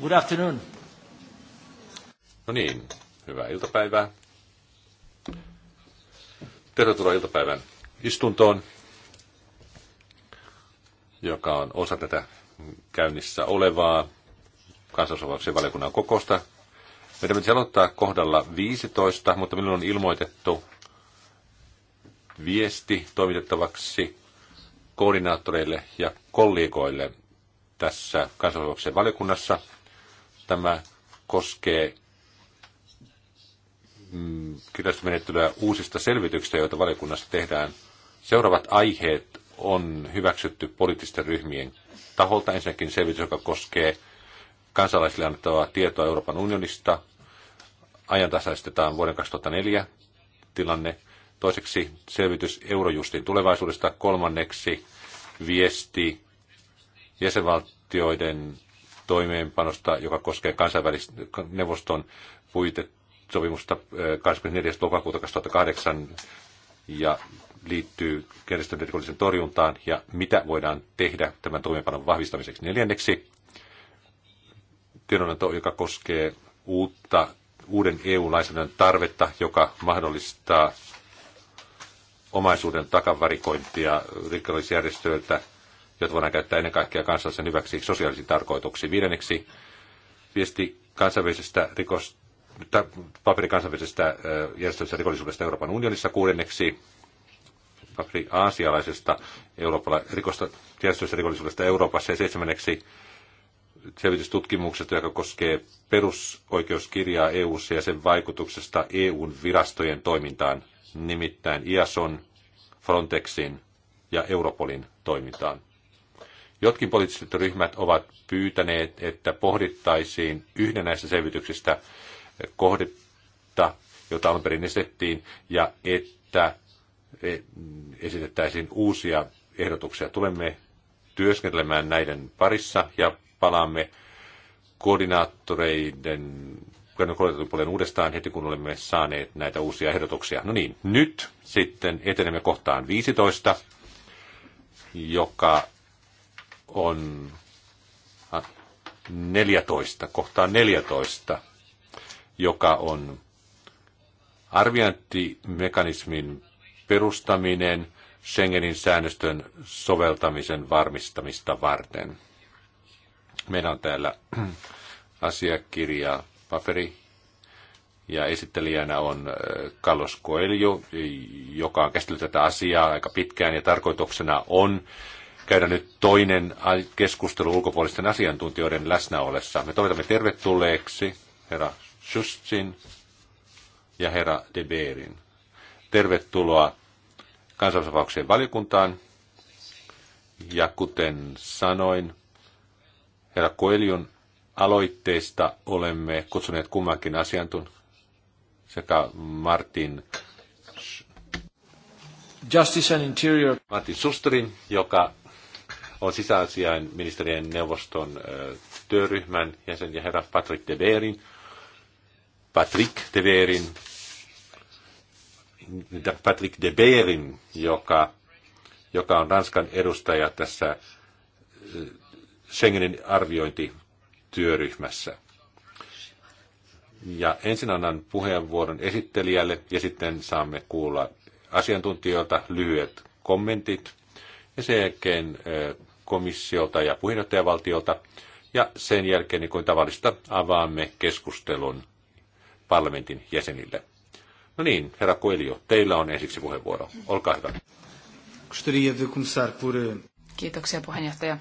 Good afternoon. No niin, hyvää iltapäivää. Tervetuloa iltapäivän istuntoon, joka on osa tätä käynnissä olevaa kansallisvalvoksen valiokunnan kokousta. Meidän pitäisi aloittaa kohdalla 15, mutta minulle on ilmoitettu viesti toimitettavaksi koordinaattoreille ja kollegoille tässä kansanvalvoksen valiokunnassa – Tämä koskee mm, kirjastomenettelyä uusista selvityksistä, joita valiokunnassa tehdään. Seuraavat aiheet on hyväksytty poliittisten ryhmien taholta. Ensinnäkin selvitys, joka koskee kansalaisille annettavaa tietoa Euroopan unionista. Ajantasaistetaan vuoden 2004 tilanne. Toiseksi selvitys Eurojustin tulevaisuudesta. Kolmanneksi viesti jäsenvaltioiden toimeenpanosta, joka koskee kansainvälistä neuvoston puitesopimusta 24. lokakuuta 2008 ja liittyy järjestön rikollisen torjuntaan ja mitä voidaan tehdä tämän toimeenpanon vahvistamiseksi. Neljänneksi tiedonanto, joka koskee uutta, uuden EU-lainsäädännön tarvetta, joka mahdollistaa omaisuuden takavarikointia rikollisjärjestöiltä jota voidaan käyttää ennen kaikkea kansallisen hyväksi sosiaalisiin tarkoituksiin. Viidenneksi viesti kansainvälisestä rikos, paperi kansainvälisestä järjestelmästä rikollisuudesta Euroopan unionissa. Kuudenneksi paperi aasialaisesta Euroopalla, rikosta, rikollisuudesta Euroopassa. Ja seitsemänneksi selvitystutkimuksesta, joka koskee perusoikeuskirjaa eu ja sen vaikutuksesta EUn virastojen toimintaan, nimittäin IASON, Frontexin ja Europolin toimintaan. Jotkin poliittiset ryhmät ovat pyytäneet, että pohdittaisiin yhden näistä selvityksistä kohdetta, jota alun perin esitettiin, ja että e, esitettäisiin uusia ehdotuksia. Tulemme työskentelemään näiden parissa ja palaamme koordinaattoreiden koordinaattorin puolen uudestaan heti, kun olemme saaneet näitä uusia ehdotuksia. No niin, nyt sitten etenemme kohtaan 15, joka on 14, kohtaa 14, joka on arviointimekanismin perustaminen Schengenin säännöstön soveltamisen varmistamista varten. Meillä on täällä asiakirja, paperi, ja esittelijänä on äh, Carlos Coelho, joka on käsitellyt tätä asiaa aika pitkään, ja tarkoituksena on käydä nyt toinen keskustelu ulkopuolisten asiantuntijoiden läsnä ollessa. Me toivotamme tervetulleeksi herra Schustin ja herra De Beerin. Tervetuloa kansallisvapauksien valiokuntaan. Ja kuten sanoin, herra Koeljun aloitteista olemme kutsuneet kummankin asiantuntijan sekä Martin Justice and Interior. Martin Susterin, joka on sisäasiain ministerien neuvoston työryhmän jäsen ja herra Patrick de Beerin. Patrick de Beerin, Patrick de Beerin, joka, joka on Ranskan edustaja tässä Schengenin arviointityöryhmässä. Ja ensin annan puheenvuoron esittelijälle ja sitten saamme kuulla asiantuntijoilta lyhyet kommentit. Ja sen jälkeen komissiolta ja puheenjohtajavaltiolta. Ja sen jälkeen, niin kuin tavallista, avaamme keskustelun parlamentin jäsenille. No niin, herra Koelio, teillä on ensiksi puheenvuoro. Olkaa hyvä. Eh, Kiitoksia puheenjohtaja.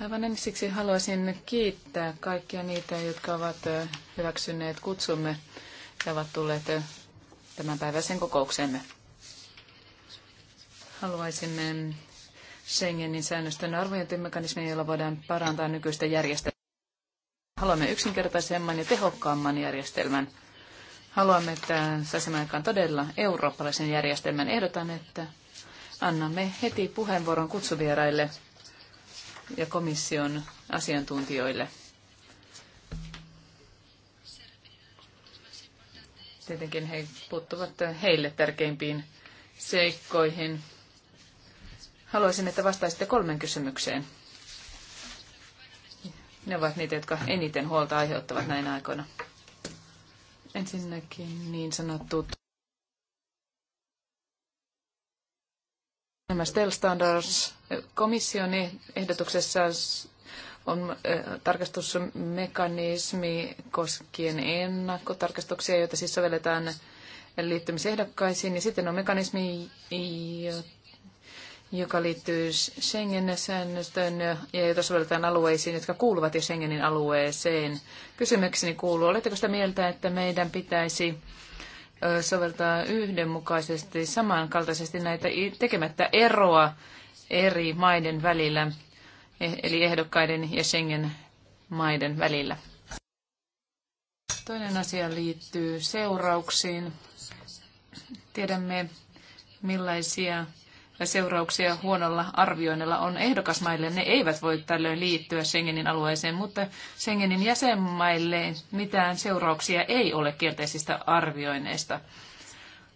Aivan ensiksi haluaisin kiittää kaikkia niitä, jotka ovat eh, hyväksyneet kutsumme ja ovat tulleet eh, tämän päiväisen kokouksemme. Haluaisimme Schengenin säännöstön arviointimekanismia, jolla voidaan parantaa nykyistä järjestelmää. Haluamme yksinkertaisemman ja tehokkaamman järjestelmän. Haluamme, että saisimme aikaan todella eurooppalaisen järjestelmän. Ehdotan, että annamme heti puheenvuoron kutsuvieraille ja komission asiantuntijoille. Tietenkin he puuttuvat heille tärkeimpiin seikkoihin Haluaisin, että vastaisitte kolmen kysymykseen. Ne ovat niitä, jotka eniten huolta aiheuttavat näin aikoina. Ensinnäkin niin sanottu nämä STEL Standards komission ehdotuksessa on eh, tarkastusmekanismi koskien ennakkotarkastuksia, joita siis sovelletaan liittymisehdokkaisiin. Ja sitten on mekanismi, jota joka liittyy Schengen-säännöstön ja jota sovelletaan alueisiin, jotka kuuluvat jo Schengenin alueeseen. Kysymykseni kuuluu, oletteko sitä mieltä, että meidän pitäisi soveltaa yhdenmukaisesti, samankaltaisesti näitä tekemättä eroa eri maiden välillä, e, eli ehdokkaiden ja Schengen-maiden välillä? Toinen asia liittyy seurauksiin. Tiedämme, millaisia seurauksia huonolla arvioinnilla on ehdokasmaille. Ne eivät voi tällöin liittyä Schengenin alueeseen, mutta Schengenin jäsenmaille mitään seurauksia ei ole kielteisistä arvioinneista.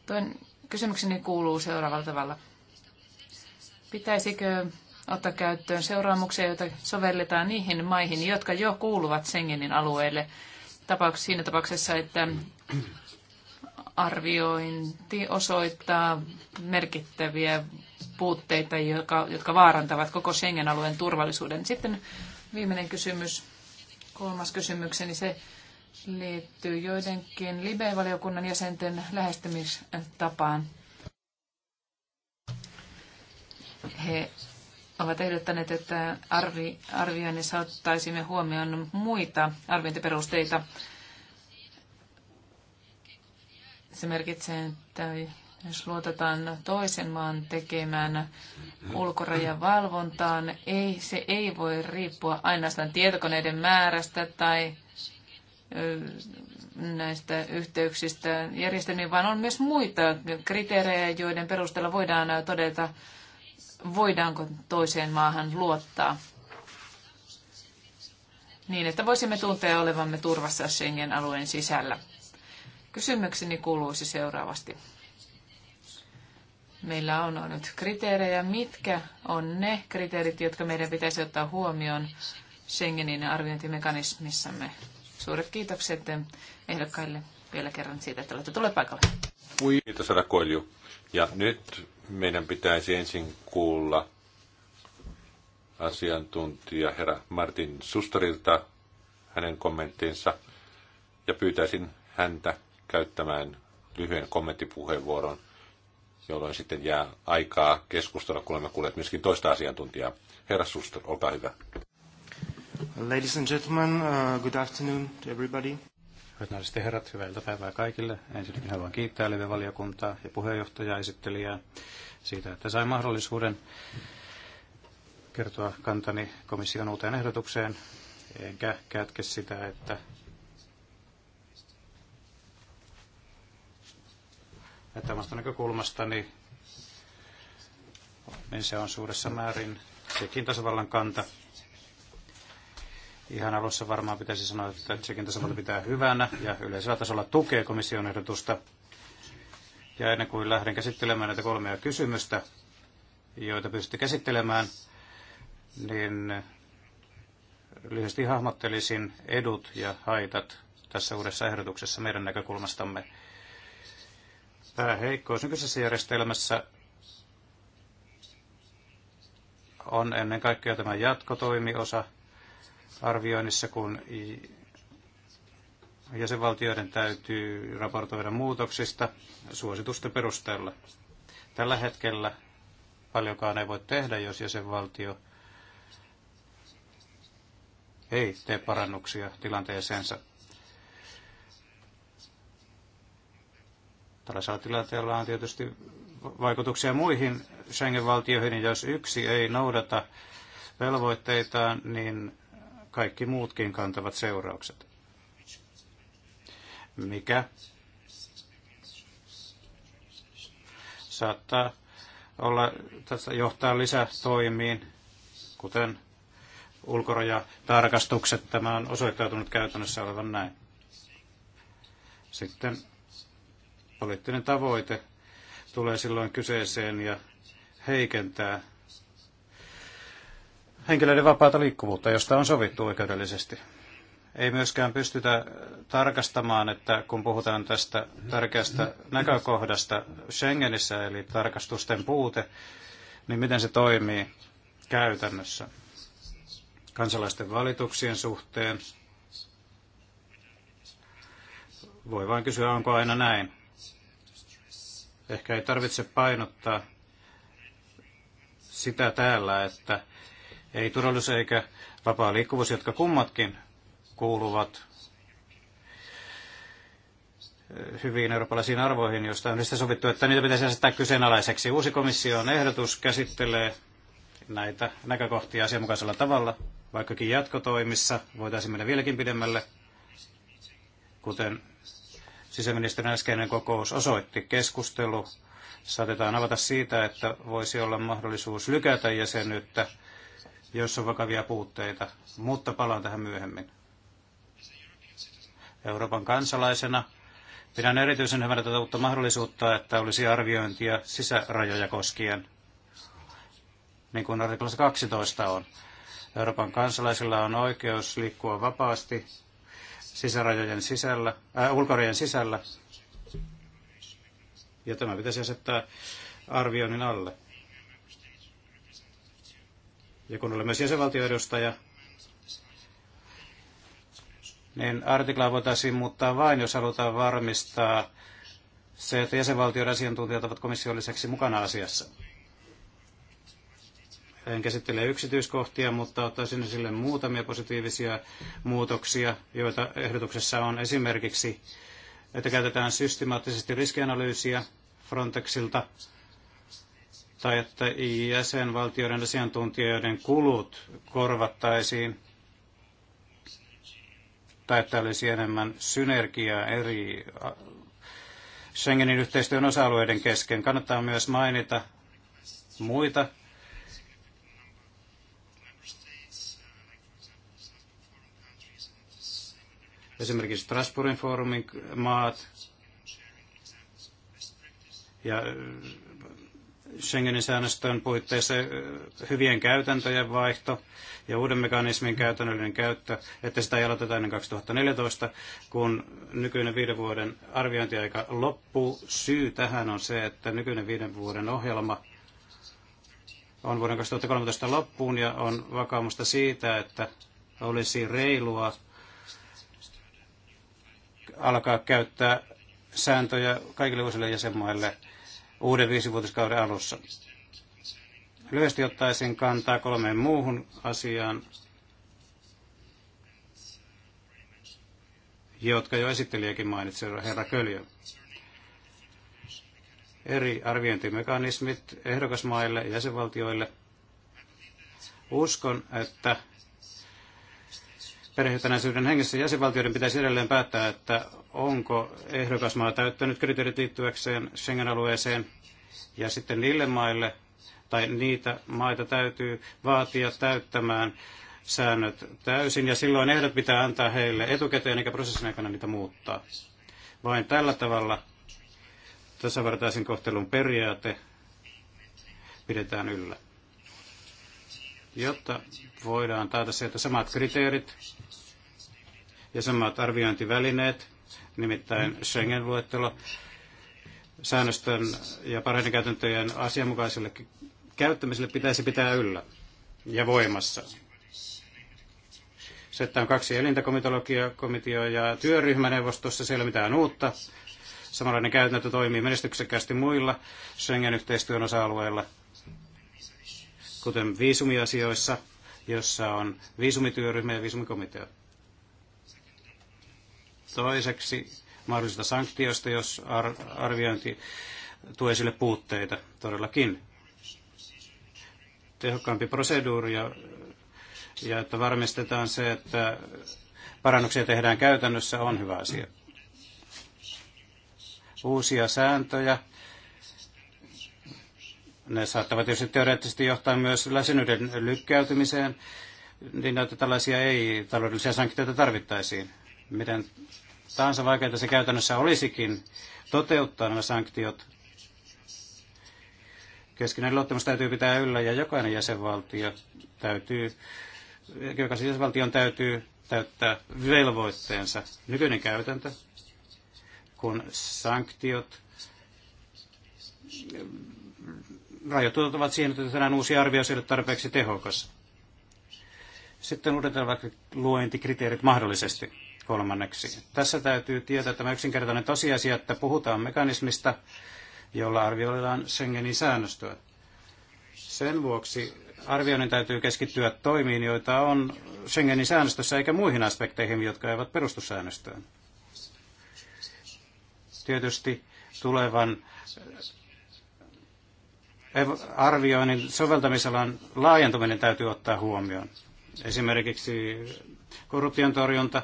Toinen kysymykseni kuuluu seuraavalla tavalla. Pitäisikö ottaa käyttöön seuraamuksia, joita sovelletaan niihin maihin, jotka jo kuuluvat Schengenin alueelle tapauksessa, siinä tapauksessa, että arviointi osoittaa merkittäviä puutteita, jotka, jotka vaarantavat koko Schengen-alueen turvallisuuden. Sitten viimeinen kysymys, kolmas kysymykseni, se liittyy joidenkin Libe-valiokunnan jäsenten lähestymistapaan. He ovat ehdottaneet, että arvi, arvioinnissa ottaisimme huomioon muita arviointiperusteita. Se merkitsee, että jos luotetaan toisen maan tekemään ulkorajan valvontaan, ei, se ei voi riippua ainoastaan tietokoneiden määrästä tai näistä yhteyksistä järjestelmiin, vaan on myös muita kriteerejä, joiden perusteella voidaan todeta, voidaanko toiseen maahan luottaa. Niin, että voisimme tuntea olevamme turvassa Schengen-alueen sisällä. Kysymykseni kuuluisi seuraavasti. Meillä on nyt kriteerejä. Mitkä on ne kriteerit, jotka meidän pitäisi ottaa huomioon Schengenin arviointimekanismissamme? Suuret kiitokset ehdokkaille vielä kerran siitä, että olette tulleet paikalle. Kiitos, Sara Ja nyt meidän pitäisi ensin kuulla asiantuntija herra Martin Sustarilta hänen kommenttinsa ja pyytäisin häntä käyttämään lyhyen kommenttipuheenvuoron jolloin sitten jää aikaa keskustella, kun olemme kuulleet myöskin toista asiantuntijaa. Herra Suster, olkaa hyvä. Ladies and gentlemen, uh, good afternoon to everybody. Hyvät naiset ja herrat, hyvää iltapäivää kaikille. Ensinnäkin haluan kiittää live-valiokuntaa ja puheenjohtajaa esittelijää siitä, että sain mahdollisuuden kertoa kantani komission uuteen ehdotukseen. Enkä kätke sitä, että Että omasta näkökulmastani niin, niin se on suuressa määrin sekin tasavallan kanta. Ihan alussa varmaan pitäisi sanoa, että sekin tasavalta pitää hyvänä ja yleisellä tasolla tukee komission ehdotusta. Ja ennen kuin lähden käsittelemään näitä kolmea kysymystä, joita pystytte käsittelemään, niin lyhyesti hahmottelisin edut ja haitat tässä uudessa ehdotuksessa meidän näkökulmastamme. Tämä heikkous nykyisessä järjestelmässä on ennen kaikkea tämä jatkotoimiosa arvioinnissa, kun jäsenvaltioiden täytyy raportoida muutoksista suositusten perusteella. Tällä hetkellä paljonkaan ei voi tehdä, jos jäsenvaltio ei tee parannuksia tilanteeseensa. Tällaisella tilanteella on tietysti vaikutuksia muihin Schengen-valtioihin, jos yksi ei noudata velvoitteitaan, niin kaikki muutkin kantavat seuraukset. Mikä saattaa olla, tässä johtaa lisätoimiin, kuten ulkorajatarkastukset. Tämä on osoittautunut käytännössä olevan näin. Sitten poliittinen tavoite tulee silloin kyseeseen ja heikentää henkilöiden vapaata liikkuvuutta, josta on sovittu oikeudellisesti. Ei myöskään pystytä tarkastamaan, että kun puhutaan tästä tärkeästä näkökohdasta Schengenissä, eli tarkastusten puute, niin miten se toimii käytännössä kansalaisten valituksien suhteen. Voi vain kysyä, onko aina näin. Ehkä ei tarvitse painottaa sitä täällä, että ei turvallisuus eikä vapaa liikkuvuus, jotka kummatkin kuuluvat hyviin eurooppalaisiin arvoihin, joista on niistä sovittu, että niitä pitäisi asettaa kyseenalaiseksi. Uusi komission ehdotus käsittelee näitä näkökohtia asianmukaisella tavalla, vaikkakin jatkotoimissa voitaisiin mennä vieläkin pidemmälle, kuten sisäministerin äskeinen kokous osoitti keskustelu. Saatetaan avata siitä, että voisi olla mahdollisuus lykätä jäsenyyttä, jos on vakavia puutteita, mutta palaan tähän myöhemmin. Euroopan kansalaisena pidän erityisen hyvänä tätä uutta mahdollisuutta, että olisi arviointia sisärajoja koskien, niin kuin artiklassa 12 on. Euroopan kansalaisilla on oikeus liikkua vapaasti sisärajojen sisällä, äh, ulkorajojen sisällä. Ja tämä pitäisi asettaa arvioinnin alle. Ja kun olemme myös jäsenvaltioedustaja, niin artiklaa voitaisiin muuttaa vain, jos halutaan varmistaa se, että jäsenvaltioiden asiantuntijat ovat komission lisäksi mukana asiassa. En käsittele yksityiskohtia, mutta ottaisin sille muutamia positiivisia muutoksia, joita ehdotuksessa on esimerkiksi, että käytetään systemaattisesti riskianalyysiä Frontexilta tai että jäsenvaltioiden asiantuntijoiden kulut korvattaisiin tai että olisi enemmän synergiaa eri Schengenin yhteistyön osa-alueiden kesken. Kannattaa myös mainita muita esimerkiksi Strasbourgin foorumin maat ja äh, Schengenin säännöstön puitteissa äh, hyvien käytäntöjen vaihto ja uuden mekanismin käytännöllinen käyttö, että sitä ei aloiteta ennen 2014, kun nykyinen viiden vuoden arviointiaika loppuu. Syy tähän on se, että nykyinen viiden vuoden ohjelma on vuoden 2013 loppuun ja on vakaumusta siitä, että olisi reilua alkaa käyttää sääntöjä kaikille uusille jäsenmaille uuden viisivuotiskauden alussa. Lyhyesti ottaisin kantaa kolmeen muuhun asiaan, jotka jo esittelijäkin mainitsi herra Köljö. Eri arviointimekanismit ehdokasmaille ja jäsenvaltioille. Uskon, että perheytenäisyyden hengessä jäsenvaltioiden pitäisi edelleen päättää, että onko ehdokasmaa täyttänyt kriteerit liittyväkseen Schengen-alueeseen ja sitten niille maille tai niitä maita täytyy vaatia täyttämään säännöt täysin ja silloin ehdot pitää antaa heille etukäteen eikä prosessin aikana niitä muuttaa. Vain tällä tavalla tasavertaisen kohtelun periaate pidetään yllä jotta voidaan taata se, että samat kriteerit ja samat arviointivälineet, nimittäin Schengen-luettelo, säännöstön ja parhaiden käytäntöjen asianmukaiselle käyttämiselle pitäisi pitää yllä ja voimassa. Se, että on kaksi komitio ja työryhmäneuvostossa, siellä ei mitään uutta. Samanlainen käytäntö toimii menestyksekkäästi muilla Schengen-yhteistyön osa-alueilla – kuten viisumiasioissa, jossa on viisumityöryhmä ja viisumikomitea. Toiseksi mahdollisista sanktioista, jos arviointi tuo esille puutteita todellakin. Tehokkaampi proseduuri ja, ja että varmistetaan se, että parannuksia tehdään käytännössä, on hyvä asia. Uusia sääntöjä ne saattavat tietysti teoreettisesti johtaa myös läsenyyden lykkäytymiseen, niin näitä tällaisia ei taloudellisia sanktioita tarvittaisiin. Miten tahansa vaikeita se käytännössä olisikin toteuttaa nämä sanktiot, keskinäinen luottamus täytyy pitää yllä ja jokainen jäsenvaltio täytyy, jokaisen jäsenvaltion täytyy täyttää velvoitteensa. Nykyinen käytäntö, kun sanktiot rajoitukset ovat siihen, että tänään uusi arvio ei ole tarpeeksi tehokas. Sitten uudetaan vaikka luointikriteerit mahdollisesti kolmanneksi. Tässä täytyy tietää tämä yksinkertainen tosiasia, että puhutaan mekanismista, jolla arvioidaan Schengenin säännöstöä. Sen vuoksi arvioinnin täytyy keskittyä toimiin, joita on Schengenin säännöstössä, eikä muihin aspekteihin, jotka eivät perustu säännöstöön. Tietysti tulevan arvioinnin soveltamisalan laajentuminen täytyy ottaa huomioon. Esimerkiksi korruption torjunta,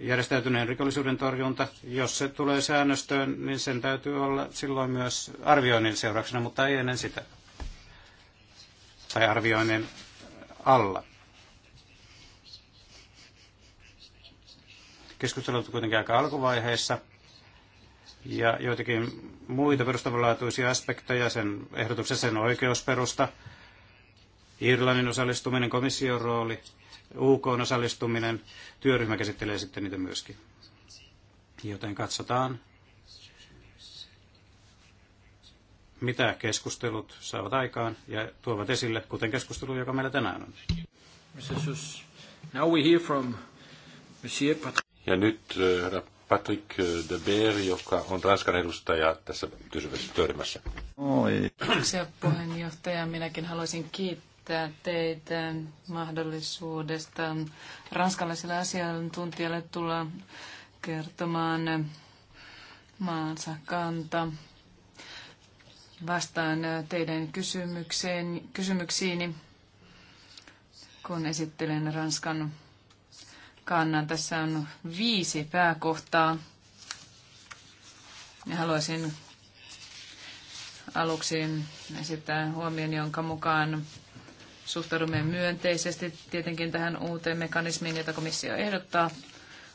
järjestäytyneen rikollisuuden torjunta, jos se tulee säännöstöön, niin sen täytyy olla silloin myös arvioinnin seurauksena, mutta ei ennen sitä. Tai arvioinnin alla. Keskustelut kuitenkin aika alkuvaiheessa ja joitakin muita perustavanlaatuisia aspekteja, sen ehdotuksen sen oikeusperusta, Irlannin osallistuminen, komission rooli, UK osallistuminen, työryhmä käsittelee sitten niitä myöskin. Joten katsotaan, mitä keskustelut saavat aikaan ja tuovat esille, kuten keskustelu, joka meillä tänään on. Ja nyt eh, herra Patrick Beer, joka on Ranskan edustaja tässä Oi, Kiitoksia puheenjohtaja. Minäkin haluaisin kiittää teitä mahdollisuudesta ranskalaisille asiantuntijalle tulla kertomaan maansa kanta. Vastaan teidän kysymykseen, kysymyksiini, kun esittelen Ranskan kannan. Tässä on viisi pääkohtaa. Ja haluaisin aluksi esittää huomion, jonka mukaan suhtaudumme myönteisesti tietenkin tähän uuteen mekanismiin, jota komissio ehdottaa,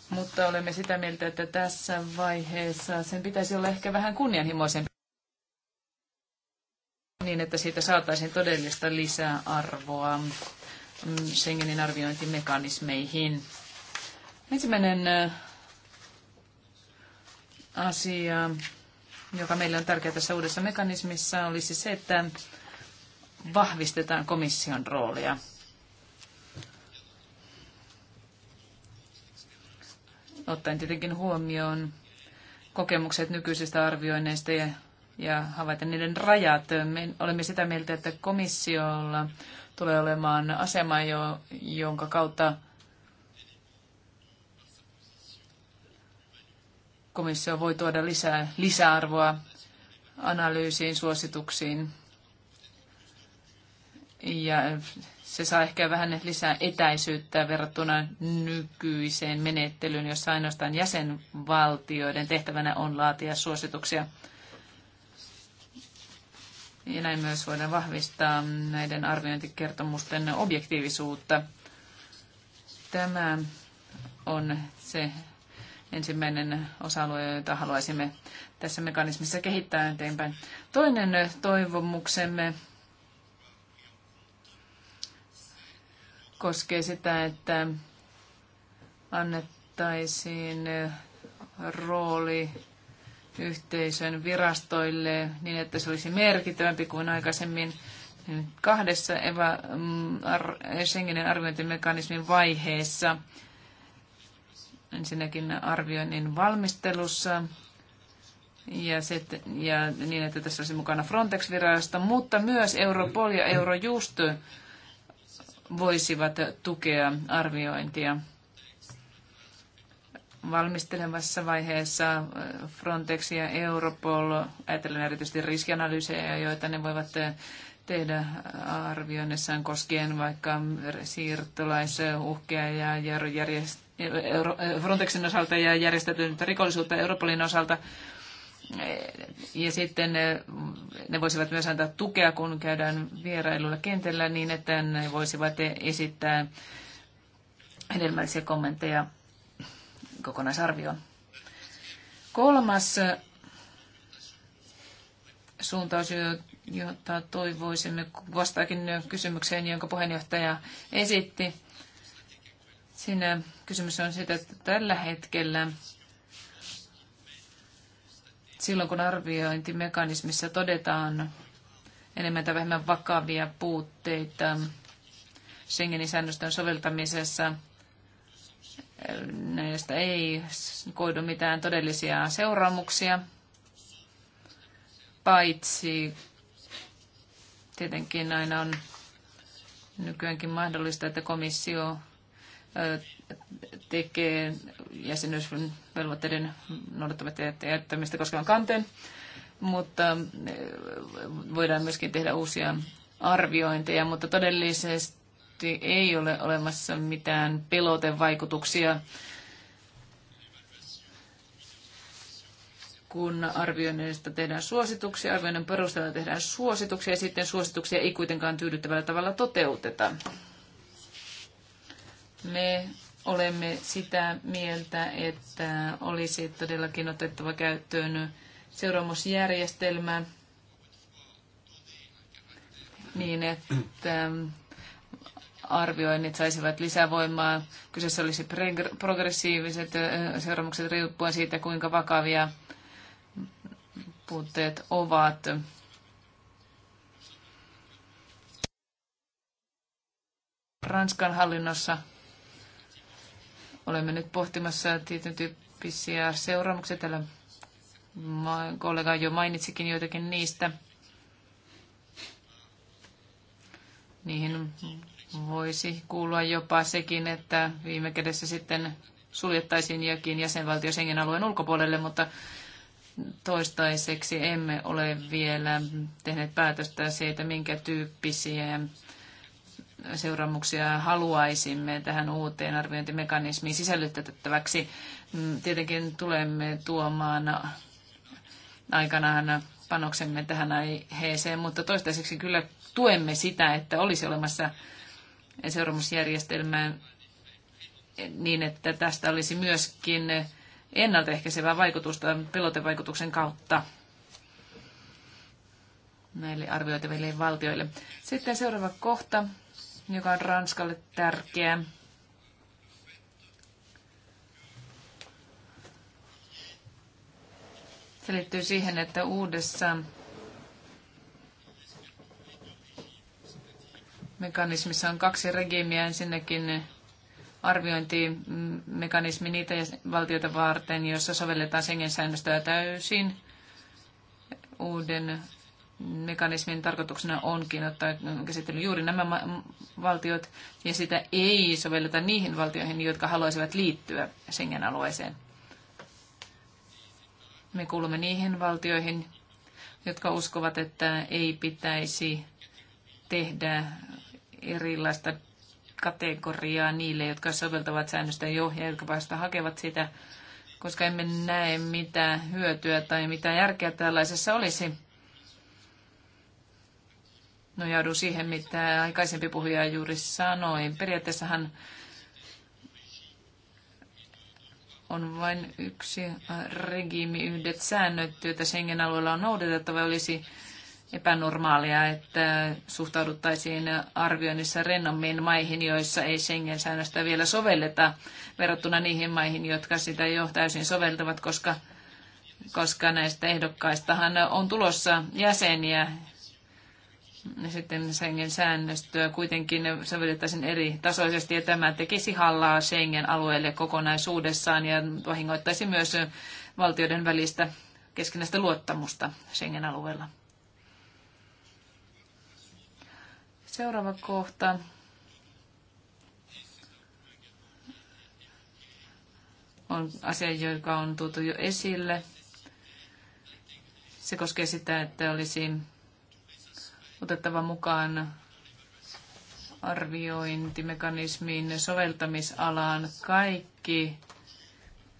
mutta olemme sitä mieltä, että tässä vaiheessa sen pitäisi olla ehkä vähän kunnianhimoisempi niin, että siitä saataisiin todellista lisäarvoa Schengenin arviointimekanismeihin. Ensimmäinen asia, joka meille on tärkeä tässä uudessa mekanismissa, olisi se, että vahvistetaan komission roolia. Ottaen tietenkin huomioon kokemukset nykyisistä arvioinneista ja, ja havaita niiden rajat. Me olemme sitä mieltä, että komissiolla tulee olemaan asema, jo, jonka kautta komissio voi tuoda lisää lisäarvoa analyysiin, suosituksiin. Ja se saa ehkä vähän lisää etäisyyttä verrattuna nykyiseen menettelyyn, jossa ainoastaan jäsenvaltioiden tehtävänä on laatia suosituksia. Ja näin myös voidaan vahvistaa näiden arviointikertomusten objektiivisuutta. Tämä on se ensimmäinen osa-alue, jota haluaisimme tässä mekanismissa kehittää eteenpäin. Toinen toivomuksemme koskee sitä, että annettaisiin rooli yhteisön virastoille niin, että se olisi merkittävämpi kuin aikaisemmin kahdessa Eva mm, Schengenin arviointimekanismin vaiheessa – ensinnäkin arvioinnin valmistelussa ja, sitten, ja niin, että tässä olisi mukana Frontex-virasto, mutta myös Europol ja Eurojust voisivat tukea arviointia. Valmistelevassa vaiheessa eh, Frontex ja Europol, ajatellen erityisesti riskianalyysejä, joita ne voivat eh, tehdä arvioinnissaan koskien vaikka siirtolaisuhkia ja järjest... Frontexin osalta ja järjestäytynyttä rikollisuutta Europolin osalta. Ja sitten ne voisivat myös antaa tukea, kun käydään vierailulla kentällä, niin että ne voisivat esittää hedelmällisiä kommentteja kokonaisarvioon. Kolmas suuntaus, jota toivoisimme vastaakin kysymykseen, jonka puheenjohtaja esitti. Siinä kysymys on siitä, että tällä hetkellä silloin kun arviointimekanismissa todetaan enemmän tai vähemmän vakavia puutteita Schengenin säännöstön soveltamisessa, näistä ei koidu mitään todellisia seuraamuksia, paitsi Tietenkin aina on nykyäänkin mahdollista, että komissio tekee jäsenyysvelvoitteiden noudattamatta jättämistä koskevan kanteen, mutta voidaan myöskin tehdä uusia arviointeja, mutta todellisesti ei ole olemassa mitään pelotevaikutuksia kun arvioinnista tehdään suosituksia, arvioinnin perusteella tehdään suosituksia ja sitten suosituksia ei kuitenkaan tyydyttävällä tavalla toteuteta. Me olemme sitä mieltä, että olisi todellakin otettava käyttöön seuraamusjärjestelmä niin, että arvioinnit saisivat lisävoimaa. Kyseessä olisi progressiiviset seuraamukset riippuen siitä, kuinka vakavia puutteet ovat. Ranskan hallinnossa olemme nyt pohtimassa tietyn tyyppisiä seuraamuksia. Täällä kollega jo mainitsikin joitakin niistä. Niihin voisi kuulua jopa sekin, että viime kädessä sitten suljettaisiin jokin jäsenvaltio Schengen alueen ulkopuolelle, mutta toistaiseksi emme ole vielä tehneet päätöstä siitä, minkä tyyppisiä seuraamuksia haluaisimme tähän uuteen arviointimekanismiin sisällytettäväksi. Mm, tietenkin tulemme tuomaan aikanaan panoksemme tähän aiheeseen, mutta toistaiseksi kyllä tuemme sitä, että olisi olemassa seuraamusjärjestelmää niin, että tästä olisi myöskin ennaltaehkäisevää vaikutusta pelotevaikutuksen kautta näille arvioitaville valtioille. Sitten seuraava kohta, joka on Ranskalle tärkeä. Se liittyy siihen, että uudessa mekanismissa on kaksi regiimiä. Ensinnäkin arviointimekanismi niitä valtioita varten, joissa sovelletaan Schengen-säännöstöä täysin. Uuden mekanismin tarkoituksena onkin ottaa käsittelyyn juuri nämä valtiot, ja sitä ei sovelleta niihin valtioihin, jotka haluaisivat liittyä Schengen-alueeseen. Me kuulumme niihin valtioihin, jotka uskovat, että ei pitäisi tehdä erilaista kategoriaa niille, jotka soveltavat säännöstä jo ja jotka vasta hakevat sitä, koska emme näe mitään hyötyä tai mitään järkeä tällaisessa olisi. Nojaudun siihen, mitä aikaisempi puhuja juuri sanoi. Periaatteessahan on vain yksi regiimi yhdet säännöt, joita Schengen-alueella on noudatettava, olisi epänormaalia, että suhtauduttaisiin arvioinnissa rennommin maihin, joissa ei Schengen-säännöstä vielä sovelleta, verrattuna niihin maihin, jotka sitä jo täysin soveltavat, koska, koska näistä ehdokkaistahan on tulossa jäseniä. Sitten Schengen-säännöstöä kuitenkin sovellettaisiin eri tasoisesti, ja tämä tekisi hallaa Schengen-alueelle kokonaisuudessaan ja vahingoittaisi myös valtioiden välistä keskinäistä luottamusta Schengen-alueella. Seuraava kohta. On asia, joka on tuotu jo esille. Se koskee sitä, että olisi otettava mukaan arviointimekanismin soveltamisalaan kaikki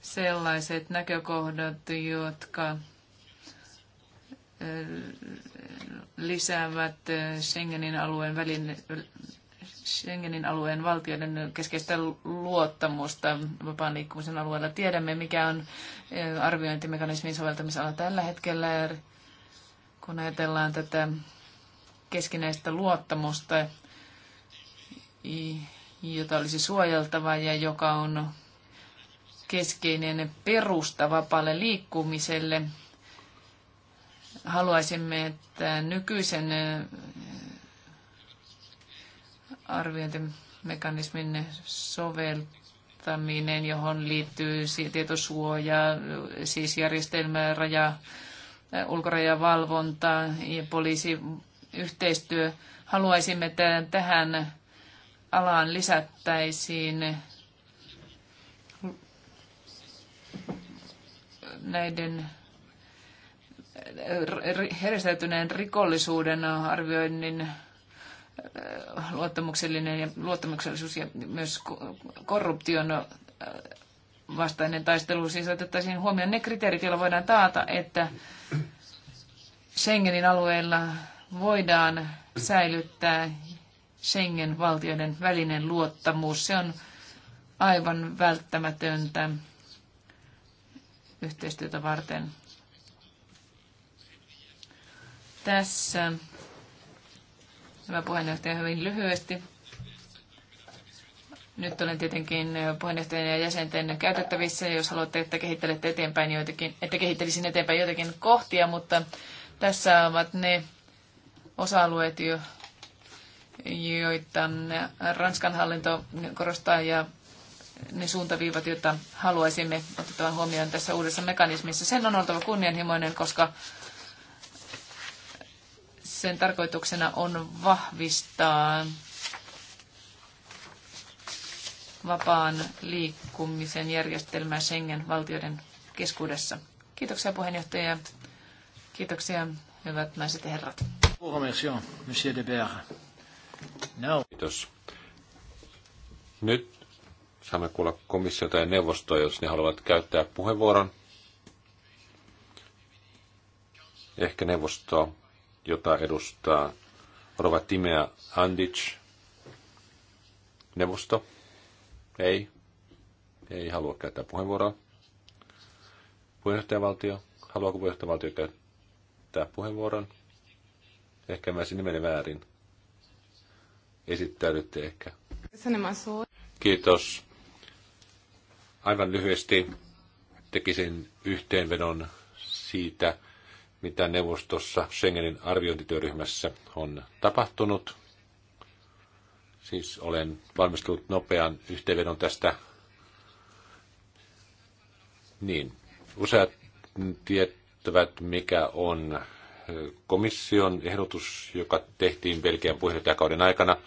sellaiset näkökohdat, jotka lisäävät Schengenin alueen välin, Schengenin alueen valtioiden keskeistä luottamusta vapaan liikkumisen alueella. Tiedämme, mikä on arviointimekanismin soveltamisala tällä hetkellä, kun ajatellaan tätä keskinäistä luottamusta, jota olisi suojeltava ja joka on keskeinen perusta vapaalle liikkumiselle haluaisimme, että nykyisen arviointimekanismin soveltaminen, johon liittyy tietosuoja, siis järjestelmä, raja, ulkorajavalvonta ja poliisiyhteistyö. Haluaisimme, että tähän alaan lisättäisiin näiden järjestäytyneen rikollisuuden arvioinnin äh, luottamuksellinen ja luottamuksellisuus ja myös korruption äh, vastainen taistelu, siis otettaisiin huomioon ne kriteerit, joilla voidaan taata, että Schengenin alueella voidaan säilyttää Schengen-valtioiden välinen luottamus. Se on aivan välttämätöntä yhteistyötä varten. Tässä hyvä puheenjohtaja hyvin lyhyesti. Nyt olen tietenkin puheenjohtajan ja jäsenten käytettävissä, jos haluatte, että kehittelette eteenpäin joitakin, että kehittelisin eteenpäin joitakin kohtia, mutta tässä ovat ne osa-alueet, jo, joita Ranskan hallinto korostaa ja ne suuntaviivat, joita haluaisimme ottaa huomioon tässä uudessa mekanismissa. Sen on oltava kunnianhimoinen, koska sen tarkoituksena on vahvistaa vapaan liikkumisen järjestelmää Schengen-valtioiden keskuudessa. Kiitoksia puheenjohtaja. Kiitoksia hyvät naiset ja herrat. Kiitos. Nyt saamme kuulla komissiota ja neuvostoa, jos ne haluavat käyttää puheenvuoron. Ehkä neuvosto jota edustaa Rova Timea Andic. Neuvosto? Ei. Ei halua käyttää puheenvuoroa. Puheenjohtajavaltio? Haluaako puheenjohtajavaltio käyttää puheenvuoron? Ehkä mä sinne meni väärin. Esittäydytte ehkä. Kiitos. Aivan lyhyesti tekisin yhteenvedon siitä, mitä neuvostossa Schengenin arviointityöryhmässä on tapahtunut. Siis olen valmistellut nopean yhteenvedon tästä. Niin, useat tietävät, mikä on komission ehdotus, joka tehtiin Belgian puheenjohtajakauden aikana.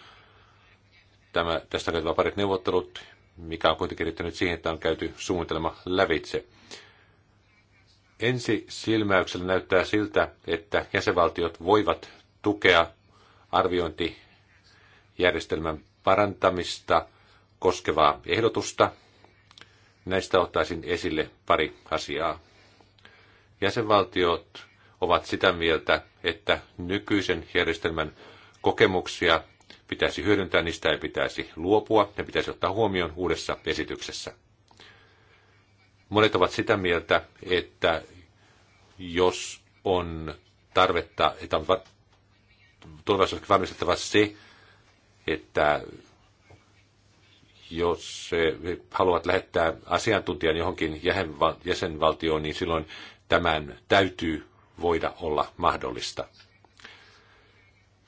Tämä, tästä on käytävä parit neuvottelut, mikä on kuitenkin riittänyt siihen, että on käyty suunnitelma lävitse. Ensi silmäyksellä näyttää siltä, että jäsenvaltiot voivat tukea arviointijärjestelmän parantamista koskevaa ehdotusta. Näistä ottaisin esille pari asiaa. Jäsenvaltiot ovat sitä mieltä, että nykyisen järjestelmän kokemuksia pitäisi hyödyntää, niistä ei pitäisi luopua, ne pitäisi ottaa huomioon uudessa esityksessä. Monet ovat sitä mieltä, että jos on tarvetta, että on tulevaisuudessa varmistettava se, että jos haluat lähettää asiantuntijan johonkin jäsenvaltioon, niin silloin tämän täytyy voida olla mahdollista.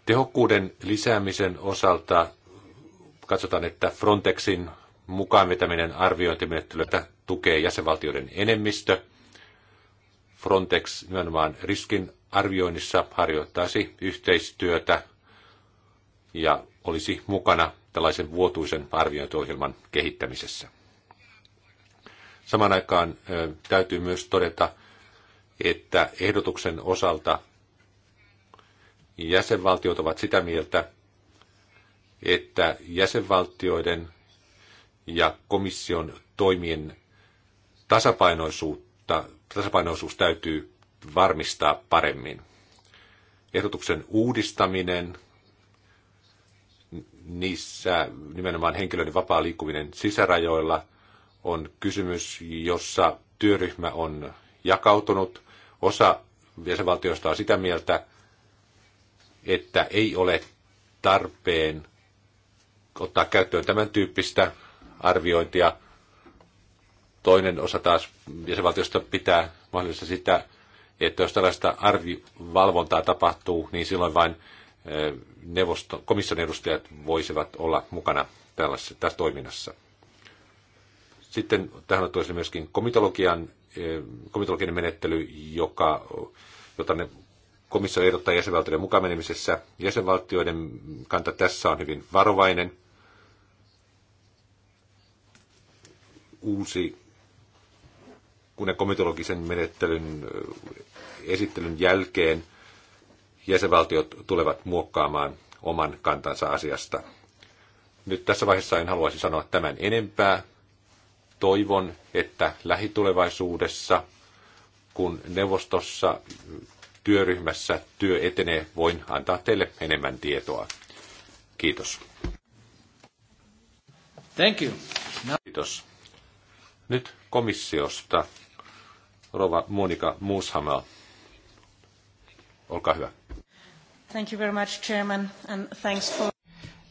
Tehokkuuden lisäämisen osalta katsotaan, että Frontexin mukaan vetäminen arviointimenettelyä tukee jäsenvaltioiden enemmistö. Frontex nimenomaan riskin arvioinnissa harjoittaisi yhteistyötä ja olisi mukana tällaisen vuotuisen arviointiohjelman kehittämisessä. Samaan aikaan täytyy myös todeta, että ehdotuksen osalta jäsenvaltiot ovat sitä mieltä, että jäsenvaltioiden ja komission toimien tasapainoisuutta, tasapainoisuus täytyy varmistaa paremmin. Ehdotuksen uudistaminen, niissä nimenomaan henkilöiden vapaa liikkuminen sisärajoilla on kysymys, jossa työryhmä on jakautunut. Osa jäsenvaltioista on sitä mieltä, että ei ole tarpeen ottaa käyttöön tämän tyyppistä arviointia – Toinen osa taas jäsenvaltiosta pitää mahdollista sitä, että jos tällaista arvivalvontaa tapahtuu, niin silloin vain eh, neuvosto, komission edustajat voisivat olla mukana tällaisessa, tässä toiminnassa. Sitten tähän on toisille myöskin komitologian, eh, komitologian menettely, joka, jota ne komissio ehdottaa jäsenvaltioiden mukaan menemisessä. Jäsenvaltioiden kanta tässä on hyvin varovainen. Uusi kun ne komitologisen menettelyn esittelyn jälkeen jäsenvaltiot tulevat muokkaamaan oman kantansa asiasta. Nyt tässä vaiheessa en haluaisi sanoa tämän enempää. Toivon, että lähitulevaisuudessa, kun neuvostossa työryhmässä työ etenee, voin antaa teille enemmän tietoa. Kiitos. Thank you. Kiitos. Nyt komissiosta Rova Monika Muushamaa. Olkaa hyvä. Thank you very much, Chairman, and thanks for...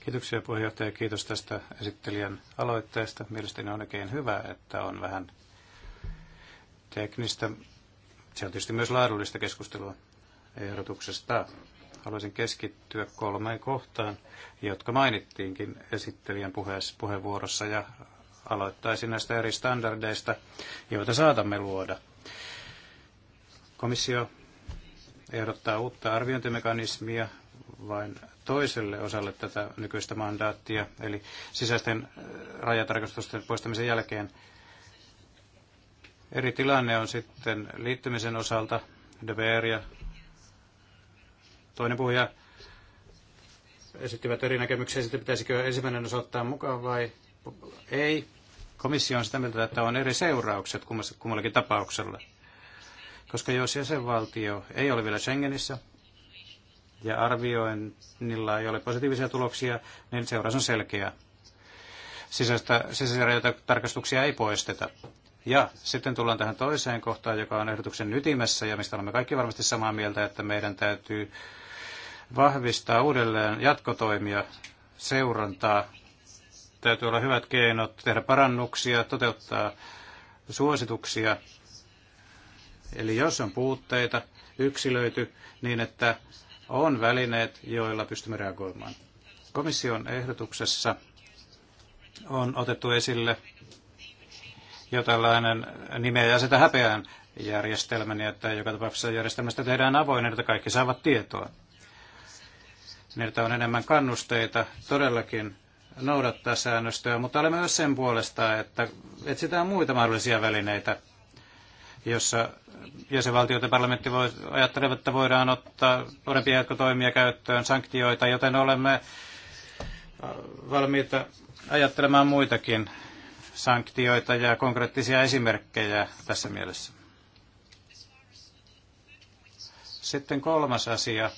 Kiitoksia puheenjohtaja. Kiitos tästä esittelijän aloitteesta. Mielestäni on oikein hyvä, että on vähän teknistä, se on tietysti myös laadullista keskustelua ehdotuksesta. Haluaisin keskittyä kolmeen kohtaan, jotka mainittiinkin esittelijän puheenvuorossa ja aloittaisin näistä eri standardeista, joita saatamme luoda Komissio ehdottaa uutta arviointimekanismia vain toiselle osalle tätä nykyistä mandaattia, eli sisäisten äh, rajatarkastusten poistamisen jälkeen. Eri tilanne on sitten liittymisen osalta, DVR ja toinen puhuja esittivät eri näkemyksiä, sitten pitäisikö ensimmäinen osa ottaa mukaan vai ei. Komissio on sitä mieltä, että on eri seuraukset kummallakin tapauksella. Koska jos jäsenvaltio ei ole vielä Schengenissä ja arvioinnilla ei ole positiivisia tuloksia, niin seuraus on selkeä. Sisäistä, sisäisiä tarkastuksia ei poisteta. Ja sitten tullaan tähän toiseen kohtaan, joka on ehdotuksen ytimessä ja mistä olemme kaikki varmasti samaa mieltä, että meidän täytyy vahvistaa uudelleen jatkotoimia, seurantaa. Täytyy olla hyvät keinot tehdä parannuksia, toteuttaa suosituksia Eli jos on puutteita yksilöity niin, että on välineet, joilla pystymme reagoimaan. Komission ehdotuksessa on otettu esille jo tällainen nimeä ja sitä häpeään järjestelmä, niin että joka tapauksessa järjestelmästä tehdään avoin, niin että kaikki saavat tietoa. Niin, että on enemmän kannusteita todellakin noudattaa säännöstöä, mutta olemme myös sen puolesta, että etsitään muita mahdollisia välineitä jossa jäsenvaltiot ja parlamentti voi, ajattelevat, että voidaan ottaa parempia jatkotoimia käyttöön, sanktioita, joten olemme äh, valmiita ajattelemaan muitakin sanktioita ja konkreettisia esimerkkejä tässä mielessä. Sitten kolmas asia,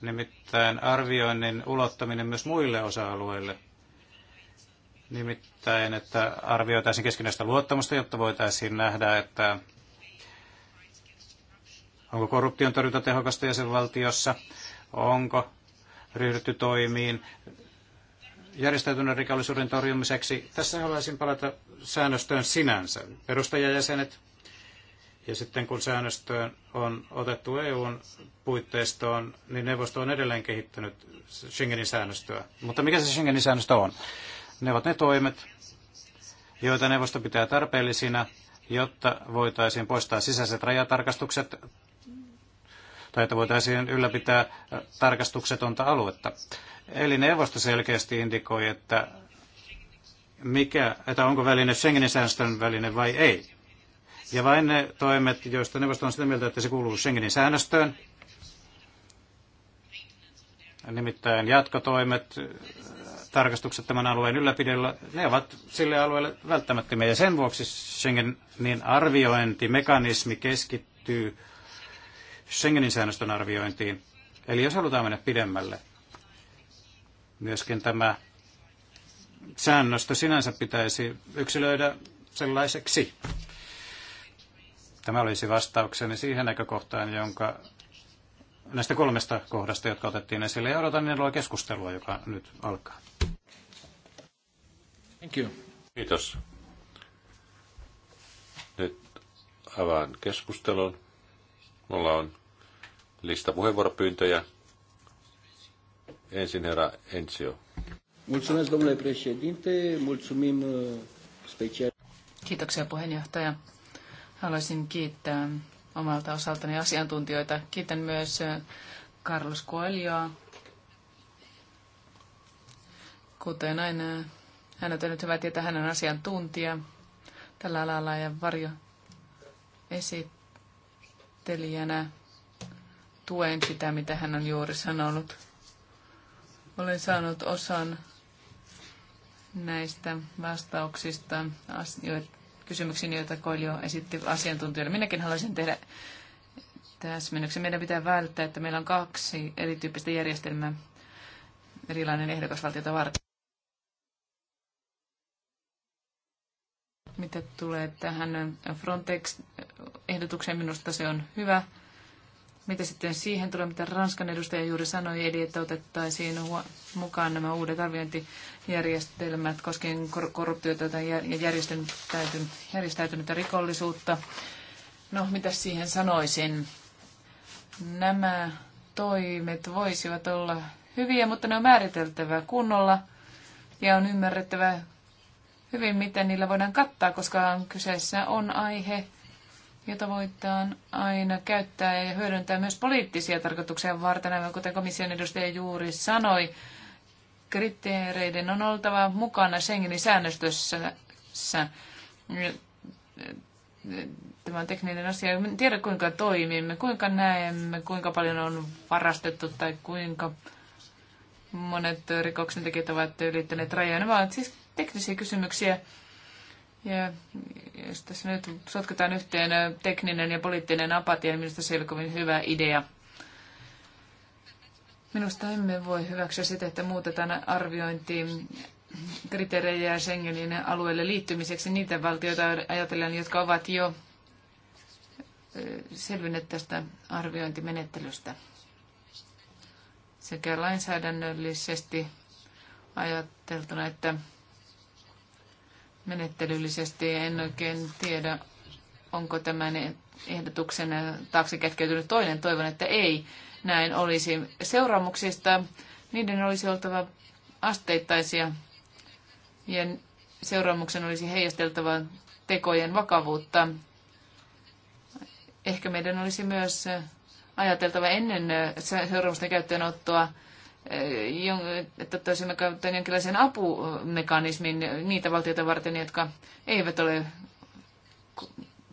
nimittäin arvioinnin ulottaminen myös muille osa-alueille – Nimittäin, että arvioitaisiin keskinäistä luottamusta, jotta voitaisiin nähdä, että onko korruption torjunta tehokasta jäsenvaltiossa, onko ryhdytty toimiin järjestäytyneen rikollisuuden torjumiseksi. Tässä haluaisin palata säännöstöön sinänsä. Perustajajäsenet ja sitten kun säännöstöön on otettu EUn puitteistoon, niin neuvosto on edelleen kehittänyt Schengenin säännöstöä. Mutta mikä se Schengenin säännöstö on? Ne ovat ne toimet, joita neuvosto pitää tarpeellisina, jotta voitaisiin poistaa sisäiset rajatarkastukset tai että voitaisiin ylläpitää tarkastuksetonta aluetta. Eli neuvosto selkeästi indikoi, että, mikä, että onko väline Schengenin säännöstön väline vai ei. Ja vain ne toimet, joista neuvosto on sitä mieltä, että se kuuluu Schengenin säännöstöön, nimittäin jatkotoimet tarkastukset tämän alueen ylläpidellä ne ovat sille alueelle välttämättömiä. Ja sen vuoksi niin arviointimekanismi keskittyy Schengenin säännöstön arviointiin. Eli jos halutaan mennä pidemmälle, myöskin tämä säännöstö sinänsä pitäisi yksilöidä sellaiseksi. Tämä olisi vastaukseni siihen näkökohtaan, jonka näistä kolmesta kohdasta, jotka otettiin esille, ja odotan niillä keskustelua, joka nyt alkaa. Thank you. Kiitos. Nyt avaan keskustelun. Mulla on lista puheenvuoropyyntöjä. Ensin herra Enzio. Mulțumesc, domnule președinte, mulțumim uh, special. Kiitoksia puheenjohtaja. Haluaisin kiittää omalta osaltani asiantuntijoita. Kiitän myös uh, Carlos Coelhoa. Kuten aina hän on tehnyt hyvää tietää, hän on asiantuntija tällä alalla ja varjo esittelijänä tuen sitä, mitä hän on juuri sanonut. Olen saanut osan näistä vastauksista kysymyksiin, joita Koilio esitti asiantuntijoille. Minäkin haluaisin tehdä täsmennyksen. Meidän pitää välttää, että meillä on kaksi erityyppistä järjestelmää erilainen ehdokasvaltiota varten. Mitä tulee tähän Frontex-ehdotukseen, minusta se on hyvä. Mitä sitten siihen tulee, mitä Ranskan edustaja juuri sanoi, eli että otettaisiin mukaan nämä uudet arviointijärjestelmät koskien kor- korruptiota ja järjestäytynyttä rikollisuutta. No, mitä siihen sanoisin? Nämä toimet voisivat olla hyviä, mutta ne on määriteltävä kunnolla ja on ymmärrettävä hyvin, miten niillä voidaan kattaa, koska kyseessä on aihe, jota voidaan aina käyttää ja hyödyntää myös poliittisia tarkoituksia varten, aivan kuten komission edustaja juuri sanoi. Kriteereiden on oltava mukana Schengenin säännöstössä. Tämä on tekninen asia. En tiedä, kuinka toimimme, kuinka näemme, kuinka paljon on varastettu tai kuinka monet rikoksentekijät ovat ylittäneet rajoja. Ne ovat siis teknisiä kysymyksiä. Ja jos tässä nyt sotketaan yhteen tekninen ja poliittinen apatia, niin minusta se ei ole kovin hyvä idea. Minusta emme voi hyväksyä sitä, että muutetaan arviointiin kriteerejä Schengenin alueelle liittymiseksi niitä valtioita ajatellaan, jotka ovat jo selvinneet tästä arviointimenettelystä. Sekä lainsäädännöllisesti ajateltuna että Menettelyllisesti en oikein tiedä, onko tämän ehdotuksen taakse kätkeytynyt toinen. Toivon, että ei näin olisi. Seuraamuksista niiden olisi oltava asteittaisia ja seuraamuksen olisi heijasteltava tekojen vakavuutta. Ehkä meidän olisi myös ajateltava ennen seuraamusten käyttöönottoa Eh, että ottaisimme käyttöön jonkinlaisen apumekanismin niitä valtioita varten, jotka eivät ole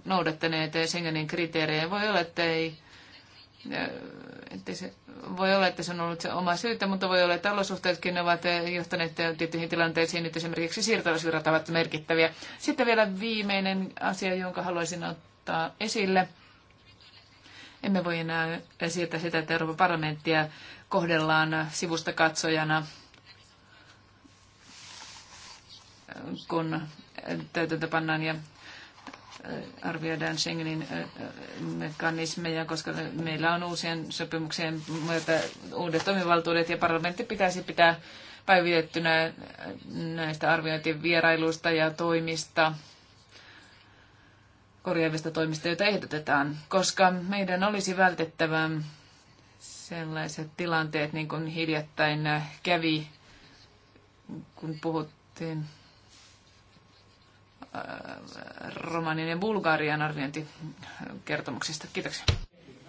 noudattaneet Schengenin kriteerejä. Voi olla, että ei eh, että se, voi olla, että se on ollut se oma syytä, mutta voi olla, että olosuhteetkin ovat eh, johtaneet tiettyihin tilanteisiin, että esimerkiksi siirtolaisvirrat ovat merkittäviä. Sitten vielä viimeinen asia, jonka haluaisin ottaa esille. Emme voi enää siirtää sitä, että Euroopan parlamenttia kohdellaan sivusta katsojana, kun täytäntö pannaan ja arvioidaan Schengenin mekanismeja, koska meillä on uusien sopimuksien myötä uudet toimivaltuudet ja parlamentti pitäisi pitää päivitettynä näistä arviointivierailuista ja toimista korjaavista toimista, joita ehdotetaan, koska meidän olisi vältettävä sellaiset tilanteet, niin kuin hiljattain kävi, kun puhuttiin äh, romanin ja Bulgarian arviointikertomuksista. Kiitoksia.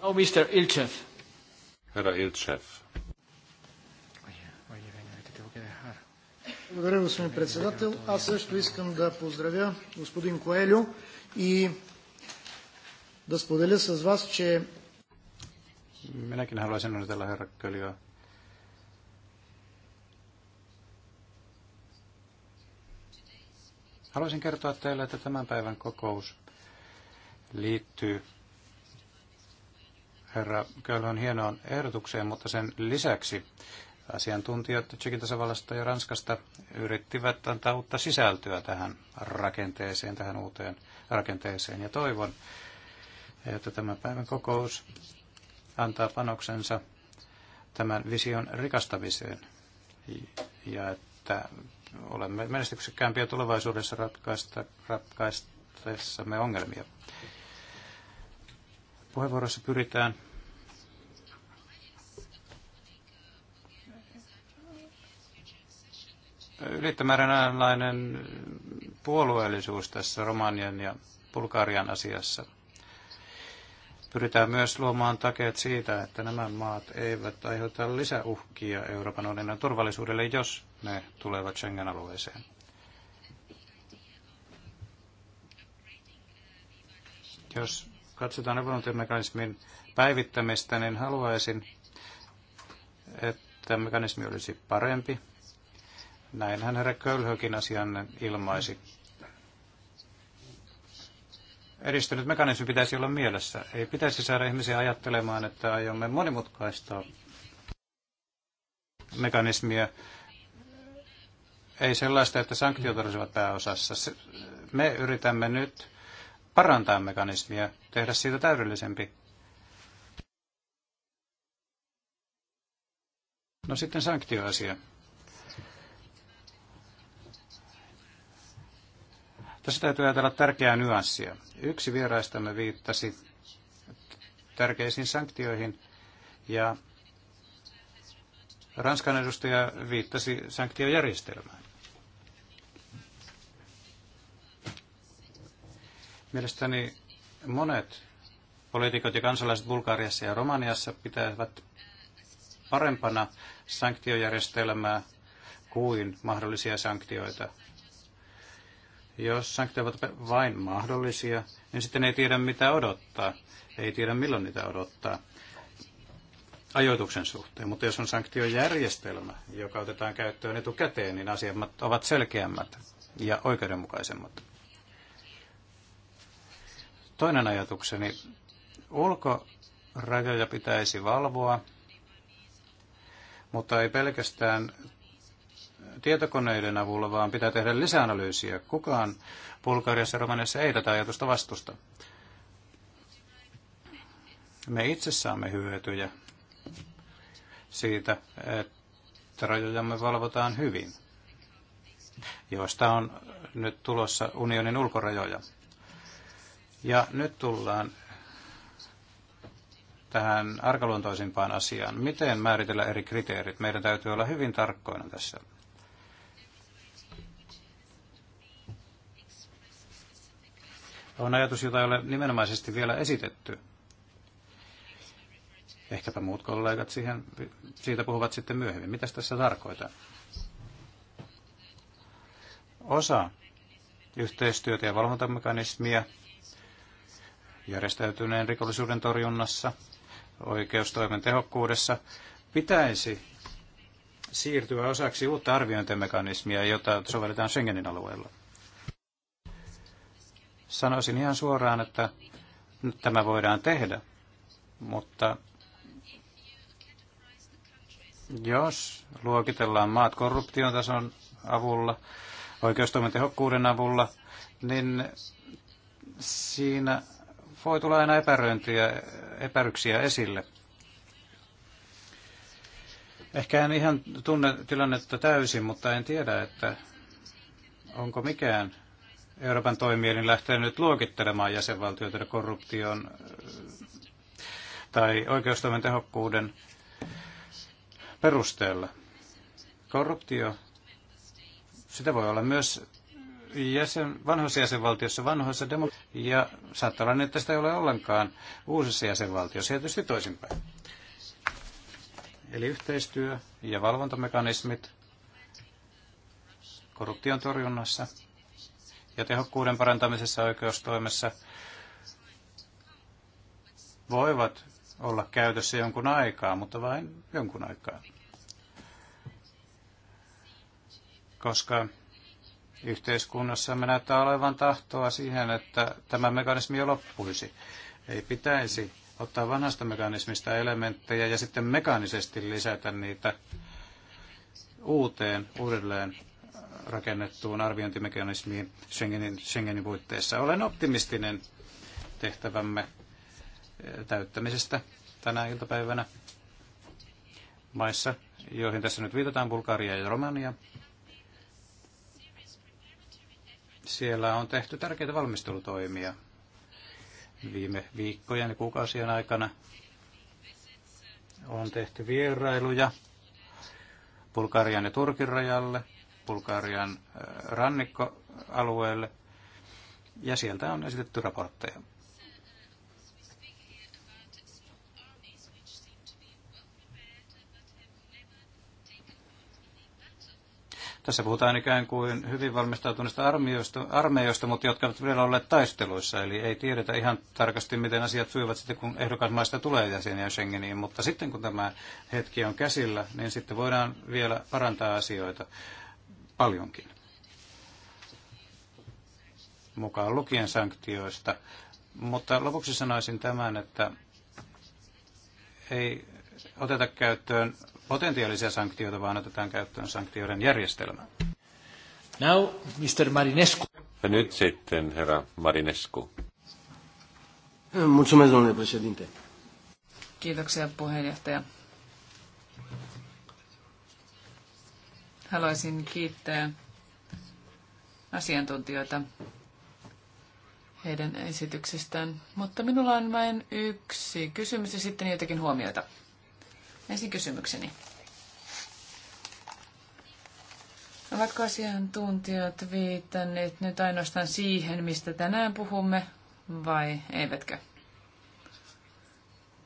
Oh, Mr. Ilchev. Herra Ilchev. Благодаря, господин председател. Аз също искам да поздравя господин Коелю И да споделя с вас, че... Minäkin haluaisin onnitella herra Köljää. Haluaisin kertoa teille, että tämän päivän kokous liittyy herra Kölhön hienoon ehdotukseen, mutta sen lisäksi asiantuntijat Tsekin tasavallasta ja Ranskasta yrittivät antaa uutta sisältöä tähän rakenteeseen, tähän uuteen rakenteeseen. Ja toivon, että tämä päivän kokous antaa panoksensa tämän vision rikastamiseen ja että olemme menestyksekkäämpiä tulevaisuudessa ratkaista, ratkaistessamme ongelmia. Puheenvuorossa pyritään ylittämääräinen puolueellisuus tässä Romanian ja Bulgarian asiassa. Pyritään myös luomaan takeet siitä, että nämä maat eivät aiheuta lisäuhkia Euroopan unionin turvallisuudelle, jos ne tulevat Schengen-alueeseen. Jos katsotaan evoluutiomekanismin päivittämistä, niin haluaisin, että mekanismi olisi parempi. Näinhän herra Kölhökin asian ilmaisi edistynyt mekanismi pitäisi olla mielessä. Ei pitäisi saada ihmisiä ajattelemaan, että aiomme monimutkaista mekanismia. Ei sellaista, että sanktiot olisivat pääosassa. Me yritämme nyt parantaa mekanismia, tehdä siitä täydellisempi. No sitten sanktioasia. Tässä täytyy ajatella tärkeää nyanssia. Yksi vieraistamme viittasi tärkeisiin sanktioihin ja Ranskan edustaja viittasi sanktiojärjestelmään. Mielestäni monet poliitikot ja kansalaiset Bulgariassa ja Romaniassa pitävät parempana sanktiojärjestelmää kuin mahdollisia sanktioita jos sanktiot ovat vain mahdollisia, niin sitten ei tiedä mitä odottaa. Ei tiedä milloin niitä odottaa ajoituksen suhteen. Mutta jos on sanktiojärjestelmä, joka otetaan käyttöön etukäteen, niin asiat ovat selkeämmät ja oikeudenmukaisemmat. Toinen ajatukseni. Ulkorajoja pitäisi valvoa, mutta ei pelkästään tietokoneiden avulla, vaan pitää tehdä lisäanalyysiä. Kukaan Bulgariassa ja Romaniassa ei tätä ajatusta vastusta. Me itse saamme hyötyjä siitä, että rajojamme valvotaan hyvin, joista on nyt tulossa unionin ulkorajoja. Ja nyt tullaan tähän arkaluontoisimpaan asiaan. Miten määritellä eri kriteerit? Meidän täytyy olla hyvin tarkkoina tässä. on ajatus, jota ei ole nimenomaisesti vielä esitetty. Ehkäpä muut kollegat siihen, siitä puhuvat sitten myöhemmin. Mitä tässä tarkoitan? Osa yhteistyötä ja valvontamekanismia järjestäytyneen rikollisuuden torjunnassa, oikeustoimen tehokkuudessa, pitäisi siirtyä osaksi uutta arviointimekanismia, jota sovelletaan Schengenin alueella. Sanoisin ihan suoraan, että nyt tämä voidaan tehdä, mutta jos luokitellaan maat korruption tason avulla, oikeustoimen tehokkuuden avulla, niin siinä voi tulla aina epäröintiä, epäryksiä esille. Ehkä en ihan tunne tilannetta täysin, mutta en tiedä, että onko mikään Euroopan toimielin lähtee nyt luokittelemaan jäsenvaltioita korruption äh, tai oikeustoimen tehokkuuden perusteella. Korruptio, sitä voi olla myös jäsen, vanhoissa jäsenvaltiossa, vanhoissa demokratioissa, ja saattaa olla niin, että sitä ei ole ollenkaan uusissa jäsenvaltioissa ja tietysti toisinpäin. Eli yhteistyö ja valvontamekanismit korruption torjunnassa ja tehokkuuden parantamisessa oikeustoimessa voivat olla käytössä jonkun aikaa, mutta vain jonkun aikaa. Koska yhteiskunnassamme näyttää olevan tahtoa siihen, että tämä mekanismi jo loppuisi. Ei pitäisi ottaa vanhasta mekanismista elementtejä ja sitten mekaanisesti lisätä niitä uuteen uudelleen rakennettuun arviointimekanismiin Schengenin, Schengenin puitteissa. Olen optimistinen tehtävämme eh, täyttämisestä tänä iltapäivänä maissa, joihin tässä nyt viitataan, Bulgaria ja Romania. Siellä on tehty tärkeitä valmistelutoimia viime viikkojen ja kuukausien aikana. On tehty vierailuja Bulgarian ja Turkin rajalle – Bulgarian rannikkoalueelle, ja sieltä on esitetty raportteja. Tässä puhutaan ikään kuin hyvin valmistautuneista armeijoista, armeijoista, mutta jotka ovat vielä olleet taisteluissa. Eli ei tiedetä ihan tarkasti, miten asiat sujuvat sitten, kun ehdokasmaista tulee jäseniä Schengeniin. Mutta sitten kun tämä hetki on käsillä, niin sitten voidaan vielä parantaa asioita paljonkin. Mukaan lukien sanktioista. Mutta lopuksi sanoisin tämän, että ei oteta käyttöön potentiaalisia sanktioita, vaan otetaan käyttöön sanktioiden järjestelmä. Now, Mr. Marinescu. Ja nyt sitten herra Marinescu. Mulțumesc, domnule președinte. Kiitoksia puheenjohtaja. Haluaisin kiittää asiantuntijoita heidän esityksestään, mutta minulla on vain yksi kysymys ja sitten jotakin huomioita. Ensin kysymykseni. Ovatko asiantuntijat viitanneet nyt ainoastaan siihen, mistä tänään puhumme, vai eivätkö?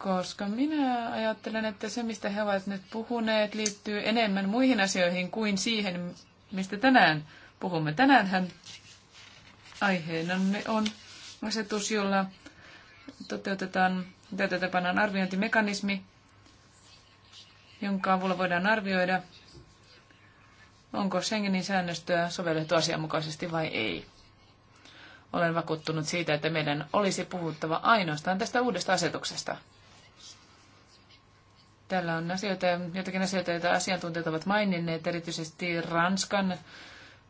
koska minä ajattelen, että se, mistä he ovat nyt puhuneet, liittyy enemmän muihin asioihin kuin siihen, mistä tänään puhumme. Tänäänhän aiheenamme on asetus, jolla toteutetaan, täytäntöpanan arviointimekanismi, jonka avulla voidaan arvioida, onko Schengenin säännöstöä sovellettu asianmukaisesti vai ei. Olen vakuuttunut siitä, että meidän olisi puhuttava ainoastaan tästä uudesta asetuksesta – Täällä on asioita, jotakin asioita, joita asiantuntijat ovat maininneet, erityisesti Ranskan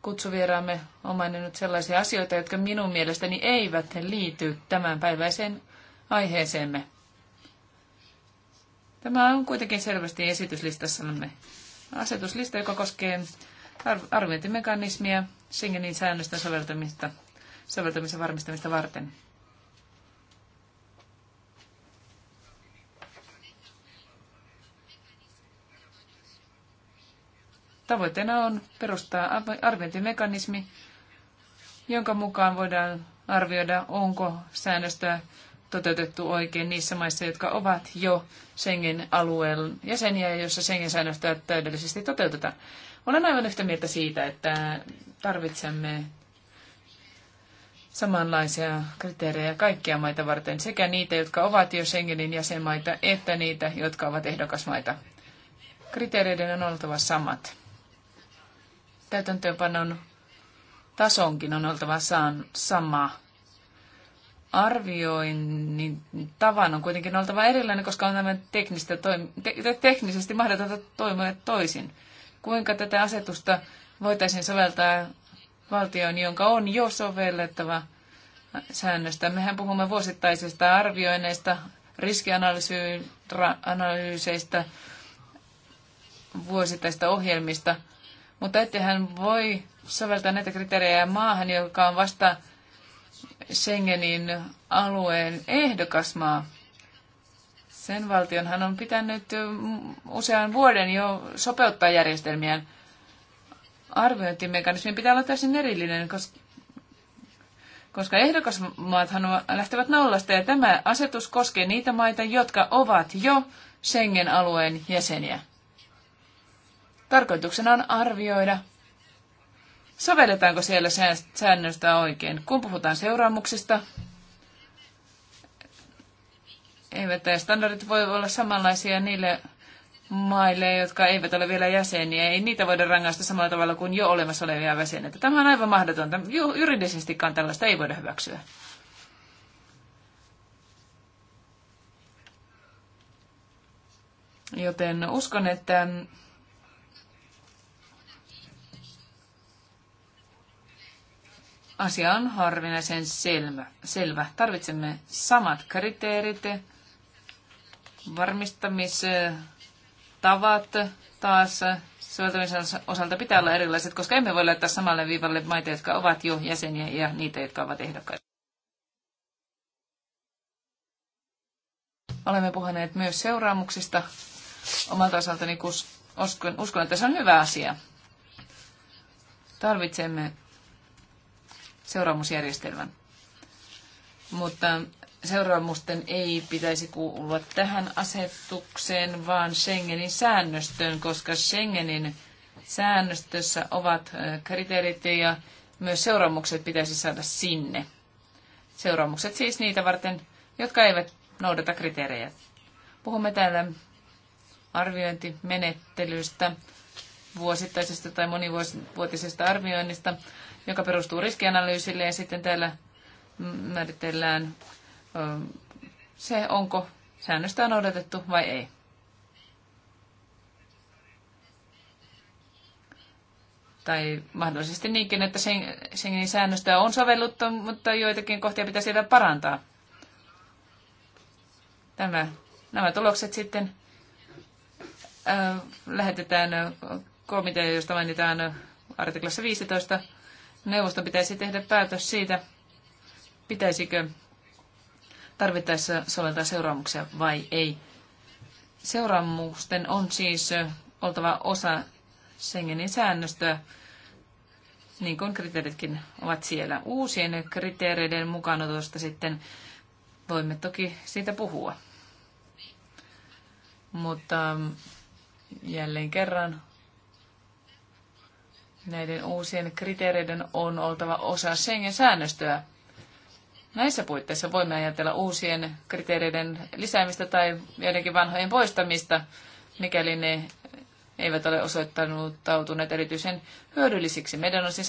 kutsuvieraamme on maininnut sellaisia asioita, jotka minun mielestäni eivät liity tämänpäiväiseen aiheeseemme. Tämä on kuitenkin selvästi esityslistassamme asetuslista, joka koskee arviointimekanismia Schengenin säännösten soveltamista, soveltamisen varmistamista varten. Tavoitteena on perustaa arviointimekanismi, jonka mukaan voidaan arvioida, onko säännöstöä toteutettu oikein niissä maissa, jotka ovat jo Schengen-alueen jäseniä, joissa Schengen-säännöstöä täydellisesti toteutetaan. Olen aivan yhtä mieltä siitä, että tarvitsemme samanlaisia kriteerejä kaikkia maita varten, sekä niitä, jotka ovat jo Schengenin jäsenmaita, että niitä, jotka ovat ehdokasmaita. Kriteereiden on oltava samat täytäntöönpanon tasonkin on oltava saan, sama. Arvioinnin tavan on kuitenkin oltava erilainen, koska on tämmöinen teknistä toim- te- teknisesti mahdotonta toimia toisin. Kuinka tätä asetusta voitaisiin soveltaa valtioon, jonka on jo sovellettava säännöstä. Mehän puhumme vuosittaisista arvioineista riskianalyyseistä, vuosittaisista ohjelmista – mutta hän voi soveltaa näitä kriteerejä maahan, joka on vasta Schengenin alueen ehdokasmaa. Sen hän on pitänyt mm, usean vuoden jo sopeuttaa järjestelmiään. Arviointimekanismin pitää olla täysin erillinen, koska koska ehdokasmaathan lähtevät nollasta ja tämä asetus koskee niitä maita, jotka ovat jo Schengen-alueen jäseniä. Tarkoituksena on arvioida, sovelletaanko siellä säännöstä oikein. Kun puhutaan seuraamuksista, eivät standardit voi olla samanlaisia niille maille, jotka eivät ole vielä jäseniä. Ei niitä voida rangaista samalla tavalla kuin jo olemassa olevia jäseniä. Tämä on aivan mahdotonta. Juridisestikaan tällaista ei voida hyväksyä. Joten uskon, että Asia on harvinaisen selvä. selvä. Tarvitsemme samat kriteerit, varmistamistavat taas soveltamisen osalta pitää olla erilaiset, koska emme voi laittaa samalle viivalle maita, jotka ovat jo jäseniä ja niitä, jotka ovat ehdokkaita. Olemme puhuneet myös seuraamuksista omalta osaltani, uskon, uskon, että se on hyvä asia. Tarvitsemme seuraamusjärjestelmän. Mutta seuraamusten ei pitäisi kuulua tähän asetukseen, vaan Schengenin säännöstöön, koska Schengenin säännöstössä ovat kriteerit ja myös seuraamukset pitäisi saada sinne. Seuraamukset siis niitä varten, jotka eivät noudata kriteerejä. Puhumme täällä arviointimenettelystä, vuosittaisesta tai monivuotisesta arvioinnista joka perustuu riskianalyysille ja sitten täällä määritellään se, onko säännöstä on odotettu vai ei. Tai mahdollisesti niinkin, että Schengenin säännöstä on sovelluttu, mutta joitakin kohtia pitäisi vielä parantaa. Tämä, nämä tulokset sitten äh, lähetetään komitea, josta mainitaan artiklassa 15 neuvosto pitäisi tehdä päätös siitä, pitäisikö tarvittaessa soveltaa seuraamuksia vai ei. Seuraamusten on siis oltava osa Schengenin säännöstöä, niin kuin kriteeritkin ovat siellä. Uusien kriteereiden mukaanotosta sitten voimme toki siitä puhua. Mutta jälleen kerran Näiden uusien kriteereiden on oltava osa Schengen-säännöstöä. Näissä puitteissa voimme ajatella uusien kriteereiden lisäämistä tai joidenkin vanhojen poistamista, mikäli ne eivät ole osoittautuneet erityisen hyödyllisiksi. Meidän on siis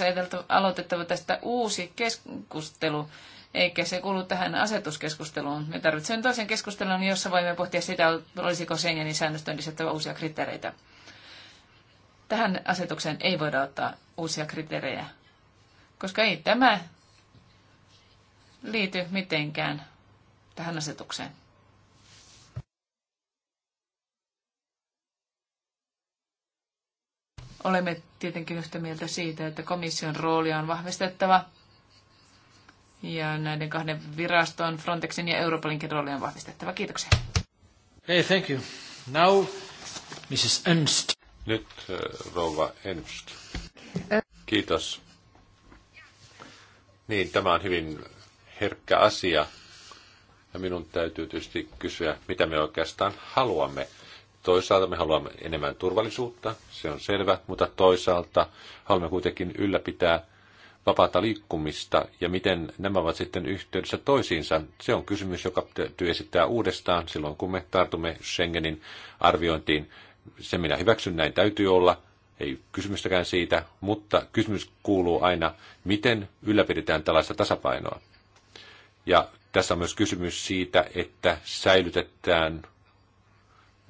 aloitettava tästä uusi keskustelu, eikä se kuulu tähän asetuskeskusteluun. Me tarvitsemme toisen keskustelun, jossa voimme pohtia sitä, olisiko Schengenin säännöstön lisättävä uusia kriteereitä tähän asetukseen ei voida ottaa uusia kriteerejä, koska ei tämä liity mitenkään tähän asetukseen. Olemme tietenkin yhtä mieltä siitä, että komission roolia on vahvistettava ja näiden kahden viraston, Frontexin ja Europolinkin roolia on vahvistettava. Kiitoksia. Hey, thank you. Now, Mrs. Ernst. Nyt rouva Enst. Kiitos. Niin, tämä on hyvin herkkä asia. Ja minun täytyy tietysti kysyä, mitä me oikeastaan haluamme. Toisaalta me haluamme enemmän turvallisuutta, se on selvä, mutta toisaalta haluamme kuitenkin ylläpitää vapaata liikkumista ja miten nämä ovat sitten yhteydessä toisiinsa. Se on kysymys, joka täytyy esittää uudestaan silloin, kun me tartumme Schengenin arviointiin. Se minä hyväksyn, näin täytyy olla, ei kysymystäkään siitä, mutta kysymys kuuluu aina, miten ylläpidetään tällaista tasapainoa. Ja tässä on myös kysymys siitä, että säilytetään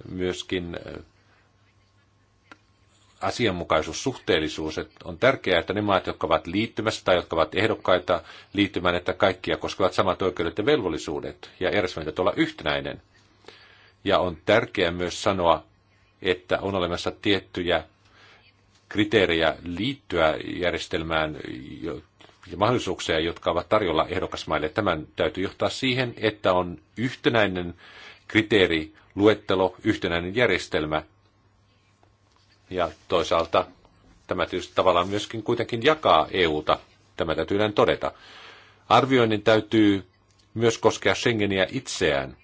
myöskin äh, asianmukaisuus, suhteellisuus. Että on tärkeää, että ne maat, jotka ovat liittymässä tai jotka ovat ehdokkaita liittymään, että kaikkia koskevat samat oikeudet ja velvollisuudet. Ja eräs olla yhtenäinen. Ja on tärkeää myös sanoa, että on olemassa tiettyjä kriteerejä liittyä järjestelmään ja mahdollisuuksia, jotka ovat tarjolla ehdokasmaille. Tämän täytyy johtaa siihen, että on yhtenäinen kriteeri, luettelo, yhtenäinen järjestelmä. Ja toisaalta tämä tietysti tavallaan myöskin kuitenkin jakaa EUta. Tämä täytyy näin todeta. Arvioinnin täytyy myös koskea Schengeniä itseään.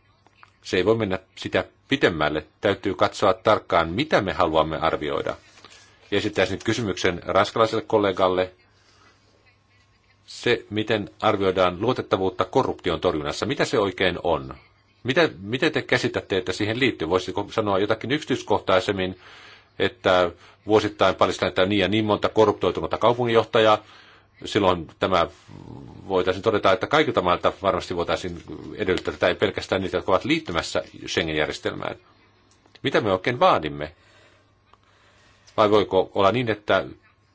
Se ei voi mennä sitä pitemmälle. Täytyy katsoa tarkkaan, mitä me haluamme arvioida. Ja esittäisin nyt kysymyksen ranskalaiselle kollegalle. Se, miten arvioidaan luotettavuutta korruption torjunnassa, mitä se oikein on? Mitä, miten te käsitätte, että siihen liittyy? Voisitko sanoa jotakin yksityiskohtaisemmin, että vuosittain paljastetaan niin ja niin monta korruptoitunutta kaupunginjohtajaa, silloin tämä voitaisiin todeta, että kaikilta mailta varmasti voitaisiin edellyttää tätä, ei pelkästään niitä, jotka ovat liittymässä Schengen-järjestelmään. Mitä me oikein vaadimme? Vai voiko olla niin, että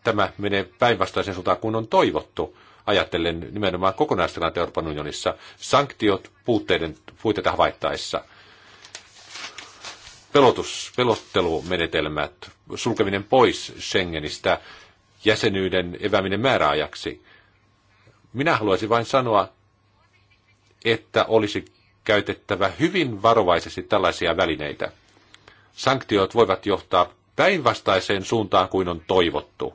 tämä menee päinvastaisen suuntaan kuin on toivottu, ajatellen nimenomaan kokonaistilanteen Euroopan unionissa, sanktiot puutteiden, puitteita havaittaessa, pelotus, pelottelumenetelmät, sulkeminen pois Schengenistä, jäsenyyden eväminen määräajaksi. Minä haluaisin vain sanoa, että olisi käytettävä hyvin varovaisesti tällaisia välineitä. Sanktiot voivat johtaa päinvastaiseen suuntaan kuin on toivottu.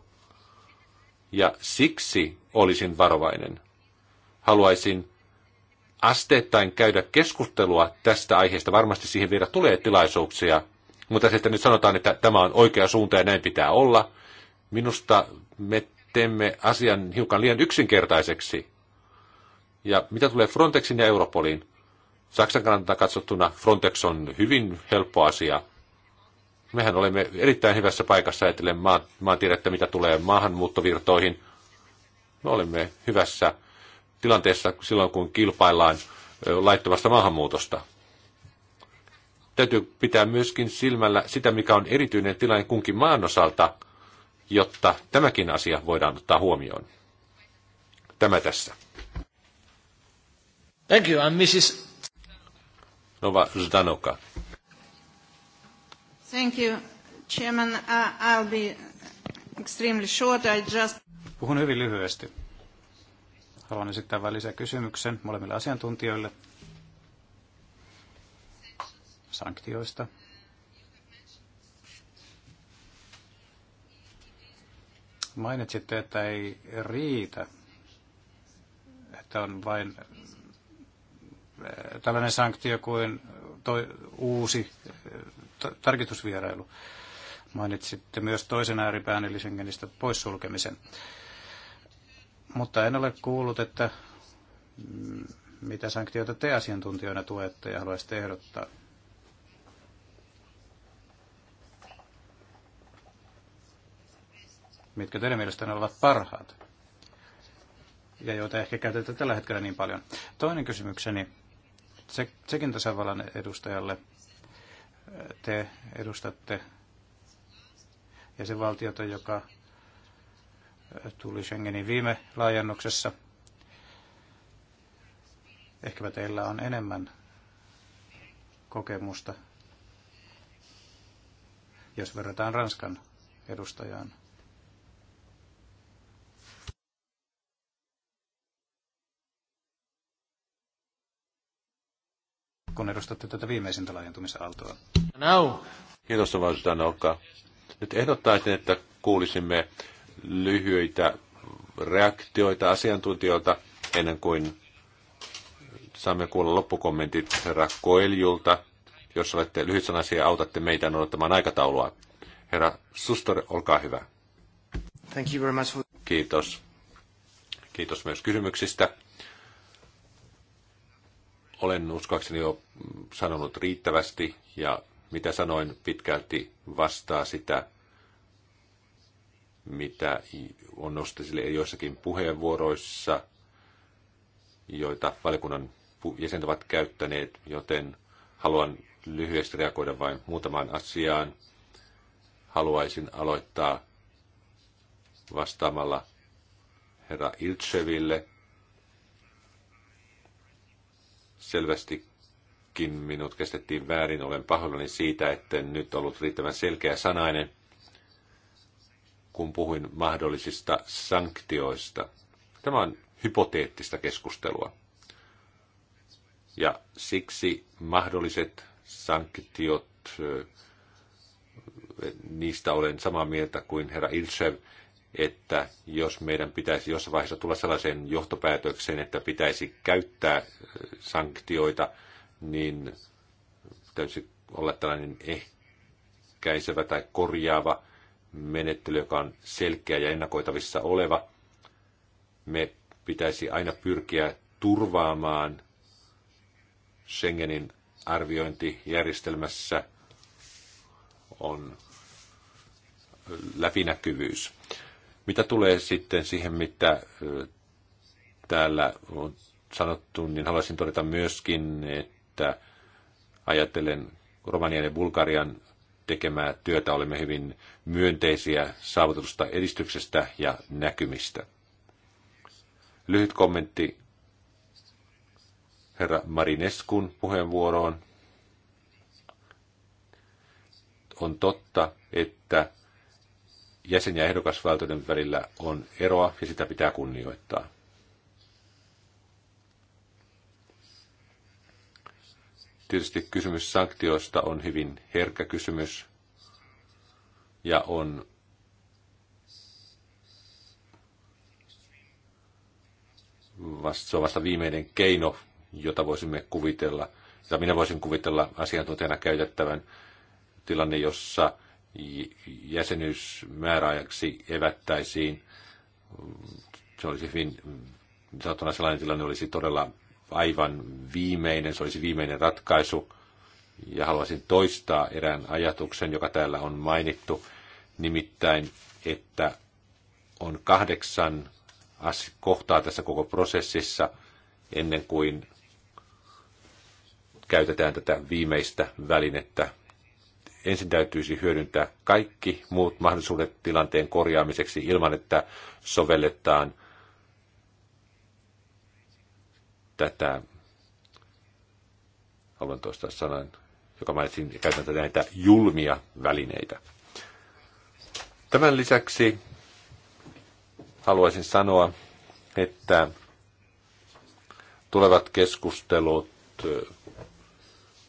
Ja siksi olisin varovainen. Haluaisin asteittain käydä keskustelua tästä aiheesta. Varmasti siihen vielä tulee tilaisuuksia. Mutta sitten nyt sanotaan, että tämä on oikea suunta ja näin pitää olla – Minusta me teemme asian hiukan liian yksinkertaiseksi. Ja mitä tulee Frontexin ja Europoliin? Saksan kannalta katsottuna Frontex on hyvin helppo asia. Mehän olemme erittäin hyvässä paikassa ajatellen maan, maantiedettä, mitä tulee maahanmuuttovirtoihin. Me olemme hyvässä tilanteessa silloin, kun kilpaillaan laittomasta maahanmuutosta. Täytyy pitää myöskin silmällä sitä, mikä on erityinen tilanne kunkin maan osalta – jotta tämäkin asia voidaan ottaa huomioon. Tämä tässä. Thank you, I'm Mrs. Nova Zdanoka. Thank you, Chairman. Uh, I'll be extremely short. I just... Puhun hyvin lyhyesti. Haluan esittää vain lisäkysymyksen molemmille asiantuntijoille sanktioista Mainitsitte, että ei riitä, että on vain äh, tällainen sanktio kuin toi, uusi äh, tarkistusvierailu. Mainitsitte myös toisen ääripään eli Schengenistä poissulkemisen. Mutta en ole kuullut, että mm, mitä sanktioita te asiantuntijoina tuette ja haluaisitte ehdottaa. mitkä teidän mielestänne ovat parhaat ja joita ehkä käytetään tällä hetkellä niin paljon. Toinen kysymykseni sekin tasavallan edustajalle. Te edustatte jäsenvaltiota, joka tuli Schengenin viime laajennuksessa. Ehkäpä teillä on enemmän kokemusta, jos verrataan Ranskan edustajaan. kun edustatte tätä viimeisintä laajentumisaaltoa. Now. Kiitos Vastutanokka. Nyt ehdottaisin, että kuulisimme lyhyitä reaktioita asiantuntijoilta ennen kuin saamme kuulla loppukommentit herra Koeljulta. Jos olette lyhytsanaisia, autatte meitä noudattamaan aikataulua. Herra Sustor, olkaa hyvä. Thank you very much for... Kiitos. Kiitos myös kysymyksistä olen uskoakseni jo sanonut riittävästi ja mitä sanoin pitkälti vastaa sitä, mitä on nostettu sille joissakin puheenvuoroissa, joita valiokunnan jäsenet ovat käyttäneet, joten haluan lyhyesti reagoida vain muutamaan asiaan. Haluaisin aloittaa vastaamalla herra Iltseville – selvästikin minut kestettiin väärin. Olen pahoillani siitä, että en nyt ollut riittävän selkeä sanainen, kun puhuin mahdollisista sanktioista. Tämä on hypoteettista keskustelua. Ja siksi mahdolliset sanktiot, niistä olen samaa mieltä kuin herra Ilsev, että jos meidän pitäisi jossain vaiheessa tulla sellaiseen johtopäätökseen, että pitäisi käyttää sanktioita, niin täytyisi olla tällainen ehkäisevä tai korjaava menettely, joka on selkeä ja ennakoitavissa oleva. Me pitäisi aina pyrkiä turvaamaan Schengenin arviointijärjestelmässä on läpinäkyvyys. Mitä tulee sitten siihen, mitä täällä on sanottu, niin haluaisin todeta myöskin, että ajatellen Romanian ja Bulgarian tekemää työtä olemme hyvin myönteisiä saavutusta, edistyksestä ja näkymistä. Lyhyt kommentti herra Marineskun puheenvuoroon. On totta, että jäsen- ja ehdokasvaltojen välillä on eroa ja sitä pitää kunnioittaa. Tietysti kysymys sanktioista on hyvin herkkä kysymys ja on vasta, se on vasta viimeinen keino, jota voisimme kuvitella, jota minä voisin kuvitella asiantuntijana käytettävän tilanne, jossa jäsenyysmääräajaksi evättäisiin. Se olisi hyvin, saattuna sellainen tilanne olisi todella aivan viimeinen, se olisi viimeinen ratkaisu. Ja haluaisin toistaa erään ajatuksen, joka täällä on mainittu, nimittäin, että on kahdeksan kohtaa tässä koko prosessissa ennen kuin käytetään tätä viimeistä välinettä ensin täytyisi hyödyntää kaikki muut mahdollisuudet tilanteen korjaamiseksi ilman, että sovelletaan tätä, haluan toista sanan, joka mainitsin, käytän tätä näitä julmia välineitä. Tämän lisäksi haluaisin sanoa, että tulevat keskustelut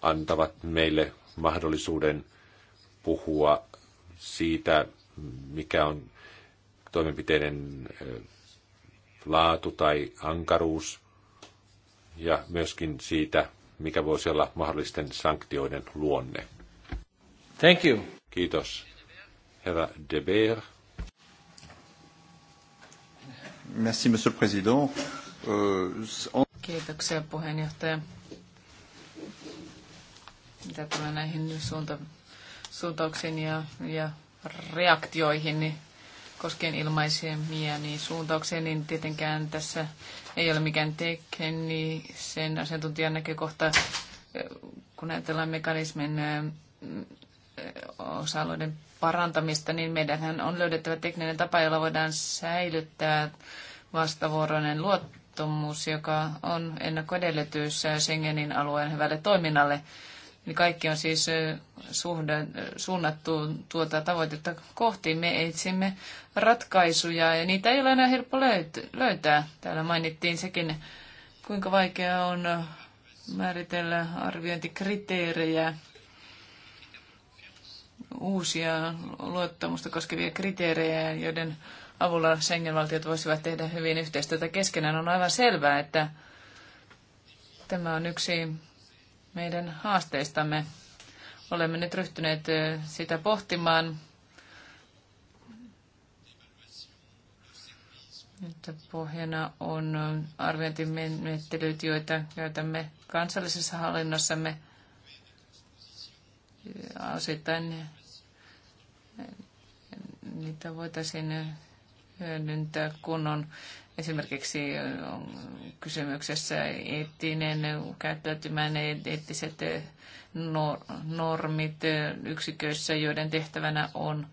antavat meille mahdollisuuden puhua siitä, mikä on toimenpiteiden laatu tai ankaruus ja myöskin siitä, mikä voisi olla mahdollisten sanktioiden luonne. Thank you. Kiitos. Herra De Beer. Merci, monsieur le président. Euh, Kiitoksia puheenjohtaja. Mitä tulee näihin suuntaan? suuntauksiin ja, ja reaktioihin niin koskien ilmaisemia niin suuntauksia, niin tietenkään tässä ei ole mikään sen asiantuntijan näkökohta, kun ajatellaan mekanismin osa-alueiden parantamista, niin meidän on löydettävä tekninen tapa, jolla voidaan säilyttää vastavuoroinen luottamus, joka on ennakkoedellytys Schengenin alueen hyvälle toiminnalle niin kaikki on siis suhde, suunnattu tuota tavoitetta kohti. Me etsimme ratkaisuja ja niitä ei ole enää helppo löytää. Täällä mainittiin sekin, kuinka vaikea on määritellä arviointikriteerejä, uusia luottamusta koskevia kriteerejä, joiden avulla Schengen-valtiot voisivat tehdä hyvin yhteistyötä keskenään. On aivan selvää, että tämä on yksi meidän haasteistamme. Olemme nyt ryhtyneet sitä pohtimaan, Nyt pohjana on arviointimenettelyt, joita käytämme kansallisessa hallinnossamme osittain niitä voitaisiin hyödyntää, kun on Esimerkiksi kysymyksessä eettinen käyttäytyminen, eettiset normit yksiköissä, joiden tehtävänä on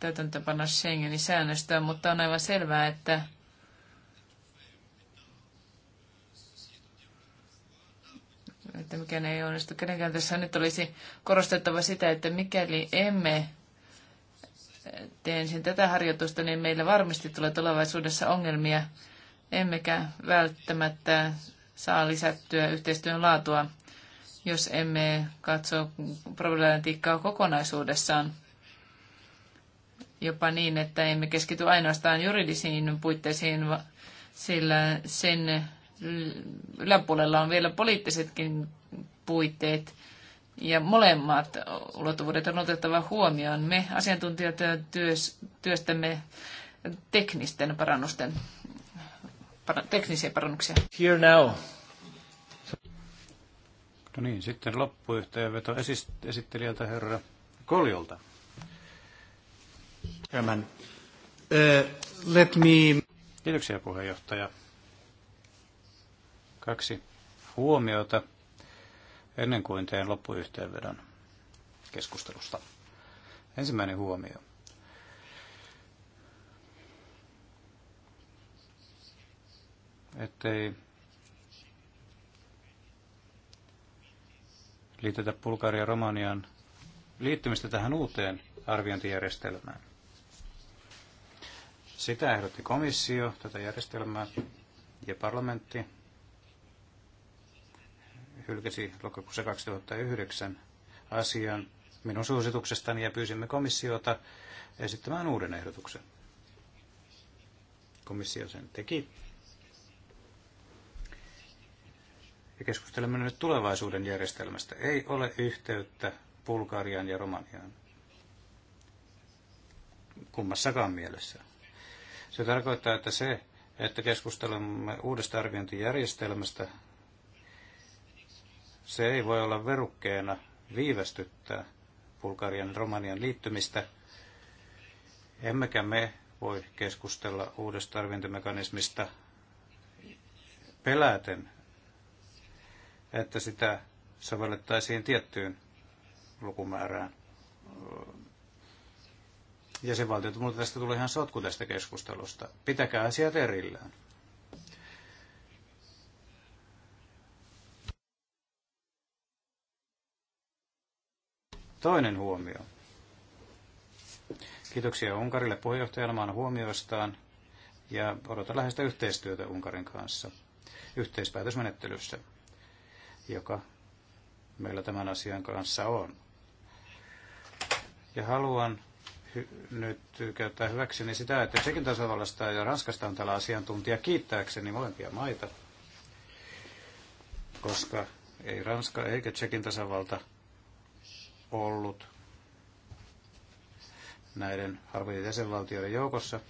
täytäntöpanna Schengenin säännöstöä, mutta on aivan selvää, että että mikään ei onnistu kenenkään. Tässä nyt olisi korostettava sitä, että mikäli emme teen sen tätä harjoitusta, niin meillä varmasti tulee tulevaisuudessa ongelmia, emmekä välttämättä saa lisättyä yhteistyön laatua, jos emme katso problematiikkaa kokonaisuudessaan. Jopa niin, että emme keskity ainoastaan juridisiin puitteisiin, sillä sen yläpuolella on vielä poliittisetkin puitteet – ja molemmat ulottuvuudet on otettava huomioon. Me asiantuntijat työs, työstämme teknisten parannusten, para, teknisiä parannuksia. Here now. No niin, sitten loppuyhteenveto esittelijältä herra Koljolta. Chairman. Uh, let me... Kiitoksia puheenjohtaja. Kaksi huomiota ennen kuin teen loppuyhteenvedon keskustelusta. Ensimmäinen huomio. Ettei liitetä Bulgaria Romanian liittymistä tähän uuteen arviointijärjestelmään. Sitä ehdotti komissio, tätä järjestelmää, ja parlamentti hylkäsi lokakuussa 2009 asian minun suosituksestani ja pyysimme komissiota esittämään uuden ehdotuksen. Komissio sen teki. Ja keskustelemme nyt tulevaisuuden järjestelmästä. Ei ole yhteyttä Bulgarian ja Romaniaan. Kummassakaan mielessä. Se tarkoittaa, että se, että keskustelemme uudesta arviointijärjestelmästä, se ei voi olla verukkeena viivästyttää Bulgarian ja Romanian liittymistä. Emmekä me voi keskustella uudesta arviointimekanismista peläten, että sitä sovellettaisiin tiettyyn lukumäärään. Jäsenvaltiot, mutta tästä tulee ihan sotku tästä keskustelusta. Pitäkää asiat erillään. Toinen huomio. Kiitoksia Unkarille puheenjohtajalmaan huomioistaan ja odotan läheistä yhteistyötä Unkarin kanssa yhteispäätösmenettelyssä, joka meillä tämän asian kanssa on. Ja haluan nyt käyttää hyväkseni sitä, että sekin tasavallasta ja Ranskasta on tällä asiantuntija kiittääkseni molempia maita, koska ei Ranska eikä Tsekin tasavalta ollut näiden harvojen jäsenvaltioiden joukossa,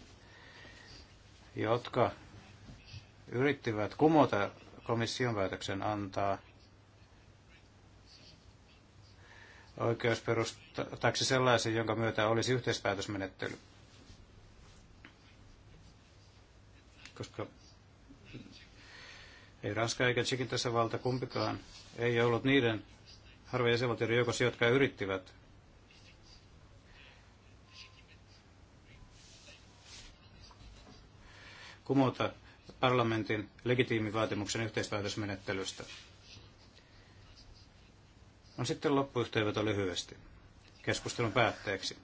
jotka yrittivät kumota komission päätöksen antaa oikeusperustaksi sellaisen, jonka myötä olisi yhteispäätösmenettely. Koska ei Ranska eikä Tsekin valta kumpikaan ei ollut niiden harvojen jäsenvaltioiden joukossa, jotka yrittivät kumota parlamentin vaatimuksen yhteispäätösmenettelystä. No sitten loppuyhteenveto lyhyesti keskustelun päätteeksi.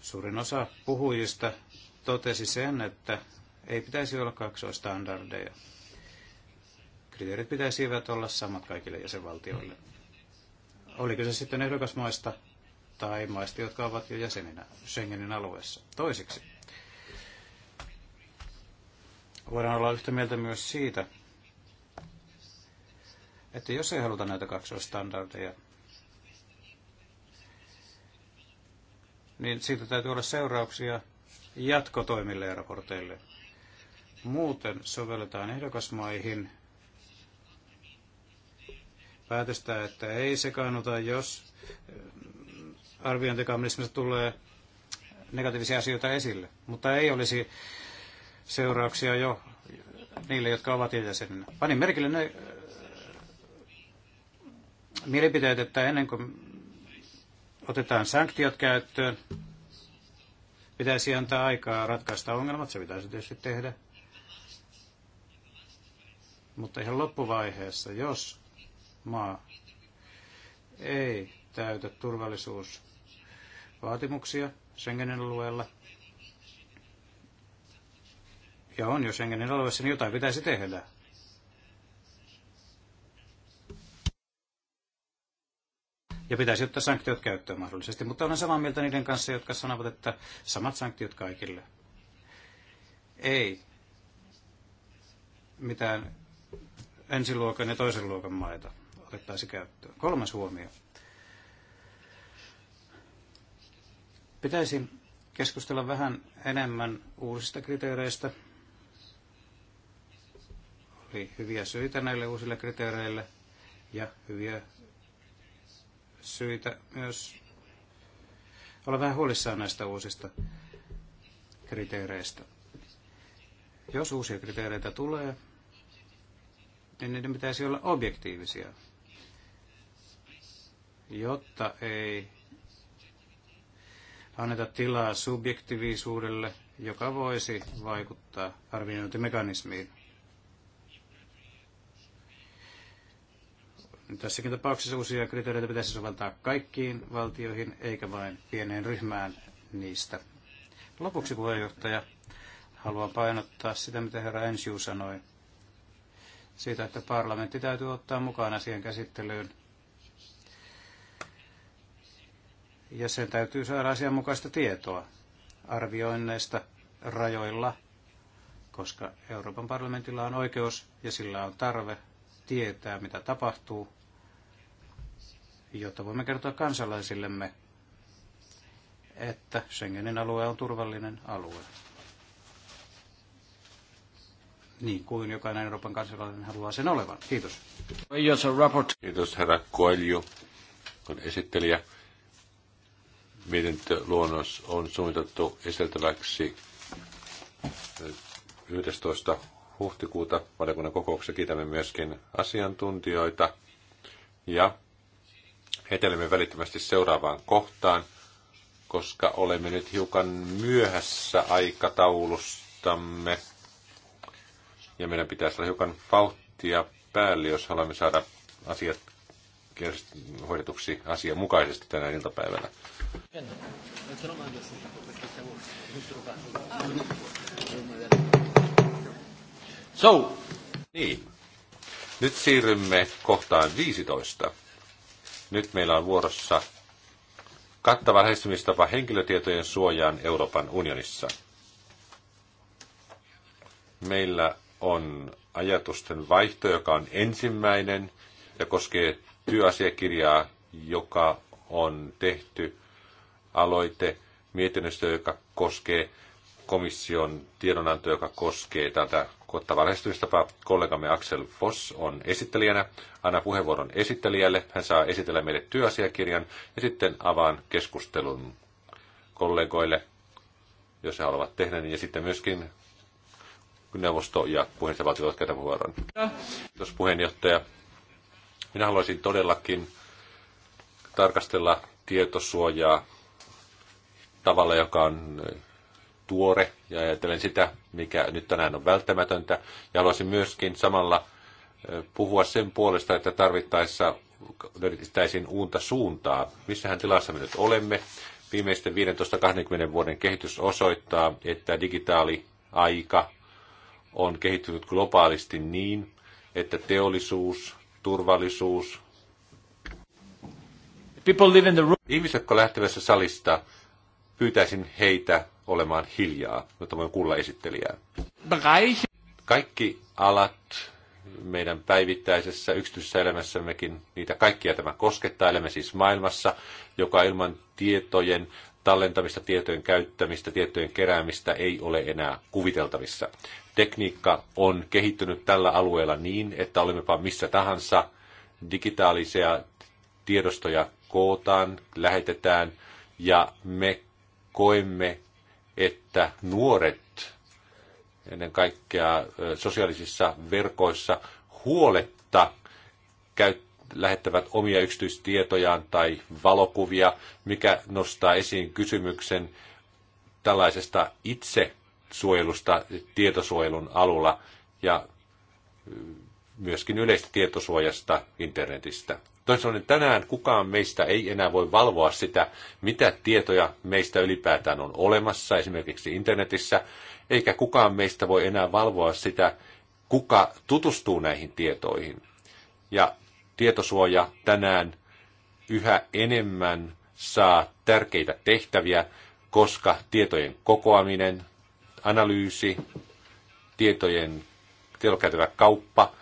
Suurin osa puhujista totesi sen, että ei pitäisi olla kaksoistandardeja. Kriteerit pitäisivät olla samat kaikille jäsenvaltioille. Oliko se sitten ehdokasmaista tai maista, jotka ovat jo jäseninä Schengenin alueessa. Toiseksi, voidaan olla yhtä mieltä myös siitä, että jos ei haluta näitä kaksoistandardeja, niin siitä täytyy olla seurauksia jatkotoimille ja raporteille. Muuten sovelletaan ehdokasmaihin päätöstä, että ei sekaannuta, jos äh, arviointikammelismista tulee negatiivisia asioita esille, mutta ei olisi seurauksia jo niille, jotka ovat jäsenenä. Panin merkille ne äh, mielipiteet, että ennen kuin otetaan sanktiot käyttöön, pitäisi antaa aikaa ratkaista ongelmat, se pitäisi tietysti tehdä. Mutta ihan loppuvaiheessa, jos maa ei täytä turvallisuusvaatimuksia Schengenin alueella, ja on jo Schengenin alueessa, niin jotain pitäisi tehdä. Ja pitäisi ottaa sanktiot käyttöön mahdollisesti, mutta olen samaa mieltä niiden kanssa, jotka sanovat, että samat sanktiot kaikille. Ei mitään ensiluokan ja toisen luokan maita otettaisi käyttöön. Kolmas huomio. Pitäisi keskustella vähän enemmän uusista kriteereistä. Oli hyviä syitä näille uusille kriteereille ja hyviä syitä myös olla vähän huolissaan näistä uusista kriteereistä. Jos uusia kriteereitä tulee, niin niiden pitäisi olla objektiivisia, jotta ei anneta tilaa subjektiivisuudelle, joka voisi vaikuttaa arviointimekanismiin. Tässäkin tapauksessa uusia kriteereitä pitäisi soveltaa kaikkiin valtioihin, eikä vain pieneen ryhmään niistä. Lopuksi puheenjohtaja, haluan painottaa sitä, mitä herra Ensiu sanoi, siitä, että parlamentti täytyy ottaa mukaan asian käsittelyyn ja sen täytyy saada asianmukaista tietoa arvioinneista rajoilla, koska Euroopan parlamentilla on oikeus ja sillä on tarve tietää, mitä tapahtuu, jotta voimme kertoa kansalaisillemme, että Schengenin alue on turvallinen alue. Niin kuin jokainen Euroopan kansalainen haluaa sen olevan. Kiitos. Kiitos herra Koelju, on esittelijä mietintöluonnos on suunniteltu esiteltäväksi 11. Eh, huhtikuuta valiokunnan kokouksessa. Kiitämme myöskin asiantuntijoita ja etelemme välittömästi seuraavaan kohtaan, koska olemme nyt hiukan myöhässä aikataulustamme ja meidän pitäisi olla hiukan vauhtia päälle, jos haluamme saada asiat hoidetuksi asianmukaisesti tänään iltapäivänä. So. Niin. Nyt siirrymme kohtaan 15. Nyt meillä on vuorossa kattava lähestymistapa henkilötietojen suojaan Euroopan unionissa. Meillä on ajatusten vaihto, joka on ensimmäinen ja koskee työasiakirjaa, joka on tehty aloite mietinnöstä, joka koskee komission tiedonanto, joka koskee tätä kottavaa lähestymistapaa. Kollegamme Axel Foss on esittelijänä. Anna puheenvuoron esittelijälle. Hän saa esitellä meille työasiakirjan ja sitten avaan keskustelun kollegoille, jos he haluavat tehdä, niin ja sitten myöskin neuvosto ja puheenjohtajavaltiot käytä puheenvuoron. Kiitos puheenjohtaja. Minä haluaisin todellakin tarkastella tietosuojaa tavalla, joka on eh, tuore ja ajatellen sitä, mikä nyt tänään on välttämätöntä. Ja haluaisin myöskin samalla eh, puhua sen puolesta, että tarvittaessa löydettäisiin uunta suuntaa. Missähän tilassa me nyt olemme? Viimeisten 15-20 vuoden kehitys osoittaa, että digitaali aika on kehittynyt globaalisti niin, että teollisuus, turvallisuus. People live in the room. Ihmiset, jotka lähtevässä salista, pyytäisin heitä olemaan hiljaa, jotta voin kuulla esittelijää. Bereich. Kaikki alat meidän päivittäisessä yksityisessä elämässämmekin, niitä kaikkia tämä koskettaa. Elämme siis maailmassa, joka ilman tietojen tallentamista, tietojen käyttämistä, tietojen keräämistä ei ole enää kuviteltavissa tekniikka on kehittynyt tällä alueella niin, että olemmepa missä tahansa digitaalisia tiedostoja kootaan, lähetetään ja me koemme, että nuoret ennen kaikkea sosiaalisissa verkoissa huoletta käyttävät lähettävät omia yksityistietojaan tai valokuvia, mikä nostaa esiin kysymyksen tällaisesta itse suojelusta tietosuojelun alulla ja myöskin yleistä tietosuojasta internetistä. Toisaalta tänään kukaan meistä ei enää voi valvoa sitä, mitä tietoja meistä ylipäätään on olemassa, esimerkiksi internetissä, eikä kukaan meistä voi enää valvoa sitä, kuka tutustuu näihin tietoihin. Ja tietosuoja tänään yhä enemmän saa tärkeitä tehtäviä, koska tietojen kokoaminen, analyysi, tietojen, tietokäytävä kauppa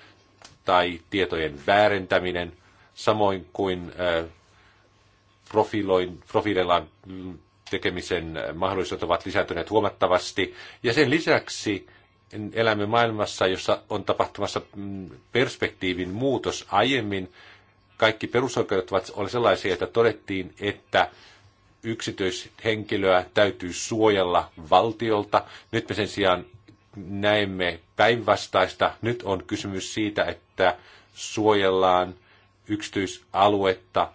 tai tietojen väärentäminen, samoin kuin äh, profiloin, tekemisen mahdollisuudet ovat lisääntyneet huomattavasti. Ja sen lisäksi elämme maailmassa, jossa on tapahtumassa mm, perspektiivin muutos. Aiemmin kaikki perusoikeudet ovat sellaisia, että todettiin, että yksityishenkilöä täytyy suojella valtiolta. Nyt me sen sijaan näemme päinvastaista. Nyt on kysymys siitä, että suojellaan yksityisaluetta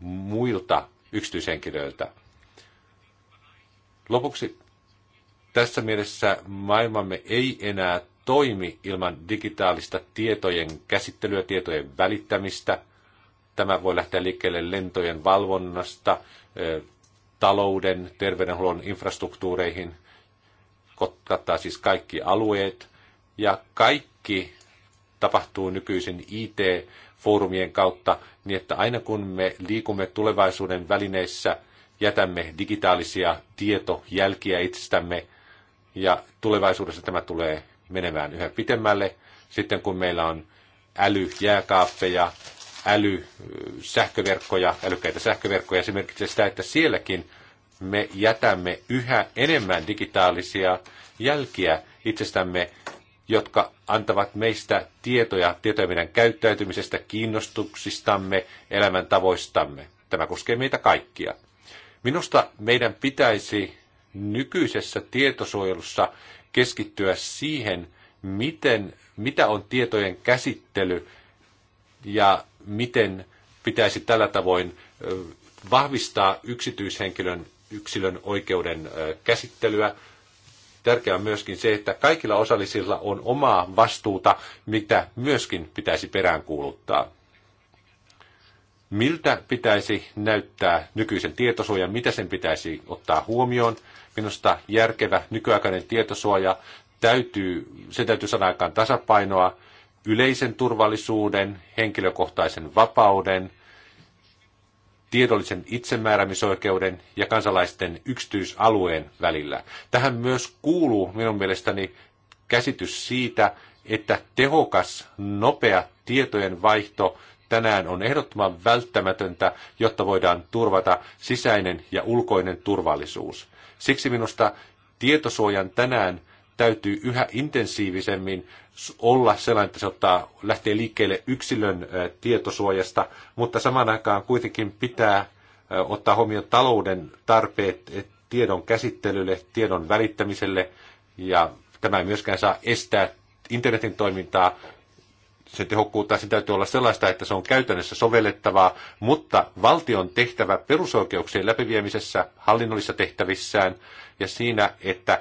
muilta yksityishenkilöiltä. Lopuksi tässä mielessä maailmamme ei enää toimi ilman digitaalista tietojen käsittelyä, tietojen välittämistä – Tämä voi lähteä liikkeelle lentojen valvonnasta, talouden, terveydenhuollon infrastruktuureihin, kattaa siis kaikki alueet. Ja kaikki tapahtuu nykyisin IT-foorumien kautta niin, että aina kun me liikumme tulevaisuuden välineissä, jätämme digitaalisia tietojälkiä itsestämme ja tulevaisuudessa tämä tulee menemään yhä pitemmälle. Sitten kun meillä on älyjääkaappeja, äly sähköverkkoja, älykkäitä sähköverkkoja. Se sitä, että sielläkin me jätämme yhä enemmän digitaalisia jälkiä itsestämme, jotka antavat meistä tietoja, tietoja meidän käyttäytymisestä, kiinnostuksistamme, elämäntavoistamme. Tämä koskee meitä kaikkia. Minusta meidän pitäisi nykyisessä tietosuojelussa keskittyä siihen, miten, mitä on tietojen käsittely ja miten pitäisi tällä tavoin vahvistaa yksityishenkilön yksilön oikeuden käsittelyä. Tärkeää on myöskin se, että kaikilla osallisilla on omaa vastuuta, mitä myöskin pitäisi peräänkuuluttaa. Miltä pitäisi näyttää nykyisen tietosuojan, mitä sen pitäisi ottaa huomioon. Minusta järkevä nykyaikainen tietosuoja täytyy, se täytyy saada aikaan tasapainoa yleisen turvallisuuden, henkilökohtaisen vapauden, tiedollisen itsemääräämisoikeuden ja kansalaisten yksityisalueen välillä. Tähän myös kuuluu minun mielestäni käsitys siitä, että tehokas, nopea tietojen vaihto tänään on ehdottoman välttämätöntä, jotta voidaan turvata sisäinen ja ulkoinen turvallisuus. Siksi minusta tietosuojan tänään täytyy yhä intensiivisemmin olla sellainen, että se ottaa, lähtee liikkeelle yksilön tietosuojasta, mutta samaan aikaan kuitenkin pitää ottaa huomioon talouden tarpeet e, tiedon käsittelylle, tiedon välittämiselle, ja tämä ei myöskään saa estää internetin toimintaa. Sen tehokkuutta sen täytyy olla sellaista, että se on käytännössä sovellettavaa, mutta valtion tehtävä perusoikeuksien läpiviemisessä hallinnollisissa tehtävissään ja siinä, että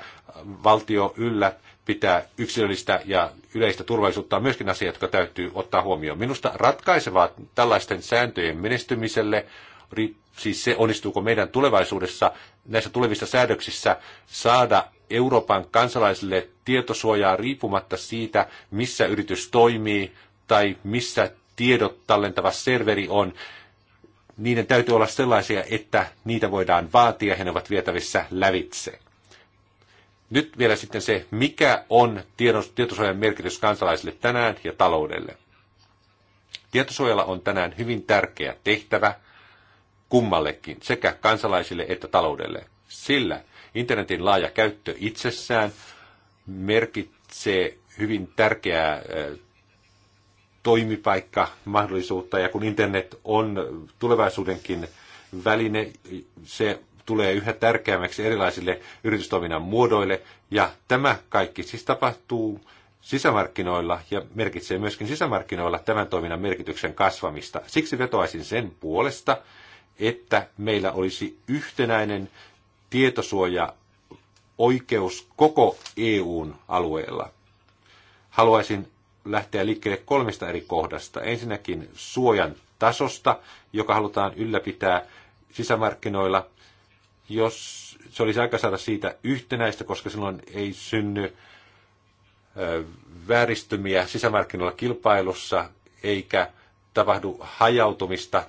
valtio yllä pitää yksilöllistä ja yleistä turvallisuutta on myöskin asia, jotka täytyy ottaa huomioon. Minusta ratkaisevaa tällaisten sääntöjen menestymiselle, siis se onnistuuko meidän tulevaisuudessa näissä tulevissa säädöksissä saada Euroopan kansalaisille tietosuojaa riippumatta siitä, missä yritys toimii tai missä tiedot tallentava serveri on. Niiden täytyy olla sellaisia, että niitä voidaan vaatia ja ne ovat vietävissä lävitse. Nyt vielä sitten se, mikä on tietosuojan merkitys kansalaisille tänään ja taloudelle. Tietosuojalla on tänään hyvin tärkeä tehtävä kummallekin, sekä kansalaisille että taloudelle. Sillä internetin laaja käyttö itsessään merkitsee hyvin tärkeää toimipaikka mahdollisuutta ja kun internet on tulevaisuudenkin väline, se tulee yhä tärkeämmäksi erilaisille yritystoiminnan muodoille, ja tämä kaikki siis tapahtuu sisämarkkinoilla ja merkitsee myöskin sisämarkkinoilla tämän toiminnan merkityksen kasvamista. Siksi vetoaisin sen puolesta, että meillä olisi yhtenäinen tietosuoja oikeus koko EUn alueella. Haluaisin lähteä liikkeelle kolmesta eri kohdasta. Ensinnäkin suojan tasosta, joka halutaan ylläpitää sisämarkkinoilla jos se olisi aika saada siitä yhtenäistä, koska silloin ei synny vääristymiä sisämarkkinoilla kilpailussa, eikä tapahdu hajautumista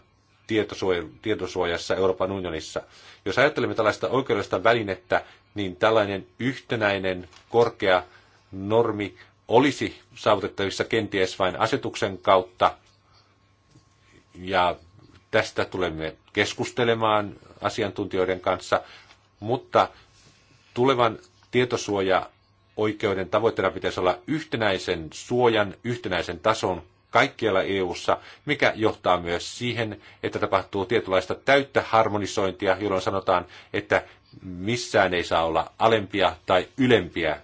tietosuojassa Euroopan unionissa. Jos ajattelemme tällaista oikeudellista välinettä, niin tällainen yhtenäinen korkea normi olisi saavutettavissa kenties vain asetuksen kautta, ja Tästä tulemme keskustelemaan asiantuntijoiden kanssa, mutta tulevan tietosuoja oikeuden tavoitteena pitäisi olla yhtenäisen suojan, yhtenäisen tason kaikkialla EU:ssa, mikä johtaa myös siihen, että tapahtuu tietynlaista täyttä harmonisointia, jolloin sanotaan, että missään ei saa olla alempia tai ylempiä,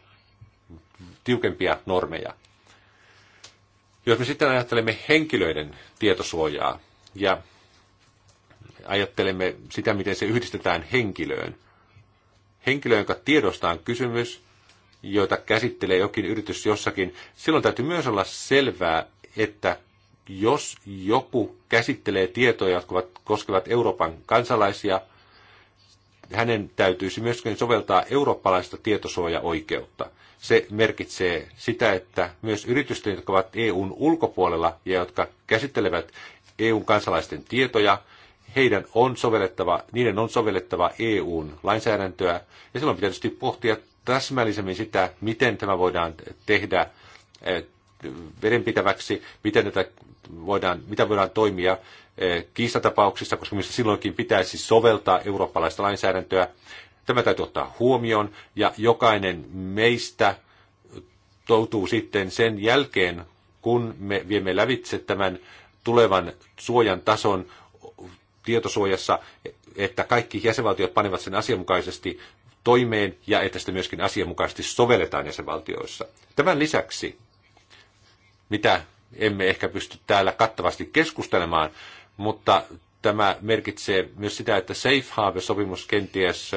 tiukempia normeja. Jos me sitten ajattelemme henkilöiden tietosuojaa ja ajattelemme sitä, miten se yhdistetään henkilöön. Henkilö, jonka tiedostaan kysymys, joita käsittelee jokin yritys jossakin, silloin täytyy myös olla selvää, että jos joku käsittelee tietoja, jotka koskevat Euroopan kansalaisia, hänen täytyisi myöskin soveltaa eurooppalaista tietosuojaoikeutta. Se merkitsee sitä, että myös yritysten, jotka ovat EUn ulkopuolella ja jotka käsittelevät EUn kansalaisten tietoja, heidän on sovellettava, niiden on sovellettava EUn lainsäädäntöä, ja silloin pitää tietysti pohtia täsmällisemmin sitä, miten tämä voidaan tehdä eh, vedenpitäväksi, miten tätä voidaan, mitä voidaan toimia eh, kiistatapauksissa, koska missä silloinkin pitäisi soveltaa eurooppalaista lainsäädäntöä. Tämä täytyy ottaa huomioon, ja jokainen meistä toutuu sitten sen jälkeen, kun me viemme lävitse tämän tulevan suojan tason, tietosuojassa, että kaikki jäsenvaltiot panevat sen asianmukaisesti toimeen ja että sitä myöskin asianmukaisesti sovelletaan jäsenvaltioissa. Tämän lisäksi, mitä emme ehkä pysty täällä kattavasti keskustelemaan, mutta tämä merkitsee myös sitä, että Safe Harbor-sopimus kenties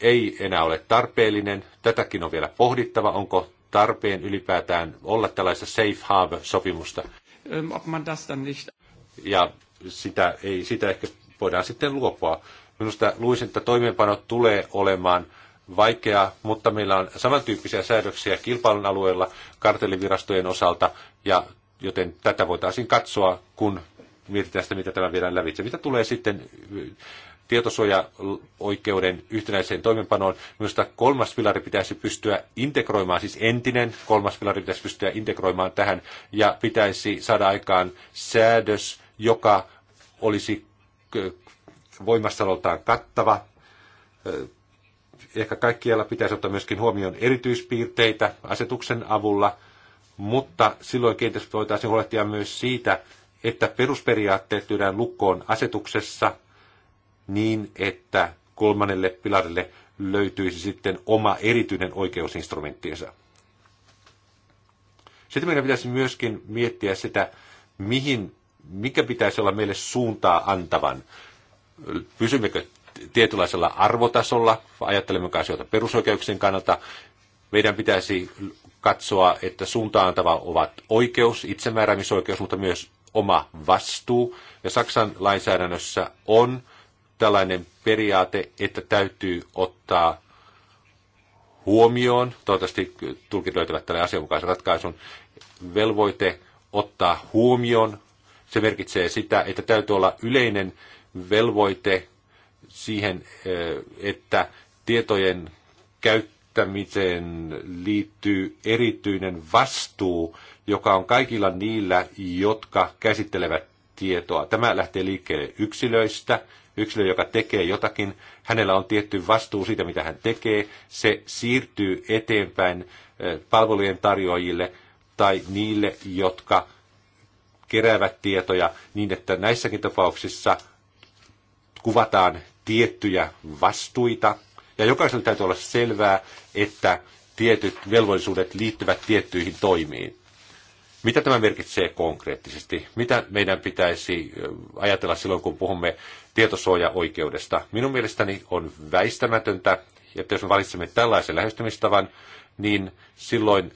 ei enää ole tarpeellinen. Tätäkin on vielä pohdittava, onko tarpeen ylipäätään olla tällaista Safe Harbor-sopimusta. Ähm, ja sitä, ei, sitä ehkä voidaan sitten luopua. Minusta luisin, että toimeenpano tulee olemaan vaikeaa, mutta meillä on samantyyppisiä säädöksiä kilpailun alueella kartellivirastojen osalta, ja joten tätä voitaisiin katsoa, kun mietitään sitä, mitä tämä viedään lävitse. Mitä tulee sitten äh, tietosuoja-oikeuden yhtenäiseen toimenpanoon. Minusta kolmas pilari pitäisi pystyä integroimaan, siis entinen kolmas pilari pitäisi pystyä integroimaan tähän ja pitäisi saada aikaan säädös, joka olisi voimassaololtaan kattava. Ehkä kaikkialla pitäisi ottaa myöskin huomioon erityispiirteitä asetuksen avulla, mutta silloin kiinteistöt voitaisiin huolehtia myös siitä, että perusperiaatteet lyödään lukkoon asetuksessa niin, että kolmannelle pilarille löytyisi sitten oma erityinen oikeusinstrumenttinsa. Sitten meidän pitäisi myöskin miettiä sitä, mihin mikä pitäisi olla meille suuntaa antavan? Pysymmekö tietynlaisella arvotasolla, ajattelemmeko asioita perusoikeuksien kannalta? Meidän pitäisi katsoa, että suuntaan antava ovat oikeus, itsemääräämisoikeus, mutta myös oma vastuu. Ja Saksan lainsäädännössä on tällainen periaate, että täytyy ottaa huomioon, toivottavasti tulkit löytävät tälle asianmukaisen ratkaisun, velvoite ottaa huomioon se merkitsee sitä, että täytyy olla yleinen velvoite siihen, että tietojen käyttämiseen liittyy erityinen vastuu, joka on kaikilla niillä, jotka käsittelevät tietoa. Tämä lähtee liikkeelle yksilöistä. Yksilö, joka tekee jotakin, hänellä on tietty vastuu siitä, mitä hän tekee. Se siirtyy eteenpäin palvelujen tarjoajille tai niille, jotka keräävät tietoja niin, että näissäkin tapauksissa kuvataan tiettyjä vastuita. Ja jokaisella täytyy olla selvää, että tietyt velvollisuudet liittyvät tiettyihin toimiin. Mitä tämä merkitsee konkreettisesti? Mitä meidän pitäisi ajatella silloin, kun puhumme tietosuojaoikeudesta? Minun mielestäni on väistämätöntä, että jos me valitsemme tällaisen lähestymistavan, niin silloin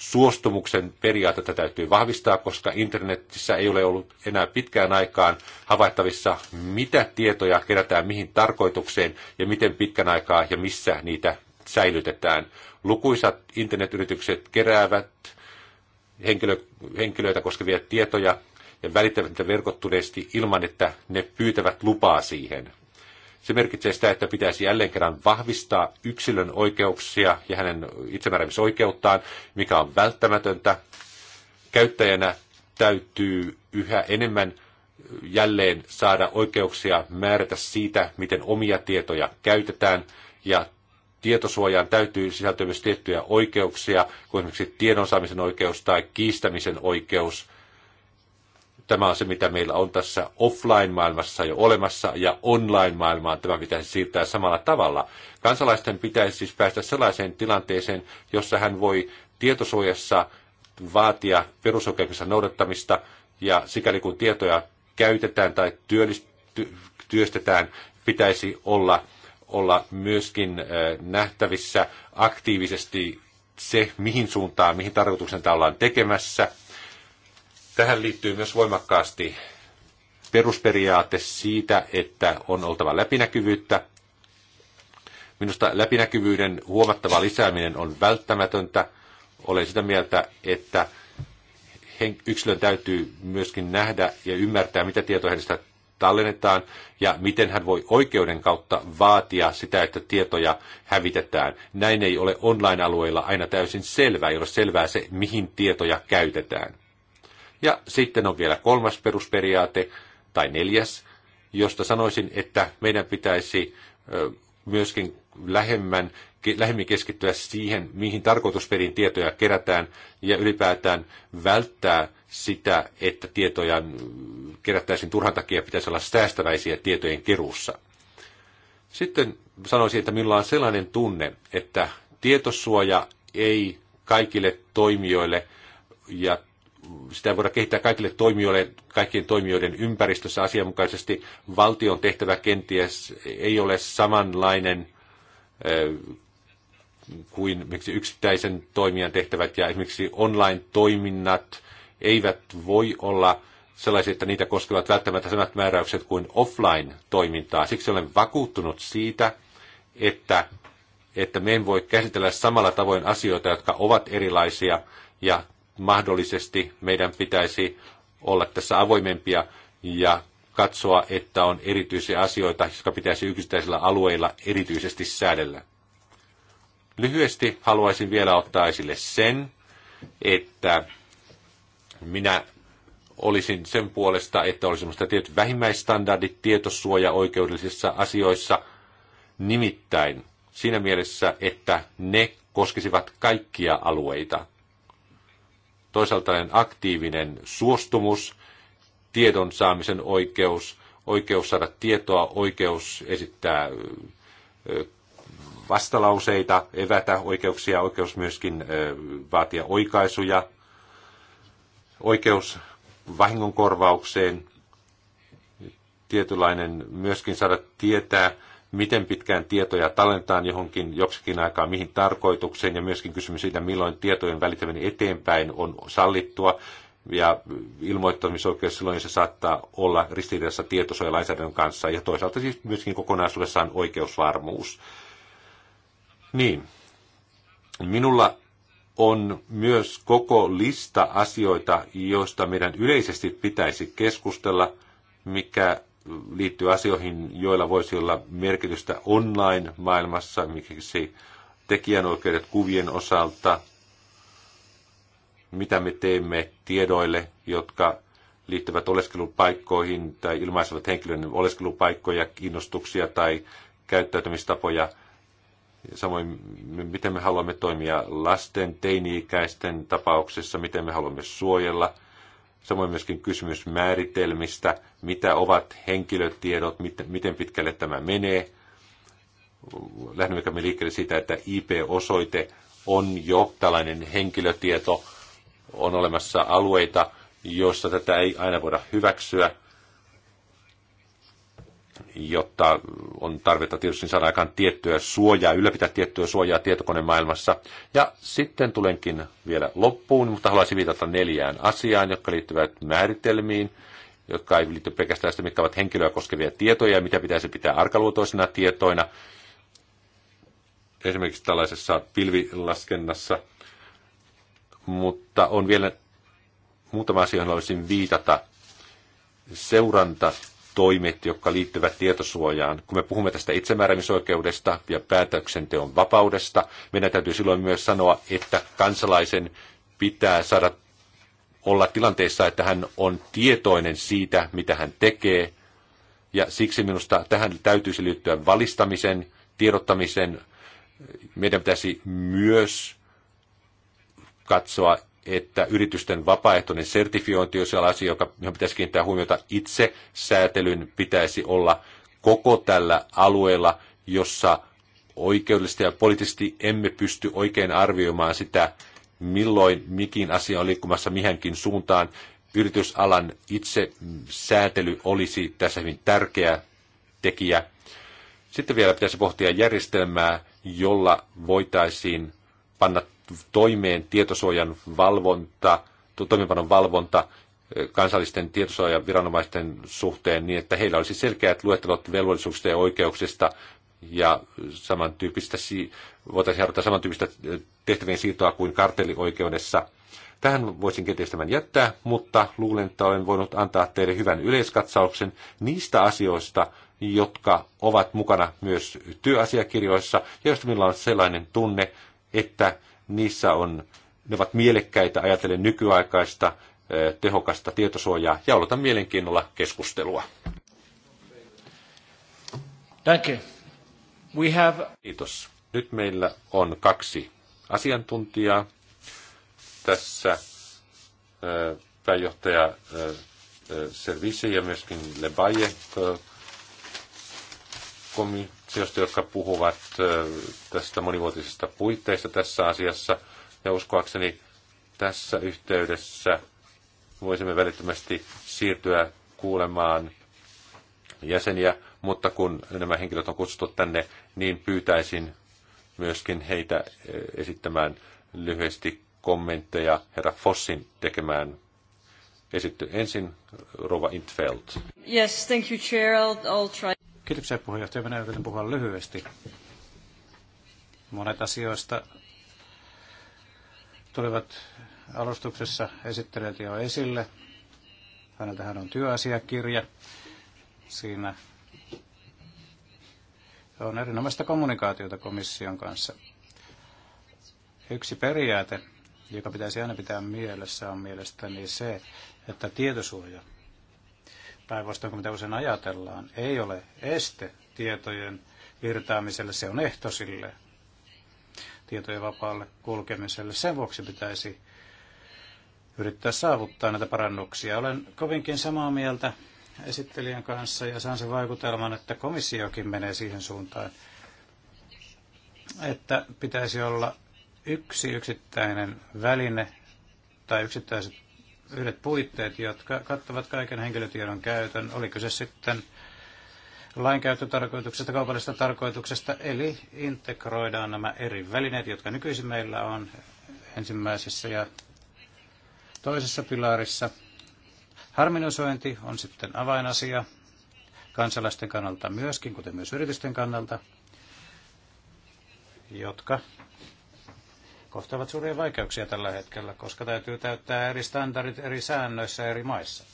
suostumuksen periaatetta täytyy vahvistaa, koska internetissä ei ole ollut enää pitkään aikaan havaittavissa, mitä tietoja kerätään mihin tarkoitukseen ja miten pitkän aikaa ja missä niitä säilytetään. Lukuisat internetyritykset keräävät henkilö, henkilöitä koskevia tietoja ja välittävät niitä verkottuneesti ilman, että ne pyytävät lupaa siihen. Se merkitsee sitä, että pitäisi jälleen kerran vahvistaa yksilön oikeuksia ja hänen itsemääräämisoikeuttaan, mikä on välttämätöntä. Käyttäjänä täytyy yhä enemmän jälleen saada oikeuksia määrätä siitä, miten omia tietoja käytetään ja tietosuojaan täytyy sisältyä myös tiettyjä oikeuksia, kuten esimerkiksi tiedonsaamisen oikeus tai kiistämisen oikeus – Tämä on se, mitä meillä on tässä offline-maailmassa jo olemassa ja online-maailmaan tämä pitäisi siirtää samalla tavalla. Kansalaisten pitäisi siis päästä sellaiseen tilanteeseen, jossa hän voi tietosuojassa vaatia perusoikeuksien noudattamista ja sikäli kun tietoja käytetään tai työstetään, pitäisi olla, olla myöskin nähtävissä aktiivisesti se, mihin suuntaan, mihin tarkoituksen tämä ollaan tekemässä – Tähän liittyy myös voimakkaasti perusperiaate siitä, että on oltava läpinäkyvyyttä. Minusta läpinäkyvyyden huomattava lisääminen on välttämätöntä. Olen sitä mieltä, että yksilön täytyy myöskin nähdä ja ymmärtää, mitä tietoja hänestä tallennetaan ja miten hän voi oikeuden kautta vaatia sitä, että tietoja hävitetään. Näin ei ole online-alueilla aina täysin selvää, ei ole selvää se, mihin tietoja käytetään. Ja sitten on vielä kolmas perusperiaate, tai neljäs, josta sanoisin, että meidän pitäisi myöskin lähemmän, lähemmin keskittyä siihen, mihin tarkoitusperin tietoja kerätään ja ylipäätään välttää sitä, että tietoja kerättäisiin turhan takia, pitäisi olla säästäväisiä tietojen keruussa. Sitten sanoisin, että minulla on sellainen tunne, että tietosuoja ei kaikille toimijoille ja sitä voidaan kehittää kaikille toimijoille, kaikkien toimijoiden ympäristössä asianmukaisesti. Valtion tehtävä kenties ei ole samanlainen kuin miksi yksittäisen toimijan tehtävät ja esimerkiksi online-toiminnat eivät voi olla sellaisia, että niitä koskevat välttämättä samat määräykset kuin offline-toimintaa. Siksi olen vakuuttunut siitä, että, että me en voi käsitellä samalla tavoin asioita, jotka ovat erilaisia ja mahdollisesti meidän pitäisi olla tässä avoimempia ja katsoa, että on erityisiä asioita, jotka pitäisi yksittäisillä alueilla erityisesti säädellä. Lyhyesti haluaisin vielä ottaa esille sen, että minä olisin sen puolesta, että olisi sellaista tietyt vähimmäistandardit tietosuoja oikeudellisissa asioissa, nimittäin siinä mielessä, että ne koskisivat kaikkia alueita toisaalta aktiivinen suostumus, tiedon saamisen oikeus, oikeus saada tietoa, oikeus esittää vastalauseita, evätä oikeuksia, oikeus myöskin vaatia oikaisuja, oikeus vahingonkorvaukseen, tietynlainen myöskin saada tietää miten pitkään tietoja tallentaa johonkin joksikin aikaa, mihin tarkoitukseen, ja myöskin kysymys siitä, milloin tietojen välittäminen eteenpäin on sallittua, ja ilmoittamisoikeus silloin se saattaa olla ristiriidassa tietosuojalainsäädännön kanssa, ja toisaalta siis myöskin kokonaisuudessaan oikeusvarmuus. Niin. Minulla on myös koko lista asioita, joista meidän yleisesti pitäisi keskustella, mikä liittyy asioihin, joilla voisi olla merkitystä online-maailmassa, miksi tekijänoikeudet kuvien osalta, mitä me teemme tiedoille, jotka liittyvät oleskelupaikkoihin tai ilmaisevat henkilön oleskelupaikkoja, kiinnostuksia tai käyttäytymistapoja. Samoin, miten me haluamme toimia lasten, teini-ikäisten tapauksessa, miten me haluamme suojella – Samoin myöskin kysymys määritelmistä, mitä ovat henkilötiedot, miten pitkälle tämä menee. Lähdemmekö me liikkeelle siitä, että IP-osoite on jo tällainen henkilötieto, on olemassa alueita, joissa tätä ei aina voida hyväksyä – jotta on tarvetta tietysti saada aikaan tiettyä suojaa, ylläpitää tiettyä suojaa tietokonemaailmassa. Ja sitten tulenkin vielä loppuun, mutta haluaisin viitata neljään asiaan, jotka liittyvät määritelmiin, jotka ei liity pelkästään sitä, mitkä ovat henkilöä koskevia tietoja ja mitä pitäisi pitää arkaluotoisina tietoina. Esimerkiksi tällaisessa pilvilaskennassa. Mutta on vielä muutama asia, johon haluaisin viitata. Seuranta toimet, jotka liittyvät tietosuojaan. Kun me puhumme tästä itsemääräämisoikeudesta ja päätöksenteon vapaudesta, meidän täytyy silloin myös sanoa, että kansalaisen pitää saada olla tilanteessa, että hän on tietoinen siitä, mitä hän tekee. Ja siksi minusta tähän täytyisi liittyä valistamisen, tiedottamisen. Meidän pitäisi myös katsoa että yritysten vapaaehtoinen sertifiointi, on sellainen asia, joka, johon pitäisi kiinnittää huomiota itse, säätelyn pitäisi olla koko tällä alueella, jossa oikeudellisesti ja poliittisesti emme pysty oikein arvioimaan sitä, milloin mikin asia on liikkumassa mihinkin suuntaan. Yritysalan itse säätely olisi tässä hyvin tärkeä tekijä. Sitten vielä pitäisi pohtia järjestelmää, jolla voitaisiin panna toimeen tietosuojan valvonta, toimeenpanon valvonta eh, kansallisten tietosuojan viranomaisten suhteen niin, että heillä olisi selkeät luettelot velvollisuuksista ja oikeuksista ja samantyyppistä, voitaisiin harjoittaa samantyyppistä eh, tehtävien siirtoa kuin kartellioikeudessa. Tähän voisin kenties tämän jättää, mutta luulen, että olen voinut antaa teille hyvän yleiskatsauksen niistä asioista, jotka ovat mukana myös työasiakirjoissa, ja joista minulla on sellainen tunne, että Niissä on, ne ovat mielekkäitä ajatellen nykyaikaista, eh, tehokasta tietosuojaa ja odotan mielenkiinnolla keskustelua. Danke. We have... Kiitos. Nyt meillä on kaksi asiantuntijaa tässä. Eh, pääjohtaja eh, Servisi ja myöskin Lebaje asioista, jotka puhuvat tästä monivuotisesta puitteista tässä asiassa. Ja uskoakseni tässä yhteydessä voisimme välittömästi siirtyä kuulemaan jäseniä, mutta kun nämä henkilöt on kutsuttu tänne, niin pyytäisin myöskin heitä esittämään lyhyesti kommentteja herra Fossin tekemään esitty ensin Rova Intfeld. Yes, thank you, Chair. I'll, I'll try. Kiitoksia puheenjohtaja. Minä yritän puhua lyhyesti. Monet asioista tulivat alustuksessa esittelijät jo esille. Häneltähän on työasiakirja. Siinä on erinomaista kommunikaatiota komission kanssa. Yksi periaate, joka pitäisi aina pitää mielessä, on mielestäni se, että tietosuoja päinvastoin kuin mitä usein ajatellaan, ei ole este tietojen virtaamiselle, se on ehto sille tietojen vapaalle kulkemiselle. Sen vuoksi pitäisi yrittää saavuttaa näitä parannuksia. Olen kovinkin samaa mieltä esittelijän kanssa ja saan sen vaikutelman, että komissiokin menee siihen suuntaan, että pitäisi olla yksi yksittäinen väline tai yksittäiset yhdet puitteet, jotka kattavat kaiken henkilötiedon käytön, oliko se sitten lainkäyttötarkoituksesta, kaupallisesta tarkoituksesta, eli integroidaan nämä eri välineet, jotka nykyisin meillä on ensimmäisessä ja toisessa pilarissa. Harminosointi on sitten avainasia kansalaisten kannalta myöskin, kuten myös yritysten kannalta, jotka kohtaavat suuria vaikeuksia tällä hetkellä, koska täytyy täyttää eri standardit eri säännöissä eri maissa.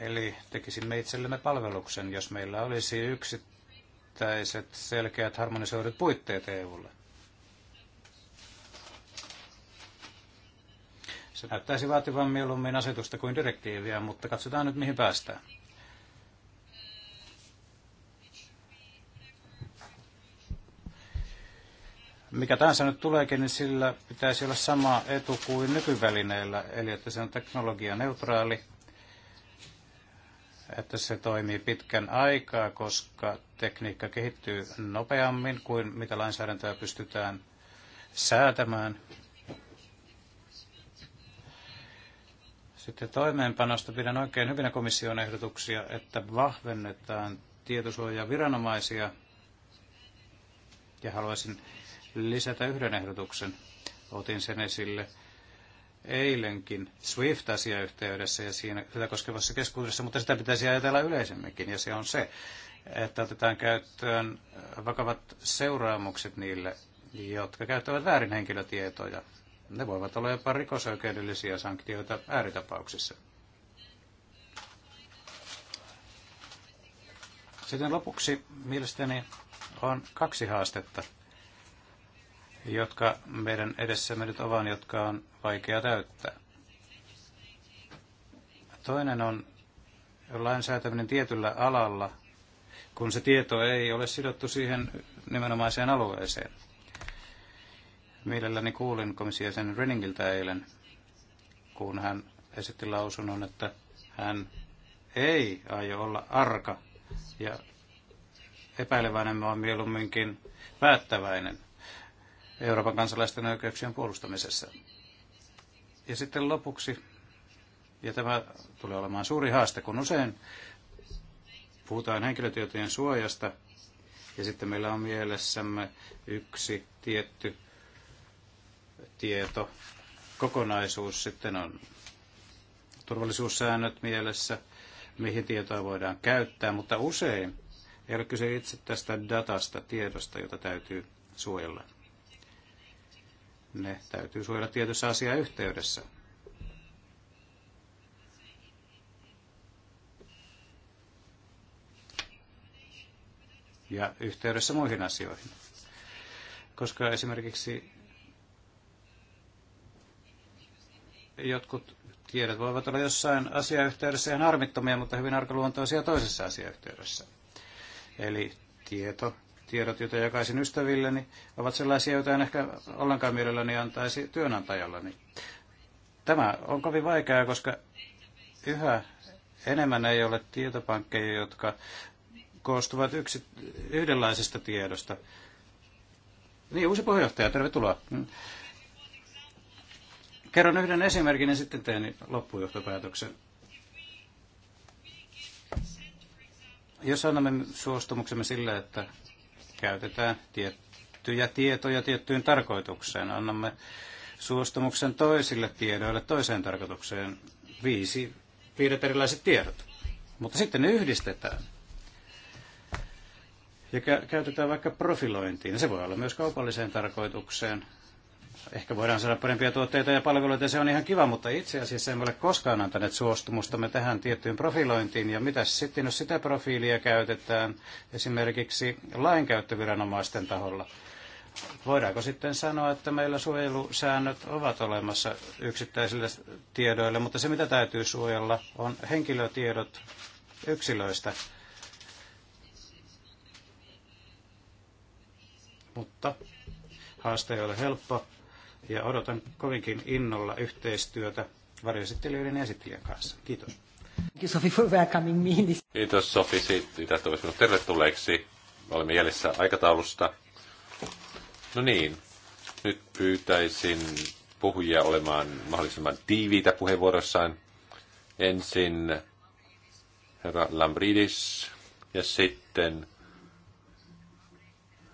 Eli tekisimme itsellemme palveluksen, jos meillä olisi yksittäiset selkeät harmonisoidut puitteet EUlle. Se näyttäisi vaativan mieluummin asetusta kuin direktiiviä, mutta katsotaan nyt mihin päästään. mikä tahansa nyt tuleekin, niin sillä pitäisi olla sama etu kuin nykyvälineillä, eli että se on teknologianeutraali, että se toimii pitkän aikaa, koska tekniikka kehittyy nopeammin kuin mitä lainsäädäntöä pystytään säätämään. Sitten toimeenpanosta pidän oikein hyvinä komission ehdotuksia, että vahvennetaan tietosuojaviranomaisia. Ja haluaisin lisätä yhden ehdotuksen. Otin sen esille eilenkin SWIFT-asiayhteydessä ja siinä sitä koskevassa keskuudessa, mutta sitä pitäisi ajatella yleisemminkin, ja se on se, että otetaan käyttöön vakavat seuraamukset niille, jotka käyttävät väärin henkilötietoja. Ne voivat olla jopa rikosoikeudellisia sanktioita ääritapauksissa. Sitten lopuksi mielestäni on kaksi haastetta jotka meidän edessämme nyt ovat, jotka on vaikea täyttää. Toinen on lainsäätäminen tietyllä alalla, kun se tieto ei ole sidottu siihen nimenomaiseen alueeseen. Mielelläni kuulin sen Renningiltä eilen, kun hän esitti lausunnon, että hän ei aio olla arka ja epäileväinen, vaan mieluumminkin päättäväinen – Euroopan kansalaisten oikeuksien puolustamisessa. Ja sitten lopuksi, ja tämä tulee olemaan suuri haaste, kun usein puhutaan henkilötietojen suojasta, ja sitten meillä on mielessämme yksi tietty tieto, kokonaisuus, sitten on turvallisuussäännöt mielessä, mihin tietoa voidaan käyttää, mutta usein ei ole kyse itse tästä datasta, tiedosta, jota täytyy suojella ne täytyy suojella tietyssä yhteydessä Ja yhteydessä muihin asioihin. Koska esimerkiksi jotkut tiedot voivat olla jossain asiayhteydessä ihan harmittomia, mutta hyvin arkaluontoisia toisessa asiayhteydessä. Eli tieto tiedot, joita jakaisin ystävilleni, ovat sellaisia, joita en ehkä ollenkaan mielelläni antaisi työnantajallani. Tämä on kovin vaikeaa, koska yhä enemmän ei ole tietopankkeja, jotka koostuvat yksi, yhdenlaisesta tiedosta. Niin, uusi puheenjohtaja, tervetuloa. Mm. Kerron yhden esimerkin ja sitten teen loppujohtopäätöksen. Jos annamme suostumuksemme sille, että käytetään tiettyjä tietoja tiettyyn tarkoitukseen. Annamme suostumuksen toisille tiedoille toiseen tarkoitukseen. Viisi, viidet erilaiset tiedot. Mutta sitten ne yhdistetään ja käytetään vaikka profilointiin. Se voi olla myös kaupalliseen tarkoitukseen, ehkä voidaan saada parempia tuotteita ja palveluita, ja se on ihan kiva, mutta itse asiassa emme ole koskaan antaneet suostumusta me tähän tiettyyn profilointiin, ja mitä sitten, jos sitä profiilia käytetään esimerkiksi lainkäyttöviranomaisten taholla? Voidaanko sitten sanoa, että meillä suojelusäännöt ovat olemassa yksittäisille tiedoille, mutta se mitä täytyy suojella on henkilötiedot yksilöistä. Mutta haaste ei ole helppo ja odotan kovinkin innolla yhteistyötä varjoesittelijöiden ja esittelijän kanssa. Kiitos. Kiitos Sofi siitä, että olisit tervetulleeksi. Olemme jäljessä aikataulusta. No niin, nyt pyytäisin puhujia olemaan mahdollisimman tiiviitä puheenvuorossaan. Ensin herra Lambridis ja sitten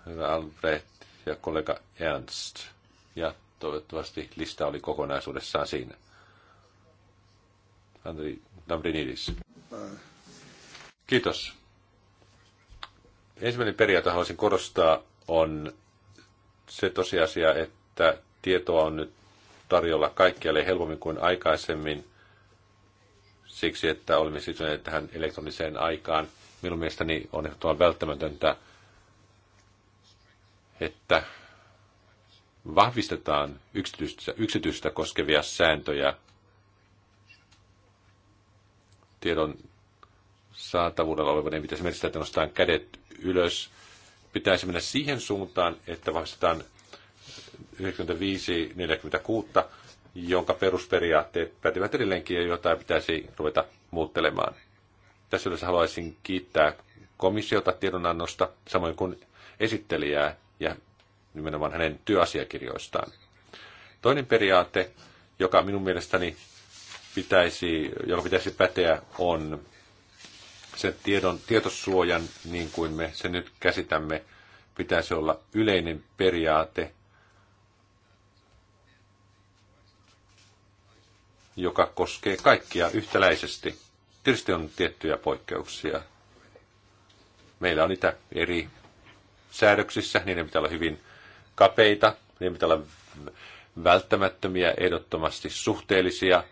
herra Albrecht ja kollega Ernst. Ja Toivottavasti lista oli kokonaisuudessaan siinä. Andri Dambrinidis. Kiitos. Ensimmäinen periaate haluaisin korostaa on se tosiasia, että tietoa on nyt tarjolla kaikkialle helpommin kuin aikaisemmin siksi, että olemme sitoneet tähän elektroniseen aikaan. Minun mielestäni on ehdottoman välttämätöntä, että vahvistetaan yksityistä, yksityistä koskevia sääntöjä tiedon saatavuudella olevan ei pitäisi merkitä, että nostetaan kädet ylös. Pitäisi mennä siihen suuntaan, että vahvistetaan 95-46, jonka perusperiaatteet päätyvät edelleenkin ja jota pitäisi ruveta muuttelemaan. Tässä yleensä haluaisin kiittää komissiota tiedonannosta, samoin kuin esittelijää ja nimenomaan hänen työasiakirjoistaan. Toinen periaate, joka minun mielestäni pitäisi, joka pitäisi päteä, on sen tiedon, tietosuojan, niin kuin me sen nyt käsitämme, pitäisi olla yleinen periaate, joka koskee kaikkia yhtäläisesti. Tietysti on tiettyjä poikkeuksia. Meillä on niitä eri säädöksissä, niiden pitää olla hyvin kapeita, niin pitää olla välttämättömiä, ehdottomasti suhteellisia. Meidän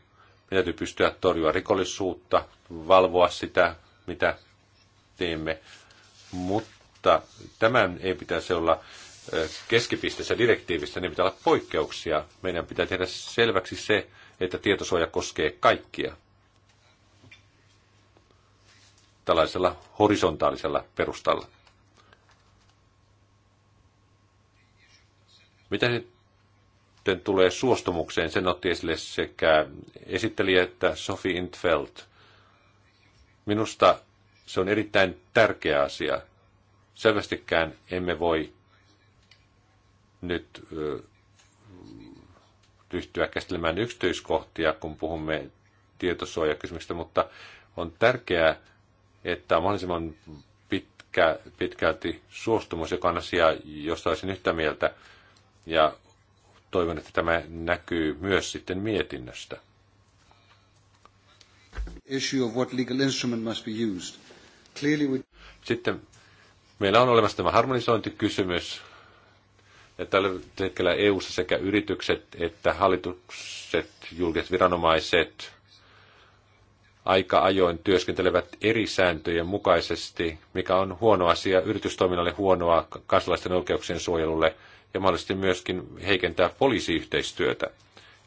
täytyy pystyä torjua rikollisuutta, valvoa sitä, mitä teemme. Mutta tämän ei pitäisi olla keskipisteessä direktiivissä, niin pitää olla poikkeuksia. Meidän pitää tehdä selväksi se, että tietosuoja koskee kaikkia tällaisella horisontaalisella perustalla. Mitä sitten tulee suostumukseen, sen otti esille sekä esittelijä että Sophie Intfeld. Minusta se on erittäin tärkeä asia. Selvästikään emme voi nyt ryhtyä käsittelemään yksityiskohtia, kun puhumme tietosuojakysymyksistä, mutta on tärkeää, että on mahdollisimman pitkä, pitkälti suostumus, joka on asia, josta olisin yhtä mieltä, ja toivon, että tämä näkyy myös sitten mietinnöstä. Sitten meillä on olemassa tämä harmonisointikysymys. Ja tällä hetkellä eu sekä yritykset että hallitukset, julkiset viranomaiset aika ajoin työskentelevät eri sääntöjen mukaisesti, mikä on huono asia yritystoiminnalle, huonoa kansalaisten oikeuksien suojelulle – ja mahdollisesti myöskin heikentää poliisiyhteistyötä.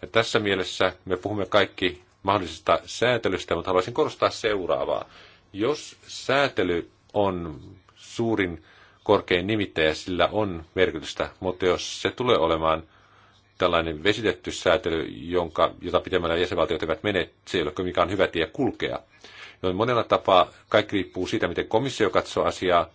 Ja tässä mielessä me puhumme kaikki mahdollisesta säätelystä, mutta haluaisin korostaa seuraavaa. Jos säätely on suurin korkein nimittäjä, sillä on merkitystä, mutta jos se tulee olemaan tällainen vesitetty säätely, jonka, jota pitemmällä jäsenvaltiot eivät mene, se ei ole mikään hyvä tie kulkea. Noin monella tapaa kaikki riippuu siitä, miten komissio katsoo asiaa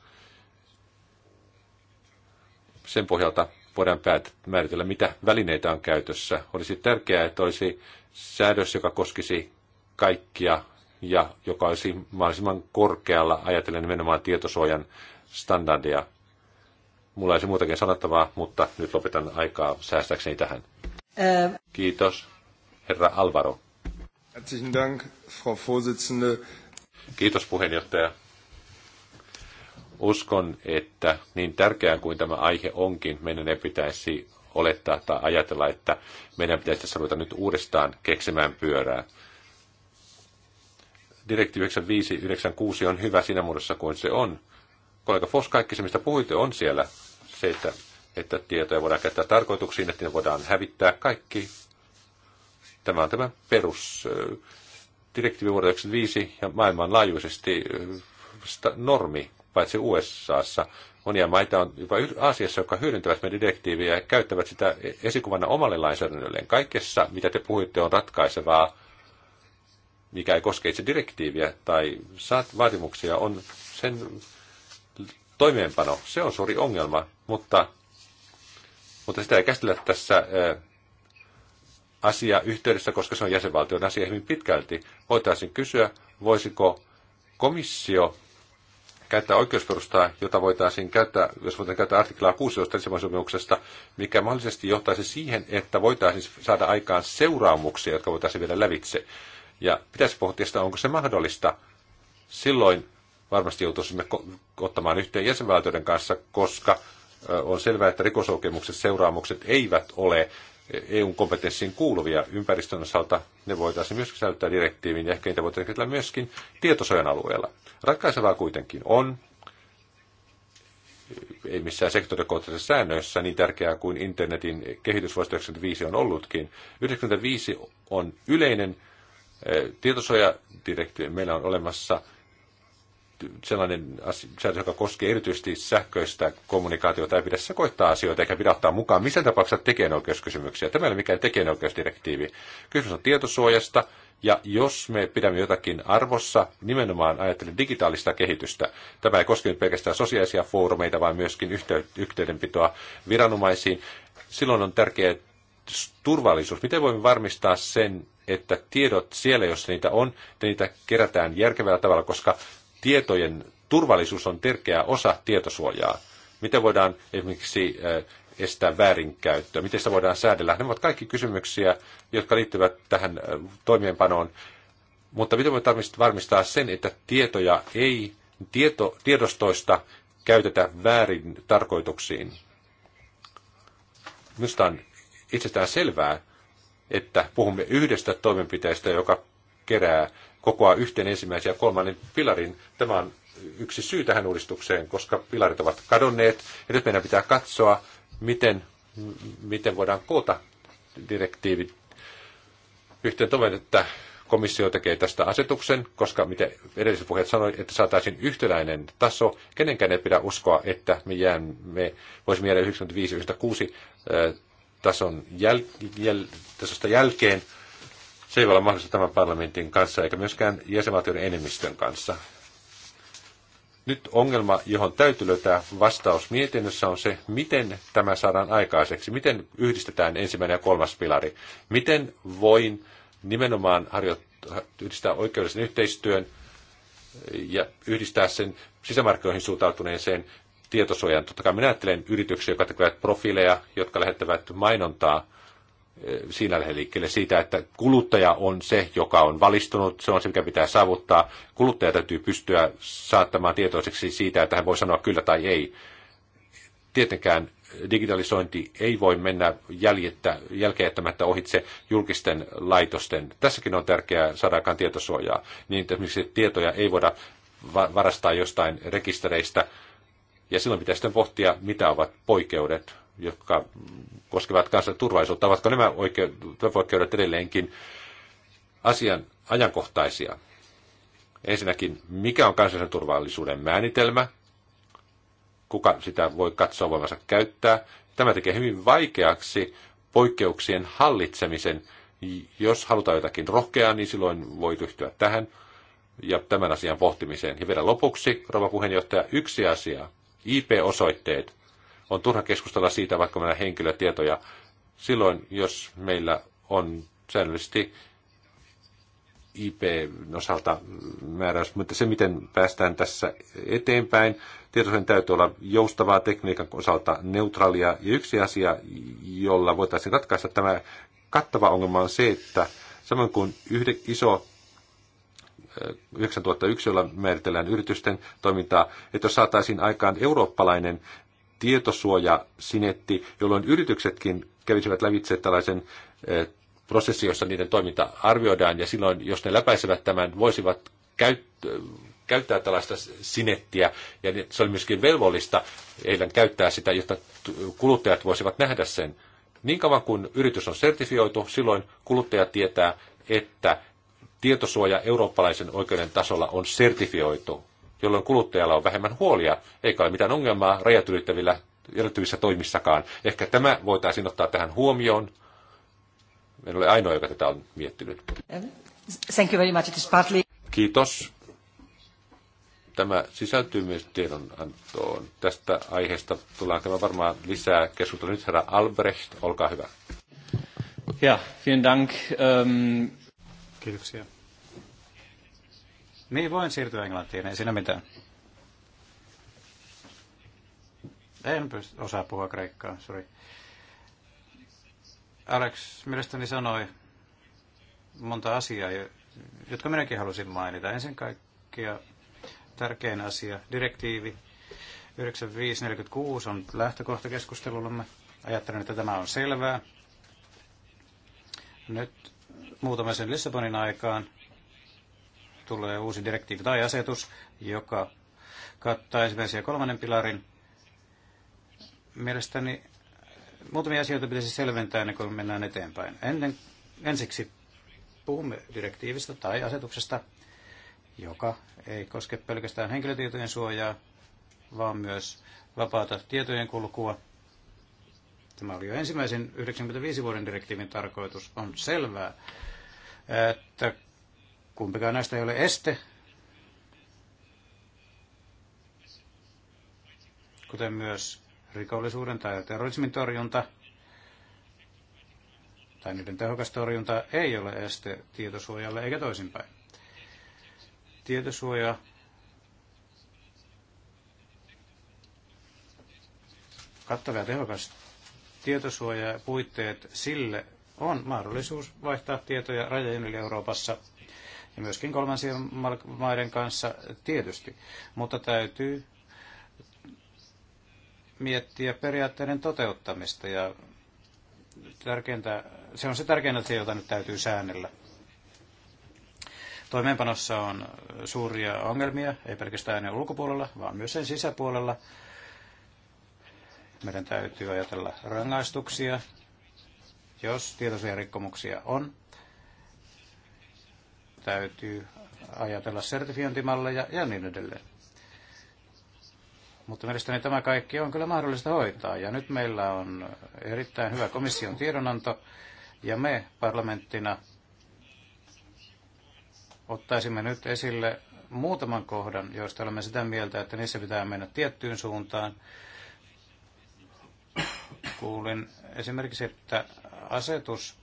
sen pohjalta, voidaan määritellä, mitä välineitä on käytössä. Olisi tärkeää, että olisi säädös, joka koskisi kaikkia ja joka olisi mahdollisimman korkealla ajatellen nimenomaan tietosuojan standardia. Mulla ei se muutakin sanottavaa, mutta nyt lopetan aikaa säästäkseni tähän. Ää... Kiitos, herra Alvaro. Herzlichen Dank, Frau Vorsitzende. Kiitos puheenjohtaja. Uskon, että niin tärkeää kuin tämä aihe onkin, meidän ei pitäisi olettaa tai ajatella, että meidän pitäisi tässä ruveta nyt uudestaan keksimään pyörää. Direktiivi 9596 on hyvä siinä muodossa kuin se on. Kollega Fos, kaikki se, mistä puhuitte, on siellä. Se, että, että tietoja voidaan käyttää tarkoituksiin, että ne voidaan hävittää kaikki. Tämä on tämä perus direktiivi vuodelta 1995 ja maailmanlaajuisesti normi paitsi USAssa. Monia maita on jopa Aasiassa, jotka hyödyntävät meidän direktiiviä ja käyttävät sitä e- esikuvana omalle lainsäädännölleen. Kaikessa, mitä te puhuitte, on ratkaisevaa, mikä ei koske itse direktiiviä tai vaatimuksia, on sen toimeenpano. Se on suuri ongelma, mutta, mutta sitä ei käsitellä tässä asia yhteydessä, koska se on jäsenvaltion asia hyvin pitkälti. Voitaisiin kysyä, voisiko komissio käyttää oikeusperustaa, jota voitaisiin käyttää, jos voitaisiin käyttää artiklaa 16 Lissabonin sopimuksesta, mikä mahdollisesti johtaisi siihen, että voitaisiin saada aikaan seuraamuksia, jotka voitaisiin vielä lävitse. Ja pitäisi pohtia sitä, onko se mahdollista. Silloin varmasti joutuisimme ottamaan yhteen jäsenvaltioiden kanssa, koska on selvää, että rikosoikeumukset seuraamukset eivät ole eu kompetenssiin kuuluvia ympäristön osalta, ne voitaisiin myöskin säilyttää direktiiviin ja ehkä niitä voitaisiin käsitellä myöskin tietosuojan alueella. Ratkaisevaa kuitenkin on, ei missään sektorikohtaisessa säännöissä niin tärkeää kuin internetin kehitys vuosi 95 on ollutkin. 95 on yleinen eh, tietosuojadirektiivi. Meillä on olemassa sellainen asia, joka koskee erityisesti sähköistä kommunikaatiota, ei pidä sekoittaa asioita eikä pidä ottaa mukaan missään tapauksessa tekijänoikeuskysymyksiä. Tämä ei ole mikään tekijänoikeusdirektiivi. Kysymys on tietosuojasta, ja jos me pidämme jotakin arvossa, nimenomaan ajattelen digitaalista kehitystä. Tämä ei koske pelkästään sosiaalisia foorumeita, vaan myöskin yhteydenpitoa viranomaisiin. Silloin on tärkeää turvallisuus. Miten voimme varmistaa sen, että tiedot siellä, jos niitä on, että niitä kerätään järkevällä tavalla, koska tietojen turvallisuus on tärkeä osa tietosuojaa. Miten voidaan esimerkiksi eh, estää väärinkäyttöä, miten sitä voidaan säädellä. Ne ovat kaikki kysymyksiä, jotka liittyvät tähän eh, toimeenpanoon. Mutta miten voi varmistaa sen, että tietoja ei tieto, tiedostoista käytetä väärin tarkoituksiin? Minusta on itsestään selvää, että puhumme yhdestä toimenpiteestä, joka kerää kokoaa yhteen ensimmäisen ja kolmannen pilarin. Tämä on yksi syy tähän uudistukseen, koska pilarit ovat kadonneet. Ja nyt meidän pitää katsoa, miten, miten voidaan koota direktiivit yhteen toivon, että komissio tekee tästä asetuksen, koska mitä edelliset puheet sanoi, että saataisiin yhtäläinen taso. Kenenkään ei pidä uskoa, että me, jään, me voisimme jäädä 95-96 tason jäl, jäl, tasosta jälkeen se ei voi olla mahdollista tämän parlamentin kanssa eikä myöskään jäsenvaltioiden enemmistön kanssa. Nyt ongelma, johon täytyy löytää vastaus mietinnössä, on se, miten tämä saadaan aikaiseksi, miten yhdistetään ensimmäinen ja kolmas pilari, miten voin nimenomaan yhdistää oikeudellisen yhteistyön ja yhdistää sen sisämarkkinoihin suuntautuneeseen tietosuojaan. Totta kai minä ajattelen yrityksiä, jotka tekevät profiileja, jotka lähettävät mainontaa Eh, siinä lähden liikkeelle siitä, että kuluttaja on se, joka on valistunut, se on se, mikä pitää saavuttaa. Kuluttaja täytyy pystyä saattamaan tietoiseksi siitä, että hän voi sanoa kyllä tai ei. Tietenkään digitalisointi ei voi mennä jäljettä, jälkeettämättä ohitse julkisten laitosten. Tässäkin on tärkeää saada aikaan tietosuojaa, niin että esimerkiksi tietoja ei voida varastaa jostain rekistereistä, ja silloin pitäisi sitten pohtia, mitä ovat poikkeudet jotka koskevat kansan turvallisuutta, ovatko nämä oikeudet, edelleenkin asian ajankohtaisia? Ensinnäkin, mikä on kansallisen turvallisuuden määritelmä? Kuka sitä voi katsoa voimansa käyttää? Tämä tekee hyvin vaikeaksi poikkeuksien hallitsemisen. Jos halutaan jotakin rohkeaa, niin silloin voi ryhtyä tähän ja tämän asian pohtimiseen. Ja vielä lopuksi, rouva puheenjohtaja, yksi asia. IP-osoitteet. On turha keskustella siitä, vaikka meillä on henkilötietoja. Silloin, jos meillä on säännöllisesti IP-osalta määräys, mutta se, miten päästään tässä eteenpäin, tietosuojan täytyy olla joustavaa tekniikan osalta neutraalia. Ja yksi asia, jolla voitaisiin ratkaista tämä kattava ongelma on se, että samoin kuin yhden iso 9001, jolla määritellään yritysten toimintaa, että jos saataisiin aikaan eurooppalainen tietosuoja sinetti, jolloin yrityksetkin kävisivät lävitse tällaisen eh, prosessi, jossa niiden toiminta arvioidaan, ja silloin, jos ne läpäisevät tämän, voisivat käyttää käyttää tällaista sinettiä, ja se oli myöskin velvollista heidän käyttää sitä, jotta kuluttajat voisivat nähdä sen. Niin kauan kuin yritys on sertifioitu, silloin kuluttaja tietää, että tietosuoja eurooppalaisen oikeuden tasolla on sertifioitu jolloin kuluttajalla on vähemmän huolia, eikä ole mitään ongelmaa rajat ylittävillä ylittyvissä toimissakaan. Ehkä tämä voitaisiin ottaa tähän huomioon. En ole ainoa, joka tätä on miettinyt. Thank you very much. It is partly... Kiitos. Tämä sisältyy myös tiedonantoon. Tästä aiheesta tullaan käymään varmaan lisää keskustelua. Nyt herra Albrecht, olkaa hyvä. Ja, vielen dank. Um... Kiitoksia. Niin voin siirtyä Englantiin, ei siinä mitään. En pysty, osaa puhua kreikkaa, sorry. Alex mielestäni sanoi monta asiaa, jotka minäkin halusin mainita. Ensin kaikkea tärkein asia, direktiivi 9546 on lähtökohta keskustelullamme. Ajattelen, että tämä on selvää. Nyt muutama sen Lissabonin aikaan tulee uusi direktiivi tai asetus, joka kattaa ensimmäisen ja kolmannen pilarin. Mielestäni muutamia asioita pitäisi selventää ennen kuin mennään eteenpäin. Ennen, ensiksi puhumme direktiivistä tai asetuksesta, joka ei koske pelkästään henkilötietojen suojaa, vaan myös vapaata tietojen kulkua. Tämä oli jo ensimmäisen 95 vuoden direktiivin tarkoitus. On selvää, että Kumpikaan näistä ei ole este. Kuten myös rikollisuuden tai terrorismin torjunta tai niiden tehokas torjunta ei ole este tietosuojalle eikä toisinpäin. Tietosuoja kattava ja tehokas tietosuoja ja puitteet sille on mahdollisuus vaihtaa tietoja rajojen yli Euroopassa ja myöskin kolmansien maiden kanssa tietysti, mutta täytyy miettiä periaatteiden toteuttamista ja tärkeintä, se on se tärkein asia, jota nyt täytyy säännellä. Toimeenpanossa on suuria ongelmia, ei pelkästään aineen ulkopuolella, vaan myös sen sisäpuolella. Meidän täytyy ajatella rangaistuksia, jos tietoisia rikkomuksia on täytyy ajatella sertifiointimalleja ja niin edelleen. Mutta mielestäni tämä kaikki on kyllä mahdollista hoitaa. Ja nyt meillä on erittäin hyvä komission tiedonanto, ja me parlamenttina ottaisimme nyt esille muutaman kohdan, joista olemme sitä mieltä, että niissä pitää mennä tiettyyn suuntaan. Kuulin esimerkiksi, että asetus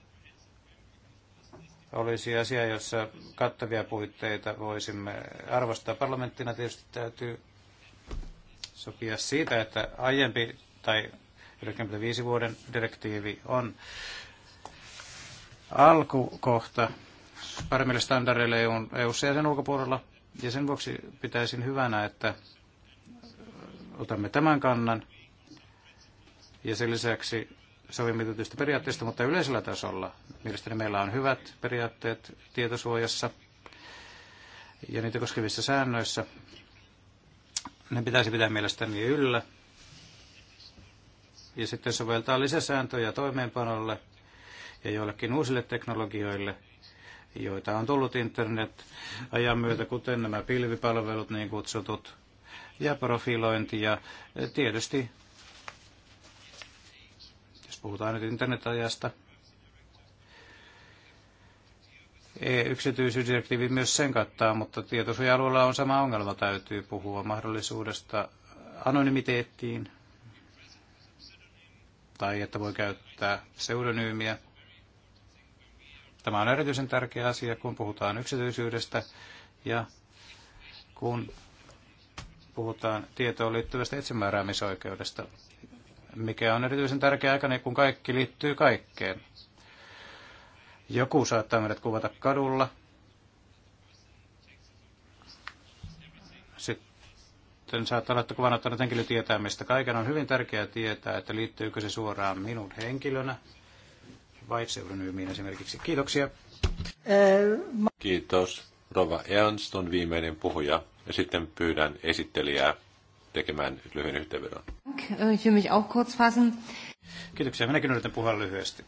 olisi asia, jossa kattavia puitteita voisimme arvostaa. Parlamenttina tietysti täytyy sopia siitä, että aiempi tai 95 vuoden direktiivi on alkukohta paremmille standardeille EU-ssa e ja sen ulkopuolella. Ja sen vuoksi pitäisin hyvänä, että otamme tämän kannan ja sen lisäksi sovimme tietysti periaatteista, mutta yleisellä tasolla mielestäni meillä on hyvät periaatteet tietosuojassa ja niitä koskevissa säännöissä. Ne pitäisi pitää mielestäni yllä. Ja sitten soveltaa lisäsääntöjä toimeenpanolle ja joillekin uusille teknologioille, joita on tullut internet-ajan myötä, kuten nämä pilvipalvelut niin kutsutut, ja profilointi ja tietysti puhutaan nyt internetajasta, yksityisyysdirektiivi myös sen kattaa, mutta tietosuoja-alueella on sama ongelma, täytyy puhua mahdollisuudesta anonymiteettiin tai että voi käyttää pseudonyymiä. Tämä on erityisen tärkeä asia, kun puhutaan yksityisyydestä ja kun puhutaan tietoon liittyvästä itsemääräämisoikeudesta mikä on erityisen tärkeä aikana, kun kaikki liittyy kaikkeen. Joku saattaa meidät kuvata kadulla. Sitten saattaa olla, että kuvan ottanut henkilö tietää, mistä kaiken on hyvin tärkeää tietää, että liittyykö se suoraan minun henkilönä vai pseudonyymiin esimerkiksi. Kiitoksia. Kiitos. Rova Ernst on viimeinen puhuja ja sitten pyydän esittelijää tekemään lyhyen yhteenvedon. Äh, ich will mich auch kurz fassen. Kiitoksia. Minäkin yritän puhua lyhyesti.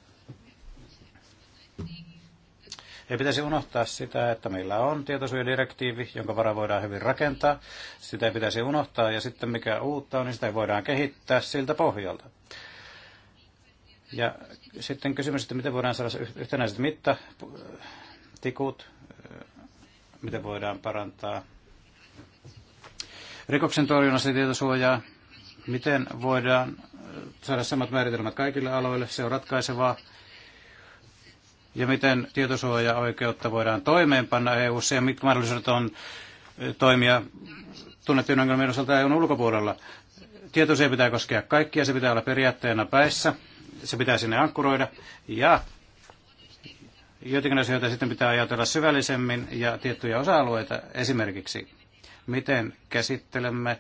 Ei pitäisi unohtaa sitä, että meillä on tietosuojadirektiivi, jonka vara voidaan hyvin rakentaa. Sitä ei pitäisi unohtaa ja sitten mikä uutta on, niin sitä voidaan kehittää siltä pohjalta. Ja sitten kysymys, että miten voidaan saada yhtenäiset mittatikut, äh, äh, miten voidaan parantaa rikoksen torjunnassa tietosuojaa, Miten voidaan äh, saada samat määritelmät kaikille aloille, se on ratkaisevaa. Ja miten tietosuoja-oikeutta voidaan toimeenpanna eu ja mitkä mahdollisuudet on äh, toimia tunnettujen ongelmien osalta EUn ulkopuolella. Tietosuoja pitää koskea kaikkia, se pitää olla periaatteena päissä, se pitää sinne ankkuroida ja joitakin asioita sitten pitää ajatella syvällisemmin ja tiettyjä osa-alueita esimerkiksi miten käsittelemme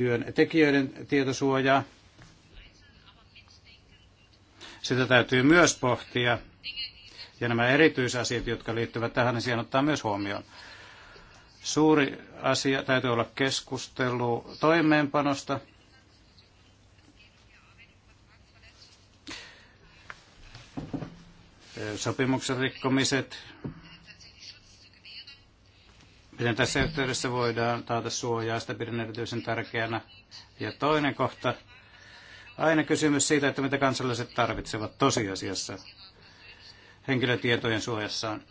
työntekijöiden tietosuojaa. Sitä täytyy myös pohtia. Ja nämä erityisasiat, jotka liittyvät tähän niin siihen ottaa myös huomioon. Suuri asia täytyy olla keskustelu toimeenpanosta. Sopimuksen rikkomiset, Miten tässä yhteydessä voidaan taata suojaa, sitä pidän erityisen tärkeänä. Ja toinen kohta, aina kysymys siitä, että mitä kansalaiset tarvitsevat tosiasiassa henkilötietojen suojassaan.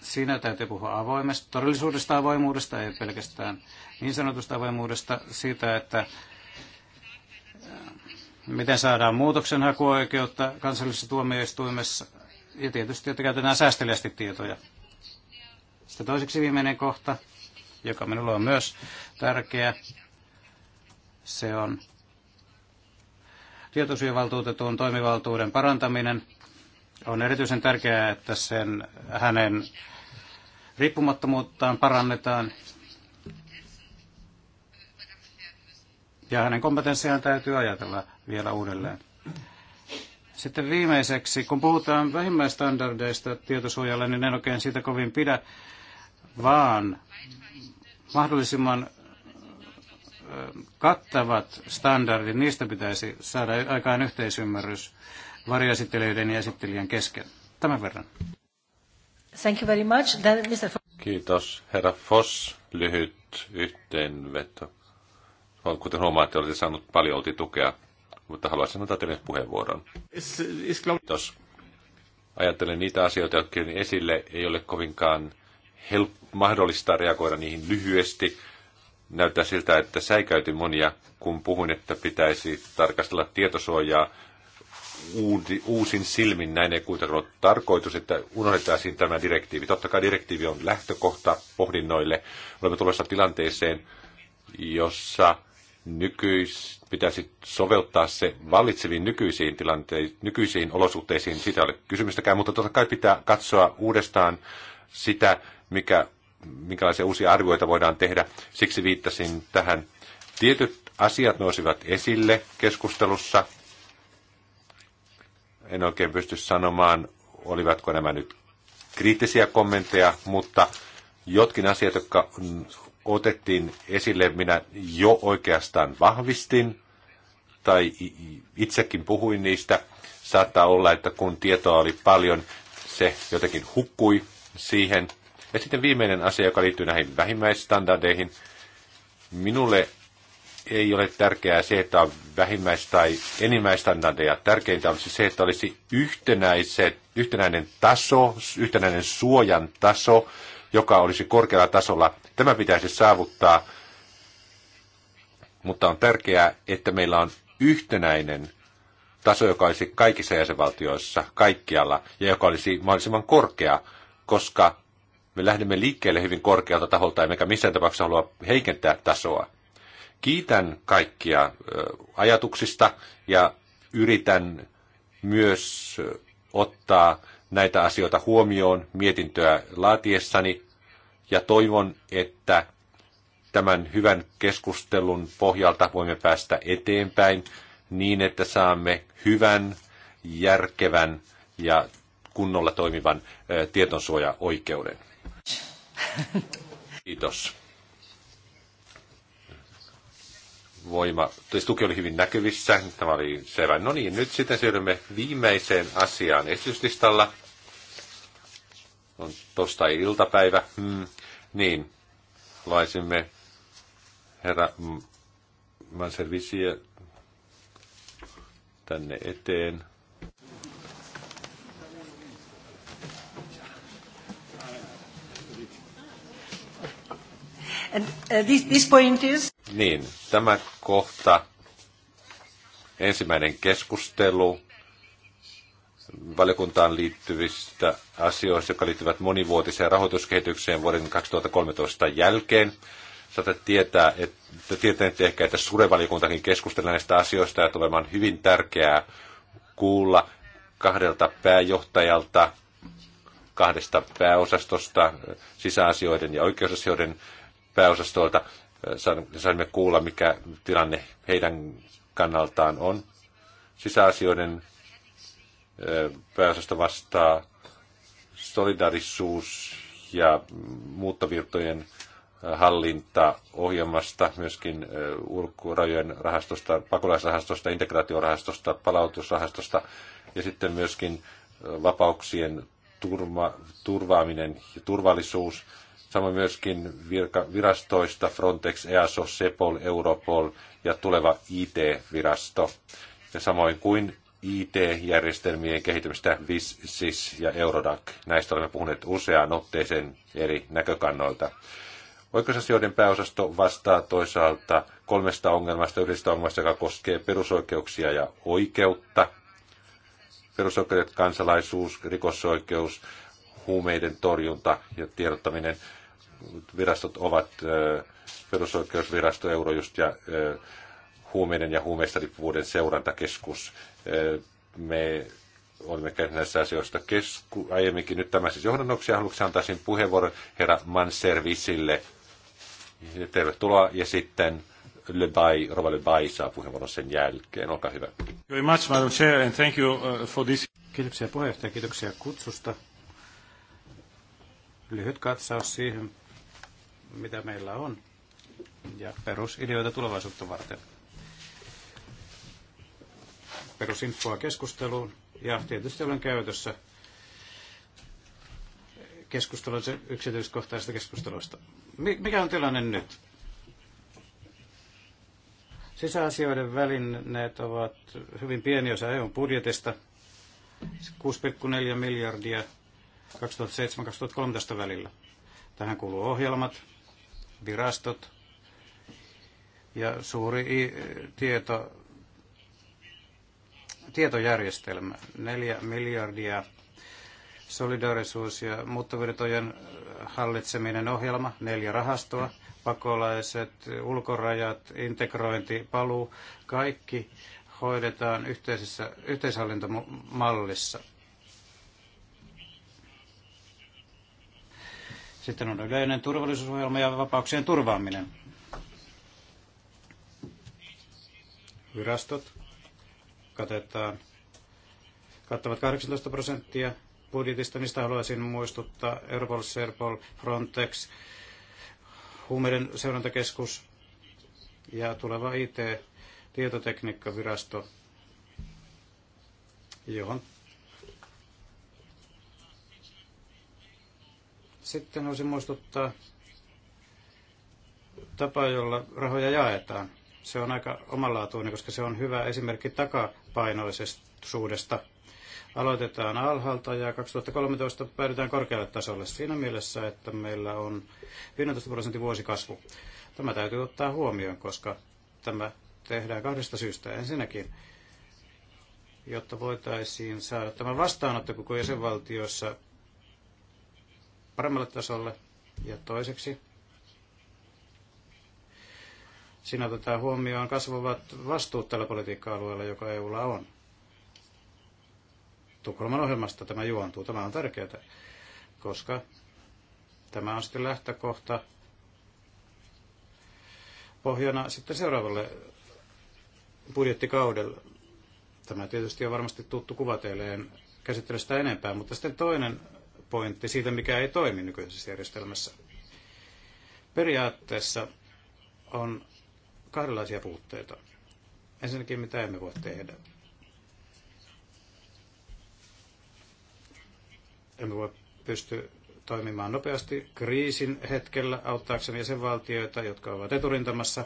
Siinä täytyy puhua avoimesta, todellisuudesta avoimuudesta, ei pelkästään niin sanotusta avoimuudesta, siitä, että äh, miten saadaan hakuoikeutta kansallisessa tuomioistuimessa ja tietysti, että käytetään säästeliästi tietoja. Sitten toiseksi viimeinen kohta, joka minulle on myös tärkeä, se on tietosuojavaltuutetun toimivaltuuden parantaminen. On erityisen tärkeää, että sen, hänen riippumattomuuttaan parannetaan ja hänen kompetenssiaan täytyy ajatella vielä uudelleen. Sitten viimeiseksi, kun puhutaan vähimmäistandardeista tietosuojalle, niin en oikein siitä kovin pidä, vaan mahdollisimman kattavat standardit, niistä pitäisi saada aikaan yhteisymmärrys varjoesittelijöiden ja esittelijän kesken. Tämän verran. Thank you very much. Then Mr. Foss. Kiitos. Herra Foss, lyhyt yhteenveto. Kuten huomaatte, olette saanut paljon olti tukea, mutta haluaisin antaa teille puheenvuoron. Kiitos. Ajattelen niitä asioita, jotka esille ei ole kovinkaan help- mahdollista reagoida niihin lyhyesti. Näyttää siltä, että säikäyty monia, kun puhuin, että pitäisi tarkastella tietosuojaa uusin silmin. Näin ei kuitenkaan ole tarkoitus, että unohdettaisiin tämä direktiivi. Totta kai direktiivi on lähtökohta pohdinnoille. Olemme tulossa tilanteeseen, jossa nykyis, pitäisi soveltaa se vallitseviin nykyisiin, tilanteisiin, nykyisiin olosuhteisiin, sitä ei ole kysymystäkään, mutta totta kai pitää katsoa uudestaan sitä, mikä, minkälaisia uusia arvioita voidaan tehdä. Siksi viittasin tähän. Tietyt asiat nousivat esille keskustelussa. En oikein pysty sanomaan, olivatko nämä nyt kriittisiä kommentteja, mutta jotkin asiat, jotka otettiin esille, minä jo oikeastaan vahvistin tai itsekin puhuin niistä. Saattaa olla, että kun tietoa oli paljon, se jotenkin hukkui siihen. Ja sitten viimeinen asia, joka liittyy näihin vähimmäisstandardeihin. Minulle ei ole tärkeää se, että on vähimmäis- tai enimmäistandardeja. Tärkeintä olisi siis se, että olisi yhtenäiset, yhtenäinen taso, yhtenäinen suojan taso, joka olisi korkealla tasolla. Tämä pitäisi saavuttaa, mutta on tärkeää, että meillä on yhtenäinen taso, joka olisi kaikissa jäsenvaltioissa, kaikkialla, ja joka olisi mahdollisimman korkea, koska me lähdemme liikkeelle hyvin korkealta taholta, emmekä missään tapauksessa halua heikentää tasoa. Kiitän kaikkia ajatuksista ja yritän myös ottaa näitä asioita huomioon mietintöä laatiessani ja toivon, että tämän hyvän keskustelun pohjalta voimme päästä eteenpäin niin, että saamme hyvän, järkevän ja kunnolla toimivan oikeuden. Kiitos. Voima, siis tuki oli hyvin näkyvissä. Tämä oli selvä. No niin, nyt sitten siirrymme viimeiseen asiaan esityslistalla. On tosta iltapäivä Hmm. Niin, laisimme herra manservisiä tänne eteen. And, uh, this, this point is... Niin, tämä kohta, ensimmäinen keskustelu valiokuntaan liittyvistä asioista, jotka liittyvät monivuotiseen rahoituskehitykseen vuoden 2013 jälkeen. Saatte tietää, että tietäneet ehkä, että surevaliokuntakin keskustelee näistä asioista ja tulee hyvin tärkeää kuulla kahdelta pääjohtajalta, kahdesta pääosastosta, sisäasioiden ja oikeusasioiden pääosastolta. Saimme kuulla, mikä tilanne heidän kannaltaan on. Sisäasioiden pääosasto vastaa solidarisuus ja muuttovirtojen hallinta ohjelmasta, myöskin ulkorajojen rahastosta, pakolaisrahastosta, integraatiorahastosta, palautusrahastosta ja sitten myöskin vapauksien turva, turvaaminen ja turvallisuus Samoin myöskin virka, virastoista Frontex, EASO, Sepol, Europol ja tuleva IT-virasto. Ja samoin kuin IT-järjestelmien kehittämistä VIS, SIS ja Eurodac. Näistä olemme puhuneet useaan otteeseen eri näkökannoilta. Oikeusasioiden pääosasto vastaa toisaalta kolmesta ongelmasta, yhdestä ongelmasta, joka koskee perusoikeuksia ja oikeutta. Perusoikeudet, kansalaisuus, rikosoikeus, huumeiden torjunta ja tiedottaminen virastot ovat perusoikeusvirasto, Eurojust ja huumeiden ja huumeista riippuvuuden seurantakeskus. Me olemme käyneet näissä asioista kesku aiemminkin. Nyt tämä siis johdannoksi Haluatko antaa antaisin puheenvuoron herra Manservisille. Tervetuloa ja sitten Le Bay, Rova Le Bay saa puheenvuoron sen jälkeen. Olkaa hyvä. Very much, Madam Chair, and thank you uh, for this. Kiitoksia puheenjohtaja, kiitoksia kutsusta. Lyhyt katsaus siihen, mitä meillä on, ja perusideoita tulevaisuutta varten. Perusinfoa keskusteluun, ja tietysti olen käytössä keskustelua yksityiskohtaisista keskusteluista. Mikä on tilanne nyt? Sisäasioiden välineet ovat hyvin pieni osa EUn budjetista, 6,4 miljardia 2007-2013 välillä. Tähän kuuluu ohjelmat, virastot ja suuri tieto, tietojärjestelmä, neljä miljardia solidaarisuus- ja muuttovirtojen hallitseminen ohjelma, neljä rahastoa, pakolaiset, ulkorajat, integrointi, paluu, kaikki hoidetaan yhteisessä, yhteishallintomallissa. Sitten on yleinen turvallisuusohjelma ja vapauksien turvaaminen. Virastot katetaan, kattavat 18 prosenttia budjetista. mistä haluaisin muistuttaa Europol, Serpol, Frontex, huumeiden seurantakeskus ja tuleva IT-tietotekniikkavirasto, johon Sitten olisi muistuttaa tapa, jolla rahoja jaetaan. Se on aika omalaatuinen, koska se on hyvä esimerkki takapainoisuudesta. Aloitetaan alhaalta ja 2013 päädytään korkealle tasolle siinä mielessä, että meillä on 15 prosentin vuosikasvu. Tämä täytyy ottaa huomioon, koska tämä tehdään kahdesta syystä. Ensinnäkin, jotta voitaisiin saada tämä vastaanotto jäsenvaltioissa paremmalle tasolle. Ja toiseksi siinä otetaan huomioon kasvavat vastuut tällä politiikka-alueella, joka EUlla on. Tukholman ohjelmasta tämä juontuu. Tämä on tärkeää, koska tämä on sitten lähtökohta pohjana sitten seuraavalle budjettikaudelle. Tämä tietysti on varmasti tuttu kuva teille, enempää, mutta sitten toinen pointti siitä, mikä ei toimi nykyisessä järjestelmässä. Periaatteessa on kahdenlaisia puutteita. Ensinnäkin, mitä emme voi tehdä. Emme voi pysty toimimaan nopeasti kriisin hetkellä auttaaksemme jäsenvaltioita, jotka ovat eturintamassa,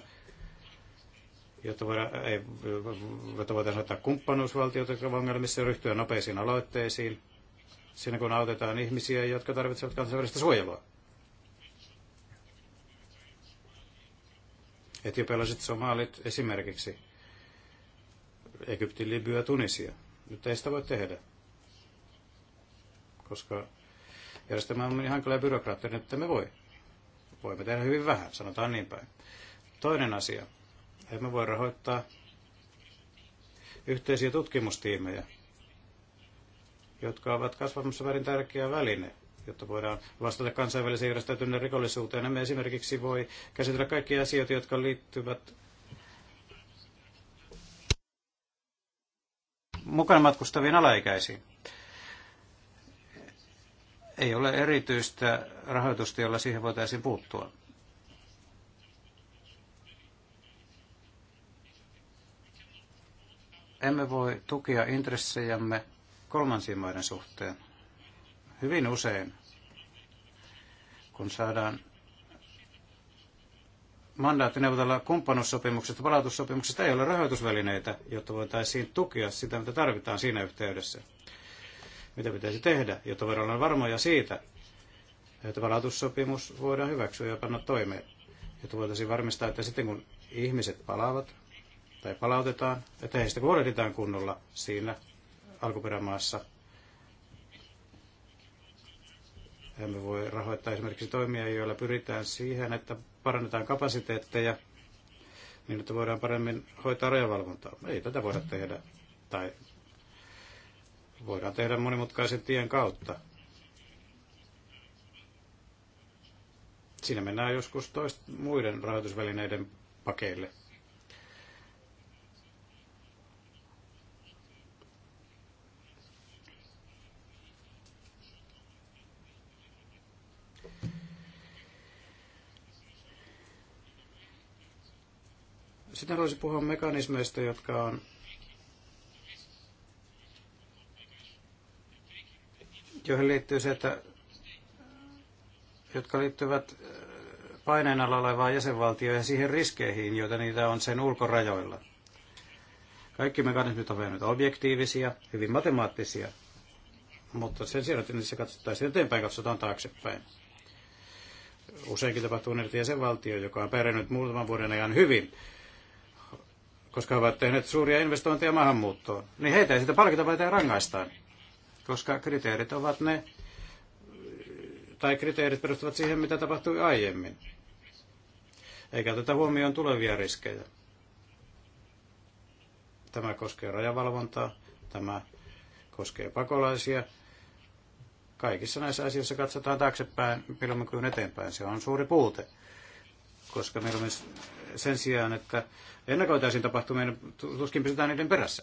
jotta, voidaan, ei, jotta voidaan saattaa kumppanuusvaltioita, jotka ovat ongelmissa, ryhtyä nopeisiin aloitteisiin, siinä kun autetaan ihmisiä, jotka tarvitsevat kansainvälistä suojelua. Etiopialaiset somaalit esimerkiksi, Egypti, Libya, Tunisia. Nyt ei sitä voi tehdä, koska järjestelmä on ihan niin kyllä byrokraattinen, että me voi. Voimme tehdä hyvin vähän, sanotaan niin päin. Toinen asia. Emme voi rahoittaa yhteisiä tutkimustiimejä, jotka ovat kasvamassa värin tärkeä väline jotta voidaan vastata kansainväliseen järjestäytyneen rikollisuuteen. Emme esimerkiksi voi käsitellä kaikkia asioita, jotka liittyvät mukana matkustaviin alaikäisiin. Ei ole erityistä rahoitusta, jolla siihen voitaisiin puuttua. Emme voi tukea intressejämme kolmansien maiden suhteen. Hyvin usein, kun saadaan mandaatti neuvotella kumppanuussopimuksesta, palautussopimuksesta, ei ole rahoitusvälineitä, jotta voitaisiin tukea sitä, mitä tarvitaan siinä yhteydessä. Mitä pitäisi tehdä, jotta voidaan olla varmoja siitä, että palautussopimus voidaan hyväksyä ja panna toimeen. Jotta voitaisiin varmistaa, että sitten kun ihmiset palaavat tai palautetaan, että heistä huolehditaan kunnolla siinä alkuperämaassa. Emme voi rahoittaa esimerkiksi toimia, joilla pyritään siihen, että parannetaan kapasiteetteja niin, että voidaan paremmin hoitaa rajavalvontaa. Ei tätä voida tehdä. Tai voidaan tehdä monimutkaisen tien kautta. Siinä mennään joskus toist, muiden rahoitusvälineiden pakeille. Sitten haluaisin puhua mekanismeista, jotka on joihin liittyy se, että jotka liittyvät äh, paineen alla olevaan jäsenvaltioon ja siihen riskeihin, joita niitä on sen ulkorajoilla. Kaikki mekanismit ovat nyt objektiivisia, hyvin matemaattisia, mutta sen sijaan, että niissä katsottaisiin eteenpäin, katsotaan taaksepäin. Useinkin tapahtuu niin, jäsenvaltio, joka on pärjännyt muutaman vuoden ajan hyvin, koska he ovat tehneet suuria investointeja maahanmuuttoon, niin heitä ei sitä palkita, vaan heitä rangaistaan, koska kriteerit ovat ne, tai kriteerit perustuvat siihen, mitä tapahtui aiemmin. Eikä tätä huomioon tulevia riskejä. Tämä koskee rajavalvontaa, tämä koskee pakolaisia. Kaikissa näissä asioissa katsotaan taaksepäin, milloin kuin eteenpäin. Se on suuri puute, koska meillä on myös sen sijaan, että ennakoitaisiin tapahtumien, tuskin pysytään niiden perässä.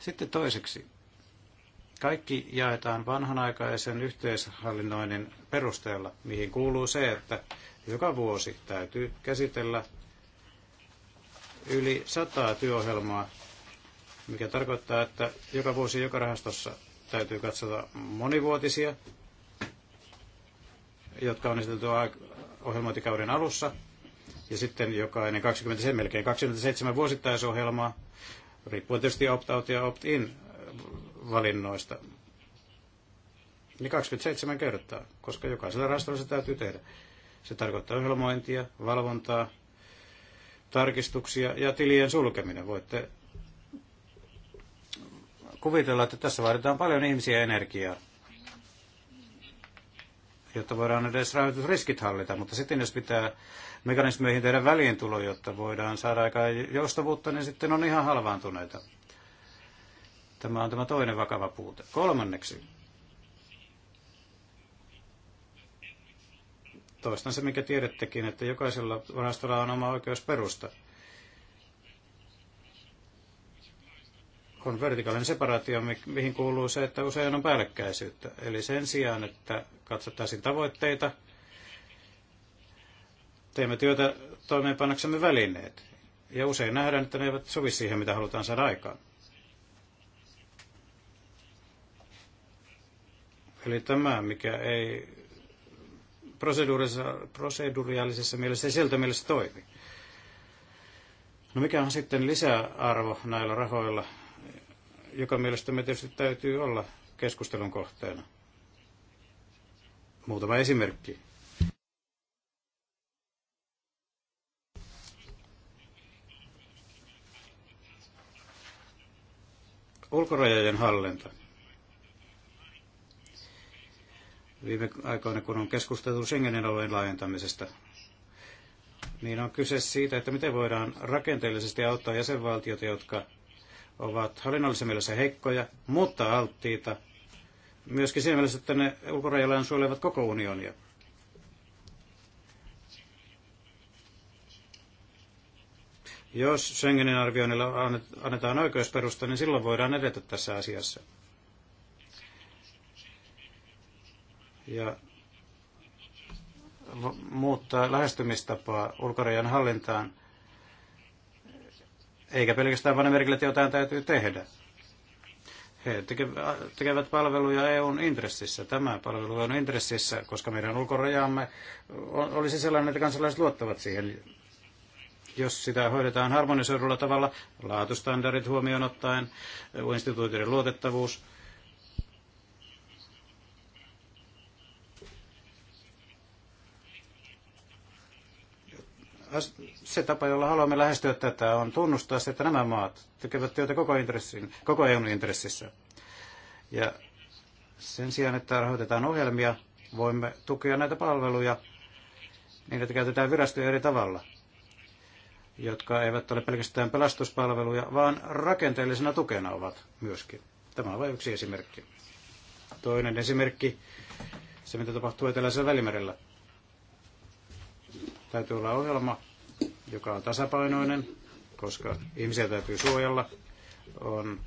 Sitten toiseksi, kaikki jaetaan vanhanaikaisen yhteishallinnoinnin perusteella, mihin kuuluu se, että joka vuosi täytyy käsitellä yli sataa työohjelmaa, mikä tarkoittaa, että joka vuosi joka rahastossa täytyy katsota monivuotisia, jotka on esitelty ohjelmointikauden alussa, ja sitten jokainen 27, melkein 27 vuosittaisohjelmaa, riippuen tietysti opt-out ja opt-in valinnoista, niin 27 kertaa, koska jokaisella rastolla se täytyy tehdä. Se tarkoittaa ohjelmointia, valvontaa, tarkistuksia ja tilien sulkeminen. Voitte kuvitella, että tässä vaaditaan paljon ihmisiä ja energiaa, jotta voidaan edes rahoitusriskit hallita, mutta sitten jos pitää mekanismeihin tehdä väliintulo, jotta voidaan saada aikaan joustavuutta, niin sitten on ihan halvaantuneita. Tämä on tämä toinen vakava puute. Kolmanneksi. Toistan se, mikä tiedettekin, että jokaisella varastolla on oma perusta. on vertikaalinen separaatio, mihin kuuluu se, että usein on päällekkäisyyttä. Eli sen sijaan, että katsottaisiin tavoitteita, Teemme työtä toimeenpannaksemme välineet. Ja usein nähdään, että ne eivät sovi siihen, mitä halutaan saada aikaan. Eli tämä, mikä ei proseduriaalisessa mielessä, ei sieltä mielessä toimi. No mikä on sitten lisäarvo näillä rahoilla, joka mielestämme tietysti täytyy olla keskustelun kohteena? Muutama esimerkki. Ulkorajojen hallinta. Viime aikoina, kun on keskusteltu Schengenin alueen laajentamisesta, niin on kyse siitä, että miten voidaan rakenteellisesti auttaa jäsenvaltioita, jotka ovat hallinnollisessa mielessä heikkoja, mutta alttiita, myöskin siinä mielessä, että ne ulkorajalla suojelevat koko unionia. Jos Schengenin arvioinnilla annetaan oikeusperusta, niin silloin voidaan edetä tässä asiassa. Ja muuttaa lähestymistapaa ulkorajan hallintaan, eikä pelkästään vain merkille, että jotain täytyy tehdä. He tekevät palveluja EUn intressissä. Tämä palvelu on intressissä, koska meidän ulkorajamme olisi sellainen, että kansalaiset luottavat siihen jos sitä hoidetaan harmonisoidulla tavalla, laatustandardit huomioon ottaen, instituutioiden luotettavuus, se tapa, jolla haluamme lähestyä tätä, on tunnustaa se, että nämä maat tekevät työtä koko, intressin, koko EUn intressissä. Ja sen sijaan, että rahoitetaan ohjelmia, voimme tukea näitä palveluja niin, että käytetään virastoja eri tavalla jotka eivät ole pelkästään pelastuspalveluja, vaan rakenteellisena tukena ovat myöskin. Tämä on vain yksi esimerkki. Toinen esimerkki, se mitä tapahtuu Eteläisellä välimerellä. Täytyy olla ohjelma, joka on tasapainoinen, koska ihmisiä täytyy suojella. On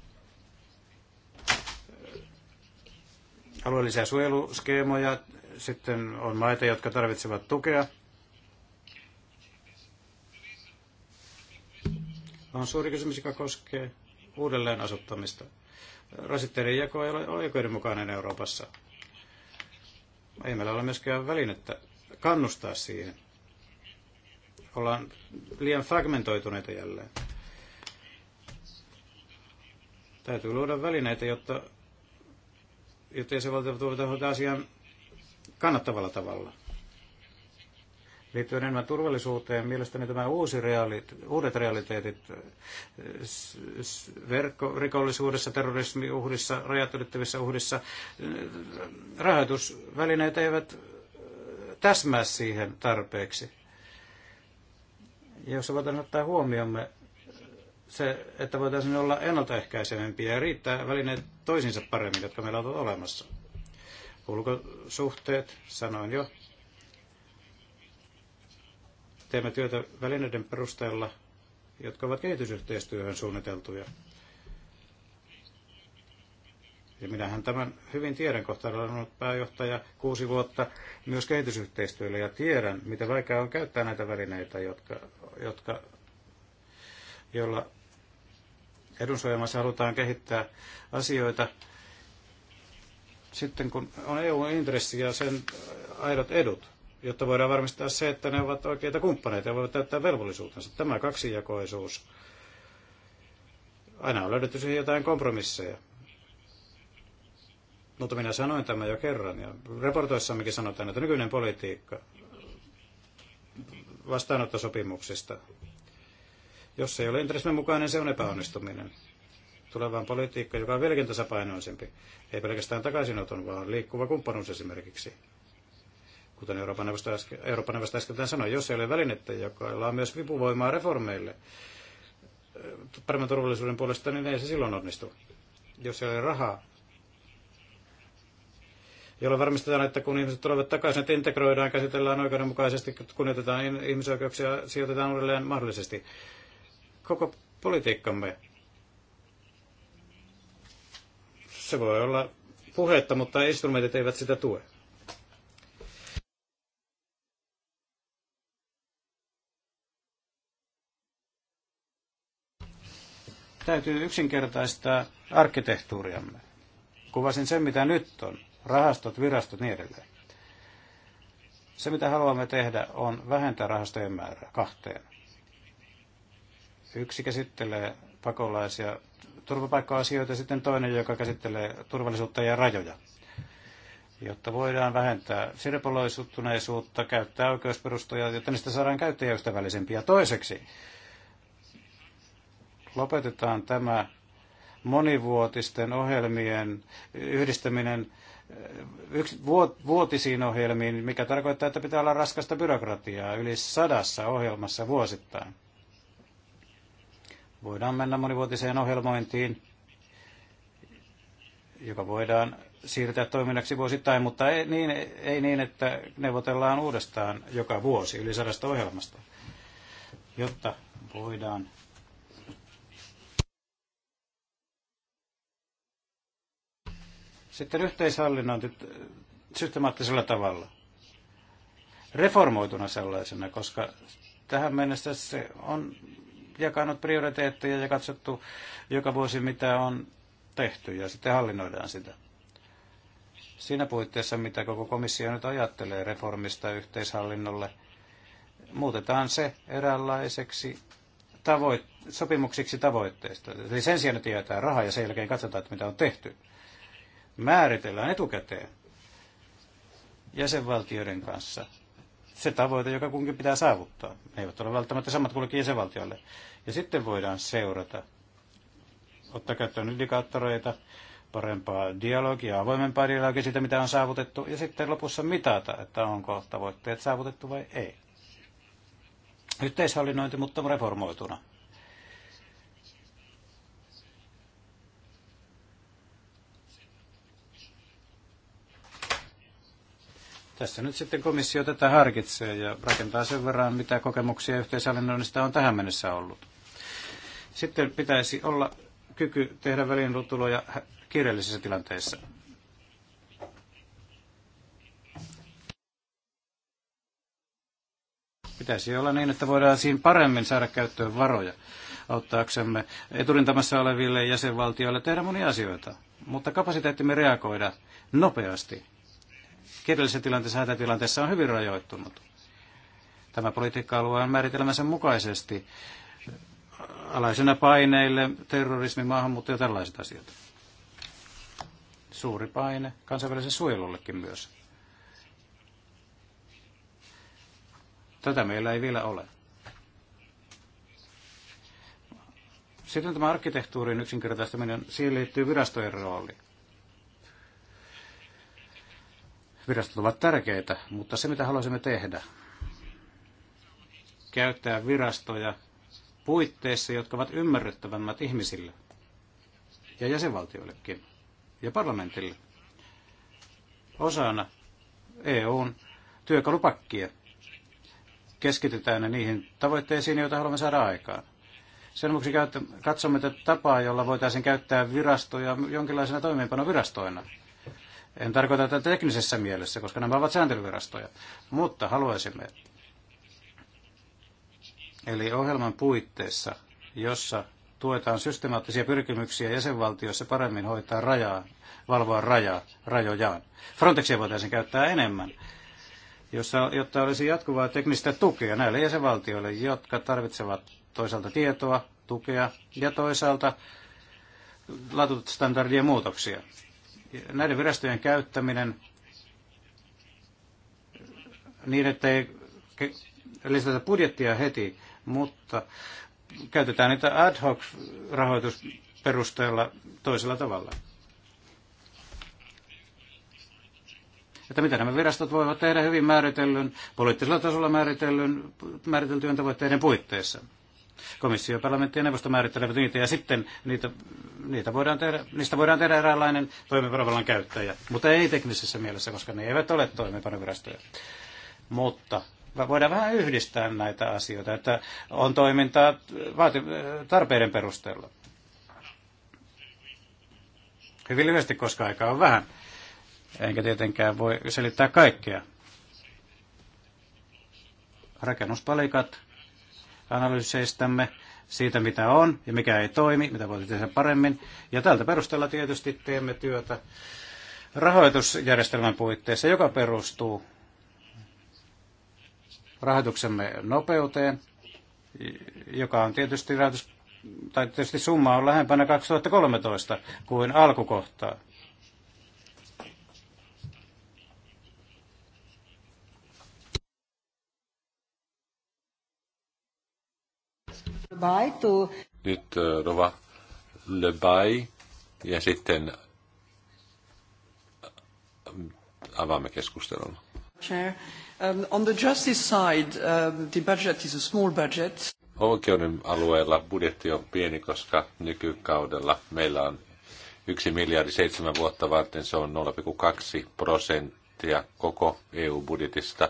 alueellisia suojeluskeemoja, sitten on maita, jotka tarvitsevat tukea, on suuri kysymys, joka koskee uudelleen asuttamista. Rasitteiden jako ei ole oikeudenmukainen Euroopassa. Ei meillä ole myöskään välinettä kannustaa siihen. Ollaan liian fragmentoituneita jälleen. Täytyy luoda välineitä, jotta, jotta jäsenvaltiot voivat hoitaa asian kannattavalla tavalla liittyy enemmän turvallisuuteen. Mielestäni tämä uusi realit, uudet realiteetit äh, verkkorikollisuudessa, terrorismiuhdissa, rajat ylittävissä uhdissa, äh, rahoitusvälineet eivät äh, täsmää siihen tarpeeksi. Jos voitaisiin ottaa huomiomme se, että voitaisiin olla ennaltaehkäisevämpiä ja riittää välineet toisinsa paremmin, jotka meillä on olemassa. Ulkosuhteet, sanoin jo, Teemme työtä välineiden perusteella, jotka ovat kehitysyhteistyöhön suunniteltuja. Ja minähän tämän hyvin tiedän kohtaan olen ollut pääjohtaja kuusi vuotta myös kehitysyhteistyöllä ja tiedän, miten vaikea on käyttää näitä välineitä, jotka, jotka, joilla edunsuojelmassa halutaan kehittää asioita. Sitten kun on EU-intressi ja sen aidot edut, jotta voidaan varmistaa se, että ne ovat oikeita kumppaneita ja voivat täyttää velvollisuutensa. Tämä kaksijakoisuus. Aina on löydetty siihen jotain kompromisseja. Mutta minä sanoin tämän jo kerran ja raportoissammekin sanotaan, että nykyinen politiikka vastaanottosopimuksista, jos se ei ole intressimme mukainen, se on epäonnistuminen. Tulevaan politiikka, joka on vieläkin tasapainoisempi, ei pelkästään takaisinoton, vaan liikkuva kumppanuus esimerkiksi kuten Euroopan neuvosto, äsken, Euroopan neuvosto äsken sanoi, jos ei ole välinettä, joka on myös vipuvoimaa reformeille eh, paremman turvallisuuden puolesta, niin ei se silloin onnistu. Jos ei ole rahaa, jolla varmistetaan, että kun ihmiset tulevat takaisin, että integroidaan, käsitellään oikeudenmukaisesti, kunnioitetaan ihmisoikeuksia, sijoitetaan uudelleen mahdollisesti. Koko politiikkamme, se voi olla puhetta, mutta instrumentit eivät sitä tue. Täytyy yksinkertaistaa arkkitehtuuriamme. Kuvasin sen, mitä nyt on. Rahastot, virastot, niin edelleen. Se, mitä haluamme tehdä, on vähentää rahastojen määrää kahteen. Yksi käsittelee pakolaisia turvapaikka-asioita ja sitten toinen, joka käsittelee turvallisuutta ja rajoja. Jotta voidaan vähentää sirpoloisuttuneisuutta, käyttää oikeusperustoja, jotta niistä saadaan käyttäjäystävällisempiä. Toiseksi lopetetaan tämä monivuotisten ohjelmien yhdistäminen eh, yksi, vuotisiin ohjelmiin, mikä tarkoittaa, että pitää olla raskasta byrokratiaa yli sadassa ohjelmassa vuosittain. Voidaan mennä monivuotiseen ohjelmointiin, joka voidaan siirtää toiminnaksi vuosittain, mutta ei niin, ei niin että neuvotellaan uudestaan joka vuosi yli sadasta ohjelmasta, jotta voidaan Sitten yhteishallinnon systemaattisella tavalla, reformoituna sellaisena, koska tähän mennessä se on jakanut prioriteetteja ja katsottu joka vuosi, mitä on tehty, ja sitten hallinnoidaan sitä. Siinä puitteissa, mitä koko komissio nyt ajattelee reformista yhteishallinnolle, muutetaan se eräänlaiseksi tavoit- sopimuksiksi tavoitteista. Eli sen sijaan, että raha ja sen jälkeen katsotaan, että mitä on tehty määritellään etukäteen jäsenvaltioiden kanssa se tavoite, joka kunkin pitää saavuttaa. Ne eivät ole välttämättä samat kuin jäsenvaltiolle. Ja sitten voidaan seurata, ottaa käyttöön indikaattoreita, parempaa dialogia, avoimempaa dialogia siitä, mitä on saavutettu, ja sitten lopussa mitata, että onko tavoitteet saavutettu vai ei. Yhteishallinnointi, mutta reformoituna. Tässä nyt sitten komissio tätä harkitsee ja rakentaa sen verran, mitä kokemuksia yhteishallinnoinnista on tähän mennessä ollut. Sitten pitäisi olla kyky tehdä väliintuloja kiireellisissä tilanteissa. Pitäisi olla niin, että voidaan siinä paremmin saada käyttöön varoja auttaaksemme eturintamassa oleville jäsenvaltioille tehdä monia asioita. Mutta kapasiteettimme reagoida nopeasti kirjallisessa tilanteessa hätätilanteessa on hyvin rajoittunut. Tämä politiikka-alue on määritelmänsä mukaisesti alaisena paineille, terrorismi, maahanmuutto ja tällaiset asiat. Suuri paine kansainvälisen suojelullekin myös. Tätä meillä ei vielä ole. Sitten tämä arkkitehtuurin yksinkertaistaminen, siihen liittyy virastojen rooli. Virastot ovat tärkeitä, mutta se mitä haluaisimme tehdä, käyttää virastoja puitteissa, jotka ovat ymmärrettävämmät ihmisille ja jäsenvaltioillekin ja parlamentille osana EUn työkalupakkia. Keskitytään ne niihin tavoitteisiin, joita haluamme saada aikaan. Sen vuoksi katsomme tätä tapaa, jolla voitaisiin käyttää virastoja jonkinlaisena toimeenpanovirastoina. virastoina en tarkoita tätä teknisessä mielessä, koska nämä ovat sääntelyvirastoja, mutta haluaisimme, eli ohjelman puitteissa, jossa tuetaan systemaattisia pyrkimyksiä jäsenvaltioissa paremmin hoitaa rajaa, valvoa rajaa, rajojaan. Frontexia voitaisiin käyttää enemmän, jossa, jotta olisi jatkuvaa teknistä tukea näille jäsenvaltioille, jotka tarvitsevat toisaalta tietoa, tukea ja toisaalta laatustandardien muutoksia näiden virastojen käyttäminen niin, että ei lisätä budjettia heti, mutta käytetään niitä ad hoc rahoitusperusteella toisella tavalla. Että mitä nämä virastot voivat tehdä hyvin määritellyn, poliittisella tasolla määritellyn, määriteltyjen tavoitteiden puitteissa. Komissio, ja parlamentti ja neuvosto määrittelevät niitä ja sitten niitä, niitä voidaan tehdä, niistä voidaan tehdä eräänlainen toimivarovallan käyttäjä, mutta ei teknisessä mielessä, koska ne eivät ole toimivarovirastoja. Mutta voidaan vähän yhdistää näitä asioita, että on toimintaa vaati, tarpeiden perusteella. Hyvin lyhyesti, koska aikaa on vähän. Enkä tietenkään voi selittää kaikkea. Rakennuspalikat, analyyseistämme siitä, mitä on ja mikä ei toimi, mitä voisi tehdä paremmin. Ja tältä perusteella tietysti teemme työtä rahoitusjärjestelmän puitteissa, joka perustuu rahoituksemme nopeuteen, joka on tietysti, rahoitus, tai tietysti summa on lähempänä 2013 kuin alkukohtaa. Nyt äh, Rova Lebai ja sitten äh, avaamme keskustelun. Chair. Um, on the justice side, um, the budget is a small budget. Oikeuden alueella budjetti on pieni, koska nykykaudella meillä on 1 miljardi seitsemän vuotta varten, se on 0,2 prosenttia koko EU-budjetista.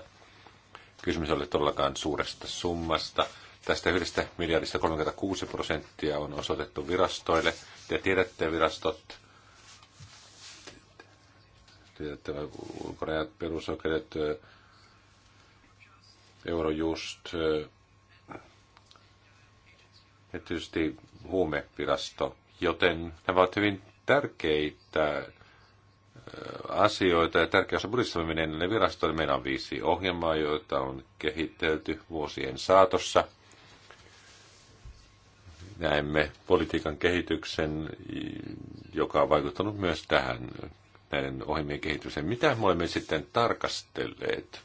Kysymys oli todellakaan suuresta summasta – Tästä yhdestä miljardista 36 prosenttia on osoitettu virastoille. Te tiedätte virastot, tiedätte ulkorajat, perusoikeudet, Eurojust, ja tietysti huumevirasto, joten nämä ovat hyvin tärkeitä asioita ja tärkeä osa budjetissa virastoille. Meillä on viisi ohjelmaa, joita on kehitelty vuosien saatossa – näemme politiikan kehityksen, joka on vaikuttanut myös tähän näiden ohjelmien kehitykseen. Mitä me olemme sitten tarkastelleet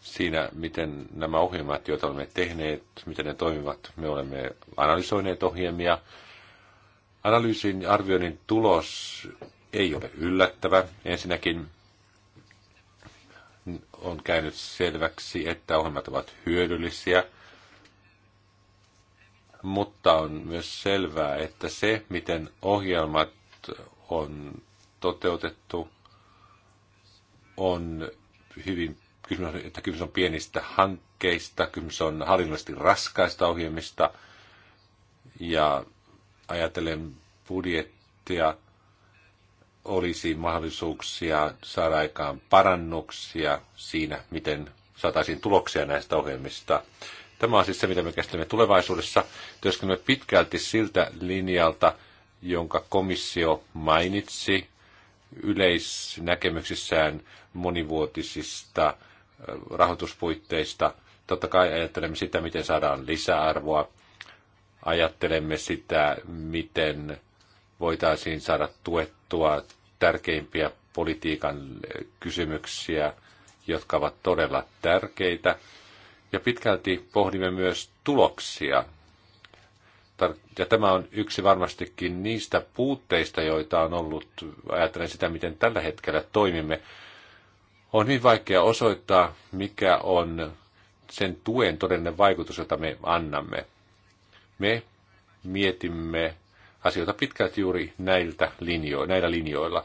siinä, miten nämä ohjelmat, joita olemme tehneet, miten ne toimivat? Me olemme analysoineet ohjelmia. Analyysin ja arvioinnin tulos ei ole yllättävä. Ensinnäkin on käynyt selväksi, että ohjelmat ovat hyödyllisiä – mutta on myös selvää, että se, miten ohjelmat on toteutettu, on hyvin, kysymys, että kysymys on pienistä hankkeista, kysymys on hallinnollisesti raskaista ohjelmista, ja ajatellen budjettia olisi mahdollisuuksia saada aikaan parannuksia siinä, miten saataisiin tuloksia näistä ohjelmista. Tämä on siis se, mitä me käsittelemme tulevaisuudessa. Työskentelemme pitkälti siltä linjalta, jonka komissio mainitsi yleisnäkemyksissään monivuotisista rahoituspuitteista. Totta kai ajattelemme sitä, miten saadaan lisäarvoa. Ajattelemme sitä, miten voitaisiin saada tuettua tärkeimpiä politiikan kysymyksiä, jotka ovat todella tärkeitä ja pitkälti pohdimme myös tuloksia. Ja tämä on yksi varmastikin niistä puutteista, joita on ollut, ajatellen sitä, miten tällä hetkellä toimimme. On niin vaikea osoittaa, mikä on sen tuen todellinen vaikutus, jota me annamme. Me mietimme asioita pitkälti juuri näiltä linjo- näillä linjoilla.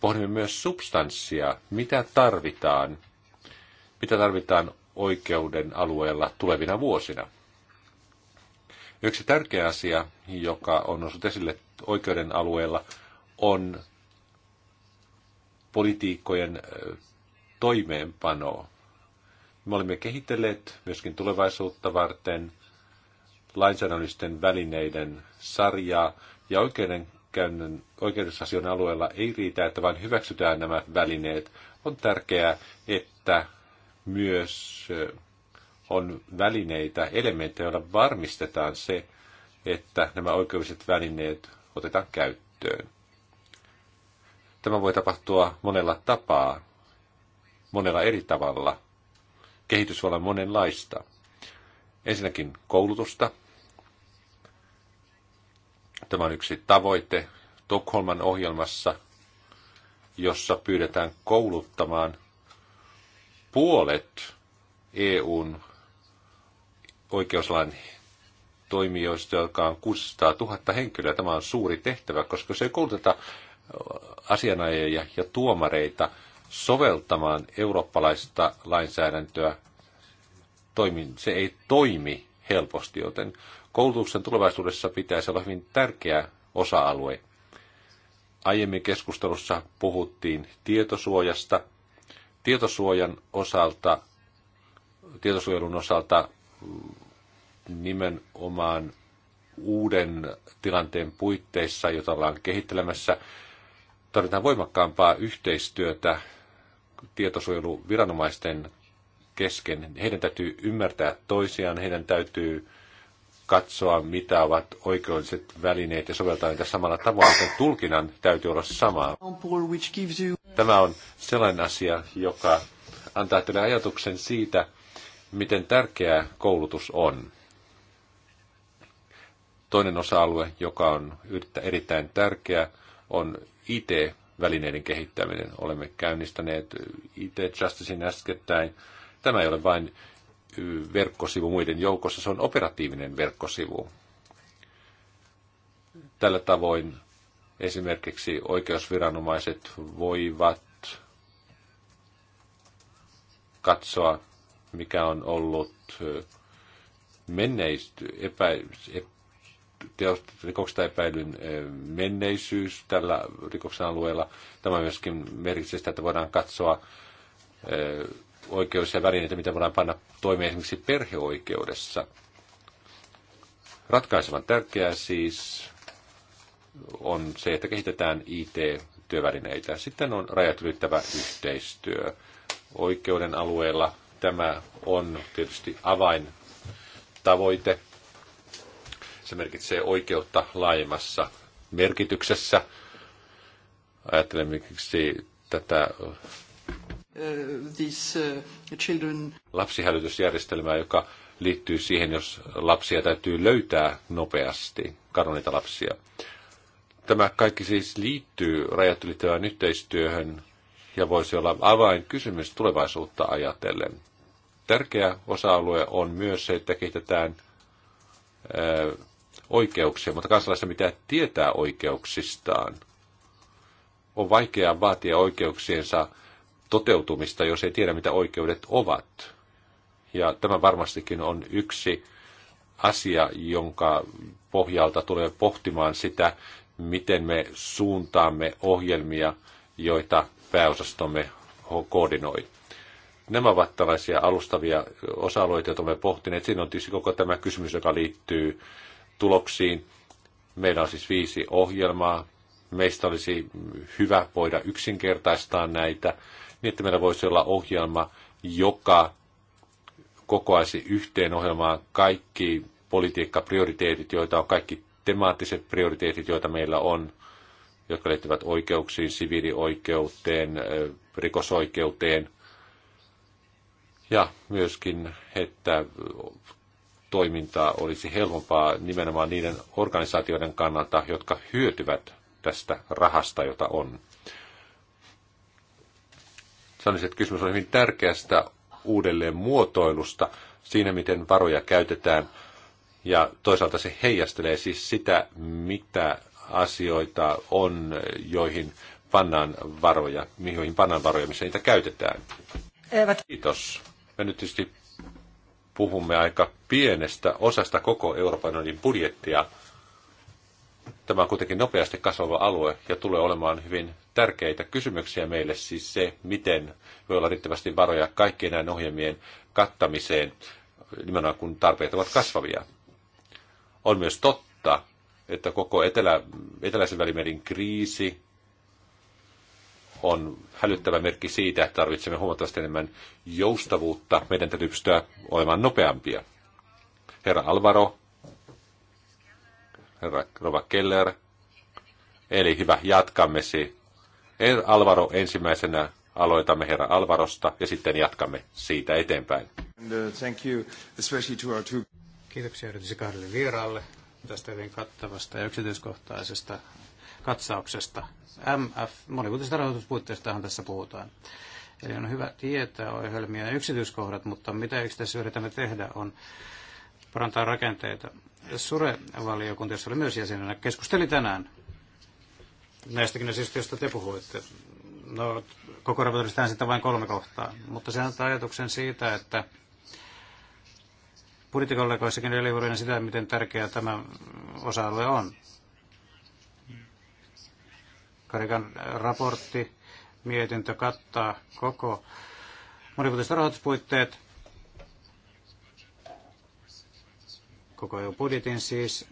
Pohdimme myös substanssia, mitä tarvitaan, mitä tarvitaan oikeuden alueella tulevina vuosina. Yksi tärkeä asia, joka on noussut esille oikeuden alueella, on politiikkojen toimeenpano. Me olemme kehitelleet myöskin tulevaisuutta varten lainsäädännöllisten välineiden sarjaa ja oikeudenkäynnin oikeudenasion alueella ei riitä, että vain hyväksytään nämä välineet. On tärkeää, että myös on välineitä, elementtejä, joilla varmistetaan se, että nämä oikeudelliset välineet otetaan käyttöön. Tämä voi tapahtua monella tapaa, monella eri tavalla. Kehitys voi olla monenlaista. Ensinnäkin koulutusta. Tämä on yksi tavoite Tukholman ohjelmassa, jossa pyydetään kouluttamaan puolet EUn oikeuslain toimijoista, jotka on 600 000 henkilöä. Tämä on suuri tehtävä, koska se ei kouluteta asianajajia ja tuomareita soveltamaan eurooppalaista lainsäädäntöä. Se ei toimi helposti, joten koulutuksen tulevaisuudessa pitäisi olla hyvin tärkeä osa-alue. Aiemmin keskustelussa puhuttiin tietosuojasta – tietosuojan osalta, tietosuojelun osalta nimenomaan uuden tilanteen puitteissa, jota ollaan kehittelemässä, tarvitaan voimakkaampaa yhteistyötä tietosuojeluviranomaisten kesken. Heidän täytyy ymmärtää toisiaan, heidän täytyy katsoa, mitä ovat oikeudelliset välineet ja soveltaa niitä samalla tavalla, mutta tulkinnan täytyy olla samaa. Tämä on sellainen asia, joka antaa teille ajatuksen siitä, miten tärkeää koulutus on. Toinen osa-alue, joka on erittäin tärkeä, on IT-välineiden kehittäminen. Olemme käynnistäneet IT justisin äskettäin. Tämä ei ole vain verkkosivu muiden joukossa, se on operatiivinen verkkosivu. Tällä tavoin esimerkiksi oikeusviranomaiset voivat katsoa, mikä on ollut menneisty, epä, teost, rikoksesta epäilyn menneisyys tällä rikoksen alueella. Tämä myöskin merkitsee sitä, että voidaan katsoa oikeus ja välineitä, mitä voidaan panna toimeen esimerkiksi perheoikeudessa. Ratkaisevan tärkeää siis on se, että kehitetään IT-työvälineitä. Sitten on rajat ylittävä yhteistyö. Oikeuden alueella tämä on tietysti avain tavoite. Se merkitsee oikeutta laajemmassa merkityksessä. Ajattelemme tätä Uh, this, uh, children. Lapsihälytysjärjestelmää, joka liittyy siihen, jos lapsia täytyy löytää nopeasti, kadonneita lapsia. Tämä kaikki siis liittyy rajat ylittävään yhteistyöhön ja voisi olla avainkysymys tulevaisuutta ajatellen. Tärkeä osa-alue on myös se, että kehitetään eh, oikeuksia, mutta kansalaisten mitä tietää oikeuksistaan. On vaikea vaatia oikeuksiensa toteutumista, jos ei tiedä, mitä oikeudet ovat. Ja tämä varmastikin on yksi asia, jonka pohjalta tulee pohtimaan sitä, miten me suuntaamme ohjelmia, joita pääosastomme koordinoi. Nämä ovat tällaisia alustavia osa-alueita, joita me pohtineet. Siinä on tietysti koko tämä kysymys, joka liittyy tuloksiin. Meillä on siis viisi ohjelmaa. Meistä olisi hyvä voida yksinkertaistaa näitä niin että meillä voisi olla ohjelma, joka kokoaisi yhteen ohjelmaan kaikki politiikkaprioriteetit, joita on kaikki temaattiset prioriteetit, joita meillä on, jotka liittyvät oikeuksiin, siviilioikeuteen, rikosoikeuteen. Ja myöskin, että toimintaa olisi helpompaa nimenomaan niiden organisaatioiden kannalta, jotka hyötyvät tästä rahasta, jota on sanoisin, että kysymys on hyvin tärkeästä uudelleen muotoilusta siinä, miten varoja käytetään. Ja toisaalta se heijastelee siis sitä, mitä asioita on, joihin pannaan varoja, mihin pannaan varoja, missä niitä käytetään. Eivät. Kiitos. Me nyt tietysti puhumme aika pienestä osasta koko Euroopan unionin budjettia – Tämä on kuitenkin nopeasti kasvava alue ja tulee olemaan hyvin tärkeitä kysymyksiä meille, siis se, miten voi olla riittävästi varoja kaikkien näiden ohjelmien kattamiseen, nimenomaan kun tarpeet ovat kasvavia. On myös totta, että koko etelä, eteläisen välimerin kriisi on hälyttävä merkki siitä, että tarvitsemme huomattavasti enemmän joustavuutta. Meidän täytyy pystyä olemaan nopeampia. Herra Alvaro herra Rova Keller. Eli hyvä, jatkamme siitä. Alvaro ensimmäisenä aloitamme herra Alvarosta ja sitten jatkamme siitä eteenpäin. Uh, thank you, to our two Kiitoksia erityisesti kahdelle vieraalle tästä hyvin kattavasta ja yksityiskohtaisesta katsauksesta. MF, monivuotisesta rahoituspuitteistahan tässä puhutaan. Eli on hyvä tietää ja yksityiskohdat, mutta mitä yksittäisessä yritämme tehdä on parantaa rakenteita Sure-valiokunta, jossa oli myös jäsenenä, keskusteli tänään näistäkin asioista, joista te puhuitte. No, koko raportista sitten vain kolme kohtaa, mutta se antaa ajatuksen siitä, että budjettikollegoissakin eli sitä, miten tärkeä tämä osa-alue on. Karikan raportti, mietintö kattaa koko monivuotiset rahoituspuitteet, koko EU-budjetin siis.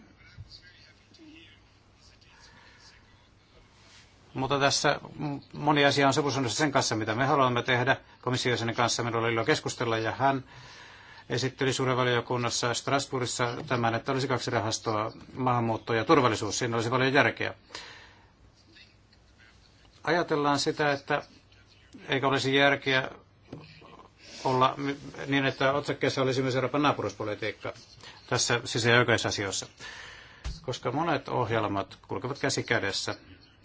Mutta tässä moni asia on sopusunnossa sen kanssa, mitä me haluamme tehdä. Komissiojäsenen kanssa minulla oli ilo keskustella ja hän esitteli suuren valiokunnassa Strasbourgissa tämän, että olisi kaksi rahastoa, maahanmuutto ja turvallisuus. Siinä olisi paljon järkeä. Ajatellaan sitä, että eikä olisi järkeä olla niin, että otsakkeessa olisi myös Euroopan naapuruspolitiikka tässä sisä- ja asioissa. koska monet ohjelmat kulkevat käsi kädessä.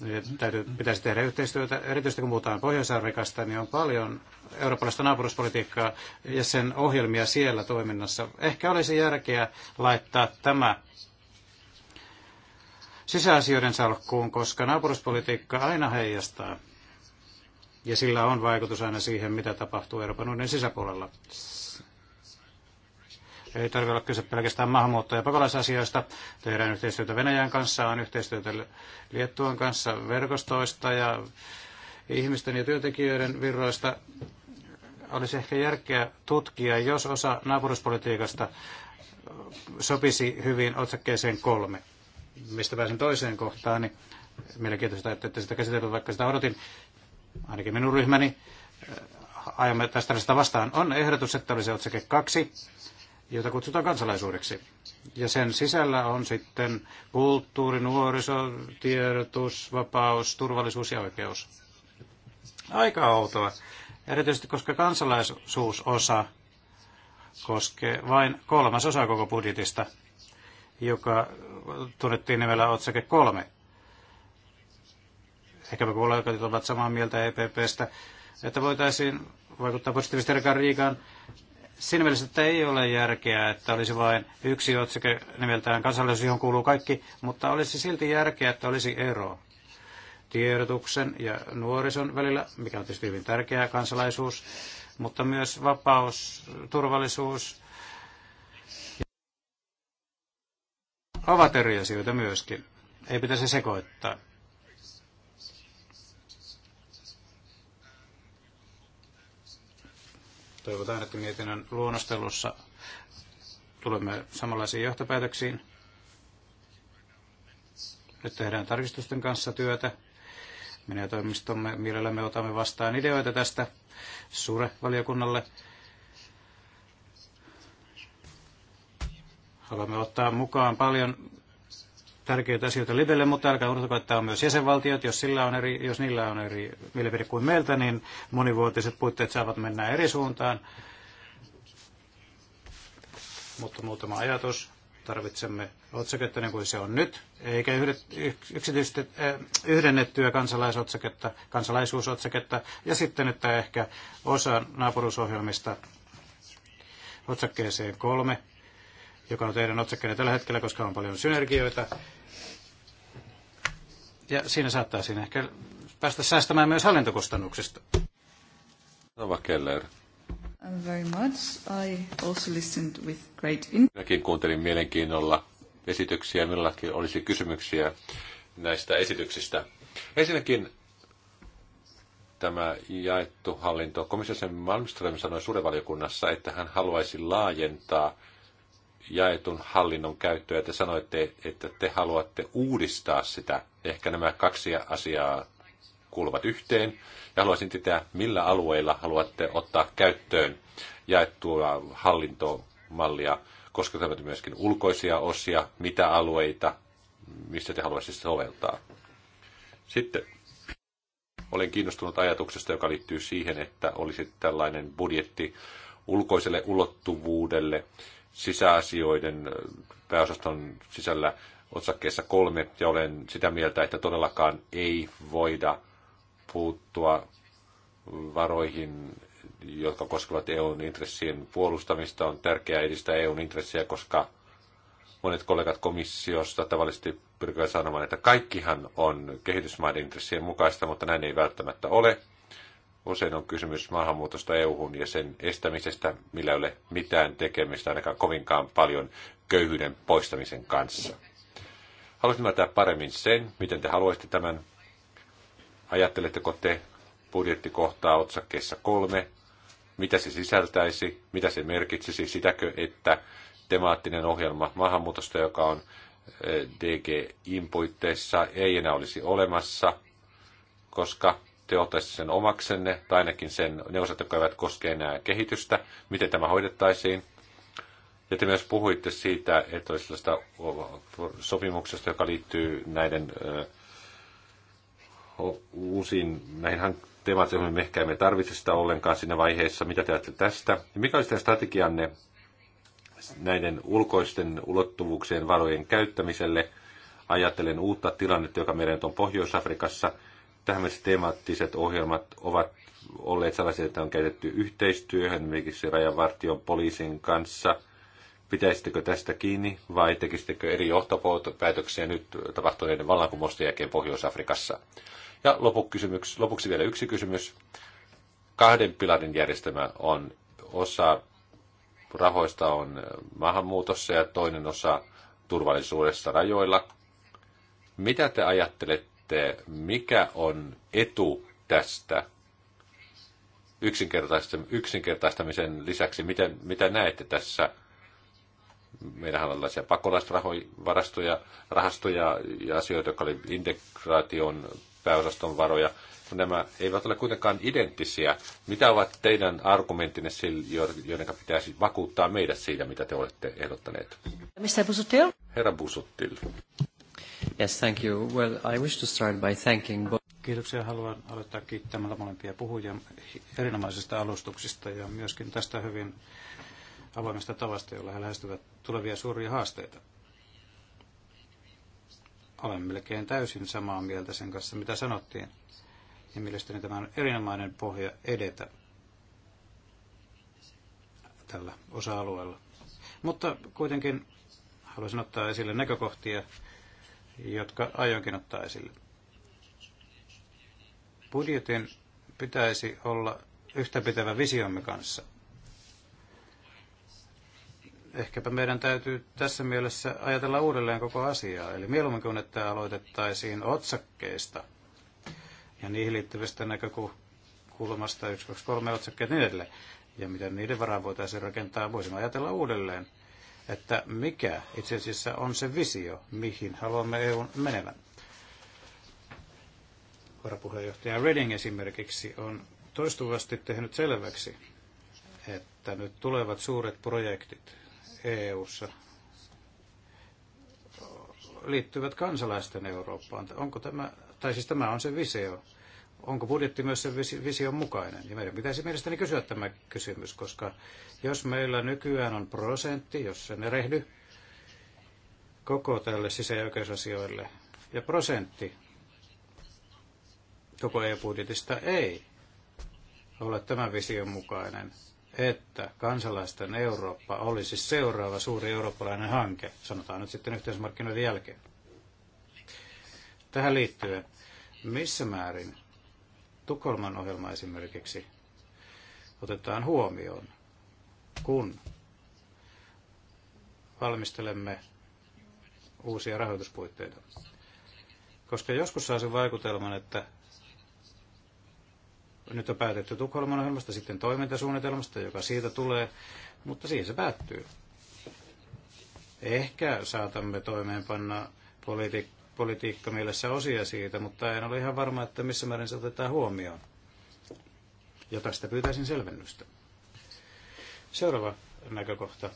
niin täytyy, pitäisi tehdä yhteistyötä, erityisesti kun puhutaan Pohjois-Afrikasta, niin on paljon eurooppalaista naapuruspolitiikkaa ja sen ohjelmia siellä toiminnassa. Ehkä olisi järkeä laittaa tämä sisäasioiden salkkuun, koska naapuruspolitiikka aina heijastaa ja sillä on vaikutus aina siihen, mitä tapahtuu Euroopan unionin sisäpuolella. Ei tarvitse olla kyse pelkästään maahanmuutto- ja pakolaisasioista. Tehdään yhteistyötä Venäjän kanssa, on yhteistyötä Liettuan kanssa verkostoista ja ihmisten ja työntekijöiden virroista. Olisi ehkä järkeä tutkia, jos osa naapuruspolitiikasta sopisi hyvin otsakkeeseen kolme. Mistä pääsen toiseen kohtaan, niin mielenkiintoista, että ette sitä käsitellyt, vaikka sitä odotin ainakin minun ryhmäni, äh, ajamme tästä vastaan, on ehdotus, että olisi otsake kaksi, jota kutsutaan kansalaisuudeksi. Ja sen sisällä on sitten kulttuuri, nuoriso, tiedotus, vapaus, turvallisuus ja oikeus. Aika outoa. Erityisesti koska kansalaisuusosa koskee vain kolmasosa koko budjetista, joka tunnettiin nimellä otsake kolme. Ehkä ehkäpä kollegat ovat samaa mieltä EPPstä, että voitaisiin vaikuttaa positiivisesti Erkan Riikaan siinä mielessä, että ei ole järkeä, että olisi vain yksi otsike nimeltään kansallisuus, johon kuuluu kaikki, mutta olisi silti järkeä, että olisi ero tiedotuksen ja nuorison välillä, mikä on tietysti hyvin tärkeää, kansalaisuus, mutta myös vapaus, turvallisuus ovat eri asioita myöskin. Ei pitäisi sekoittaa. Toivotaan, että mietinnön luonnostelussa tulemme samanlaisiin johtopäätöksiin. Nyt tehdään tarkistusten kanssa työtä. Minä ja toimistomme mielellämme otamme vastaan ideoita tästä suure valiokunnalle Haluamme ottaa mukaan paljon tärkeitä asioita Libelle, mutta älkää unohtako, että on myös jäsenvaltiot. Jos, sillä on eri, jos niillä on eri mielipide kuin meiltä, niin monivuotiset puitteet saavat mennä eri suuntaan. Mutta muutama ajatus. Tarvitsemme otsaketta niin kuin se on nyt, eikä yhdet, äh, yhdennettyä kansalaisotsaketta, kansalaisuusotsaketta, ja sitten, että ehkä osa naapurusohjelmista otsakkeeseen kolme joka on teidän otsakkeenne tällä hetkellä, koska on paljon synergioita. Ja siinä saattaa siinä ehkä päästä säästämään myös hallintokustannuksista. Nova Keller. Very much. I also listened with great Minäkin kuuntelin mielenkiinnolla esityksiä. Minullakin olisi kysymyksiä näistä esityksistä. Ensinnäkin tämä jaettu hallinto. Komissio Malmström sanoi suurevaliokunnassa, että hän haluaisi laajentaa – jaetun hallinnon käyttöä. Te sanoitte, että te haluatte uudistaa sitä. Ehkä nämä kaksi asiaa kuuluvat yhteen. Ja haluaisin tietää, millä alueilla haluatte ottaa käyttöön jaettua hallintomallia, koska tämä myöskin ulkoisia osia, mitä alueita, mistä te haluaisitte soveltaa. Sitten olen kiinnostunut ajatuksesta, joka liittyy siihen, että olisi tällainen budjetti ulkoiselle ulottuvuudelle sisäasioiden äh, pääosaston sisällä otsakkeessa kolme, ja olen sitä mieltä, että todellakaan ei voida puuttua varoihin, jotka koskevat EUn intressien puolustamista. On tärkeää edistää EUn intressejä, koska monet kollegat komissiosta tavallisesti pyrkivät sanomaan, että kaikkihan on kehitysmaiden intressien mukaista, mutta näin ei välttämättä ole. Usein on kysymys maahanmuutosta EU-hun ja sen estämisestä, millä ei ole mitään tekemistä ainakaan kovinkaan paljon köyhyyden poistamisen kanssa. Haluaisin ymmärtää paremmin sen, miten te haluaisitte tämän. Ajatteletteko te budjettikohtaa otsakkeessa kolme? Mitä se sisältäisi? Mitä se merkitsisi? Sitäkö, että temaattinen ohjelma maahanmuutosta, joka on eh, dg puitteissa, ei enää olisi olemassa, koska te ottaisitte sen omaksenne, tai ainakin sen, ne osat, jotka eivät koske enää kehitystä, miten tämä hoidettaisiin. Ja te myös puhuitte siitä, että olisi sellaista sopimuksesta, joka liittyy näiden ö, uusiin näihin joihin me ehkä emme tarvitse sitä ollenkaan siinä vaiheessa. Mitä te ajattelette tästä? Ja mikä olisi teidän strategianne näiden ulkoisten ulottuvuuksien varojen käyttämiselle? Ajattelen uutta tilannetta, joka meidän on Pohjois-Afrikassa – tämmöiset temaattiset ohjelmat ovat olleet sellaisia, että on käytetty yhteistyöhön esimerkiksi rajavartion poliisin kanssa. Pitäisittekö tästä kiinni vai tekisittekö eri johtopäätöksiä nyt tapahtuneiden vallankumousten jälkeen Pohjois-Afrikassa? Ja lopuksi vielä yksi kysymys. Kahden pilarin järjestelmä on osa rahoista on maahanmuutossa ja toinen osa turvallisuudessa rajoilla. Mitä te ajattelette? että mikä on etu tästä yksinkertaistamisen lisäksi? Miten, mitä näette tässä? Meillähän on tällaisia pakolaisvarastoja rahastoja ja asioita, jotka oli integraation pääosaston varoja. Nämä eivät ole kuitenkaan identtisiä. Mitä ovat teidän argumenttinne, joiden pitäisi vakuuttaa meidät siitä, mitä te olette ehdottaneet? Mr. Busuttil? Herra Busuttil. Yes, thank you. Well, I wish to start by thanking both... Kiitoksia. Haluan aloittaa kiittämällä molempia puhujia erinomaisista alustuksista ja myöskin tästä hyvin avoimesta tavasta, jolla he lähestyvät tulevia suuria haasteita. Olen melkein täysin samaa mieltä sen kanssa, mitä sanottiin. Ja mielestäni tämä on erinomainen pohja edetä tällä osa-alueella. Mutta kuitenkin haluaisin ottaa esille näkökohtia, jotka aionkin ottaa esille. Budjetin pitäisi olla yhtäpitävä visiomme kanssa. Ehkäpä meidän täytyy tässä mielessä ajatella uudelleen koko asiaa. Eli mieluummin kuin että aloitettaisiin otsakkeista ja niihin liittyvistä näkökulmasta 1, 2, 3 otsakkeet niin edelleen. Ja miten niiden varaan voitaisiin rakentaa, voisimme ajatella uudelleen että mikä itse asiassa on se visio, mihin haluamme EUn menevän. Varapuheenjohtaja Reading esimerkiksi on toistuvasti tehnyt selväksi, että nyt tulevat suuret projektit EUssa liittyvät kansalaisten Eurooppaan. Onko tämä, tai siis tämä on se visio, onko budjetti myös sen vision mukainen? Ja meidän pitäisi mielestäni kysyä tämä kysymys, koska jos meillä nykyään on prosentti, jos se rehdy koko tälle sisä- ja oikeusasioille, ja prosentti koko EU-budjetista ei ole tämän vision mukainen, että kansalaisten Eurooppa olisi seuraava suuri eurooppalainen hanke, sanotaan nyt sitten yhteismarkkinoiden jälkeen. Tähän liittyen, missä määrin Tukholman ohjelma esimerkiksi otetaan huomioon, kun valmistelemme uusia rahoituspuitteita. Koska joskus saa sen vaikutelman, että nyt on päätetty Tukholman ohjelmasta, sitten toimintasuunnitelmasta, joka siitä tulee, mutta siihen se päättyy. Ehkä saatamme toimeenpanna politiikkaa politiikka mielessä osia siitä, mutta en ole ihan varma, että missä määrin se otetaan huomioon. Ja tästä pyytäisin selvennystä. Seuraava näkökohta.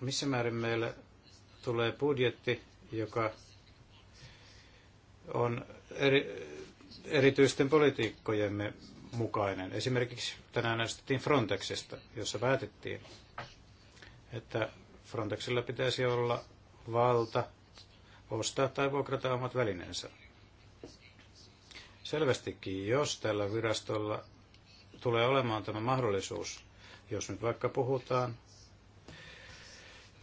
Missä määrin meillä tulee budjetti, joka on eri, erityisten politiikkojemme mukainen. Esimerkiksi tänään näistettiin Frontexista, jossa päätettiin, että Frontexilla pitäisi olla valta ostaa tai vuokrata omat välineensä. Selvästikin, jos tällä virastolla tulee olemaan tämä mahdollisuus, jos nyt vaikka puhutaan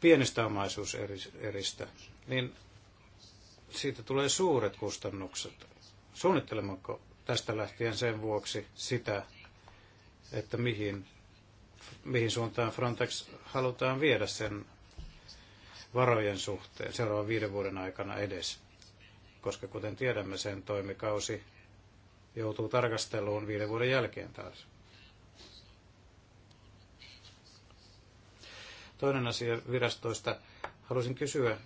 pienistä omaisuuseristä, niin siitä tulee suuret kustannukset. Suunnittelemmeko tästä lähtien sen vuoksi sitä, että mihin, mihin suuntaan Frontex halutaan viedä sen varojen suhteen seuraavan viiden vuoden aikana edes, koska kuten tiedämme, sen toimikausi joutuu tarkasteluun viiden vuoden jälkeen taas. Toinen asia virastoista. halusin kysyä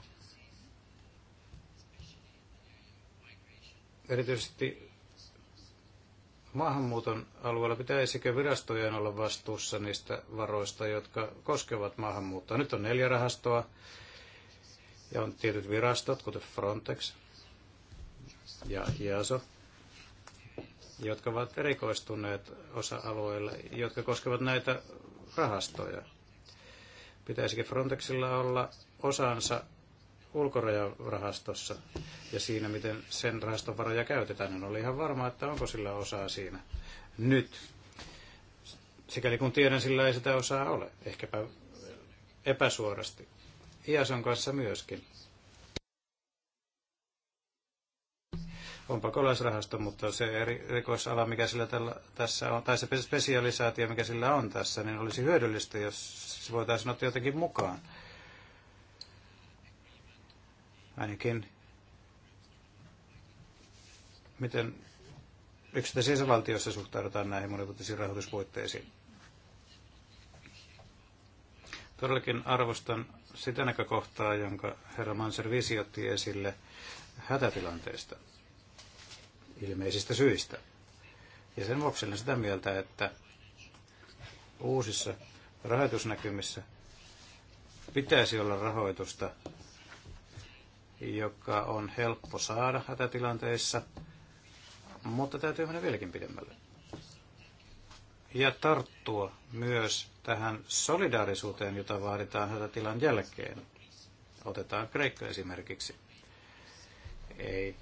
erityisesti maahanmuuton alueella pitäisikö virastojen olla vastuussa niistä varoista, jotka koskevat maahanmuuttoa? Nyt on neljä rahastoa, ja on tietyt virastot, kuten Frontex ja IASO, jotka ovat erikoistuneet osa-alueille, jotka koskevat näitä rahastoja. Pitäisikö Frontexilla olla osansa ulkorajarahastossa ja siinä, miten sen rahaston varoja käytetään. niin oli ihan varma, että onko sillä osaa siinä nyt. Sikäli kun tiedän, sillä ei sitä osaa ole. Ehkäpä epäsuorasti. IASON kanssa myöskin. on pakolaisrahasto, mutta se eri, rikosala, mikä sillä tällä, tässä on, tai se spesialisaatio, mikä sillä on tässä, niin olisi hyödyllistä, jos se voitaisiin ottaa jotenkin mukaan. Ainakin miten yksittäisissä valtioissa suhtaudutaan näihin monivuotisiin rahoituspuitteisiin. Todellakin arvostan sitä näkökohtaa, jonka herra Manservisi otti esille hätätilanteesta ilmeisistä syistä. Ja sen vuoksi olen sitä mieltä, että uusissa rahoitusnäkymissä pitäisi olla rahoitusta, joka on helppo saada hätätilanteissa, mutta täytyy mennä vieläkin pidemmälle ja tarttua myös tähän solidaarisuuteen, jota vaaditaan hätätilan jälkeen. Otetaan Kreikka esimerkiksi. Ei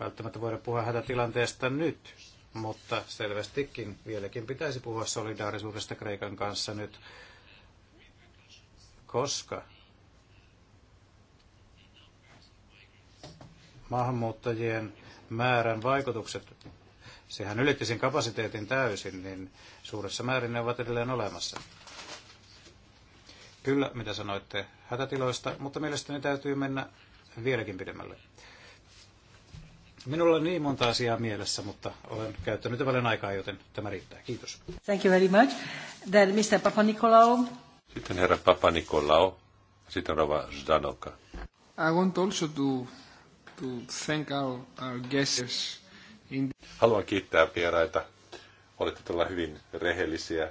välttämättä voida puhua hätätilanteesta nyt, mutta selvästikin vieläkin pitäisi puhua solidaarisuudesta Kreikan kanssa nyt, koska maahanmuuttajien määrän vaikutukset sehän ylitti sen kapasiteetin täysin, niin suuressa määrin ne ovat edelleen olemassa. Kyllä, mitä sanoitte hätätiloista, mutta mielestäni täytyy mennä vieläkin pidemmälle. Minulla on niin monta asiaa mielessä, mutta olen käyttänyt paljon aikaa, joten tämä riittää. Kiitos. Thank you very much. Then Mr. Papa Nikolaou. Sitten herra Papa Nikolaou. Sitten rova Zdanoka. I want also to, to thank our, our guests Haluan kiittää vieraita. Olette todella hyvin rehellisiä.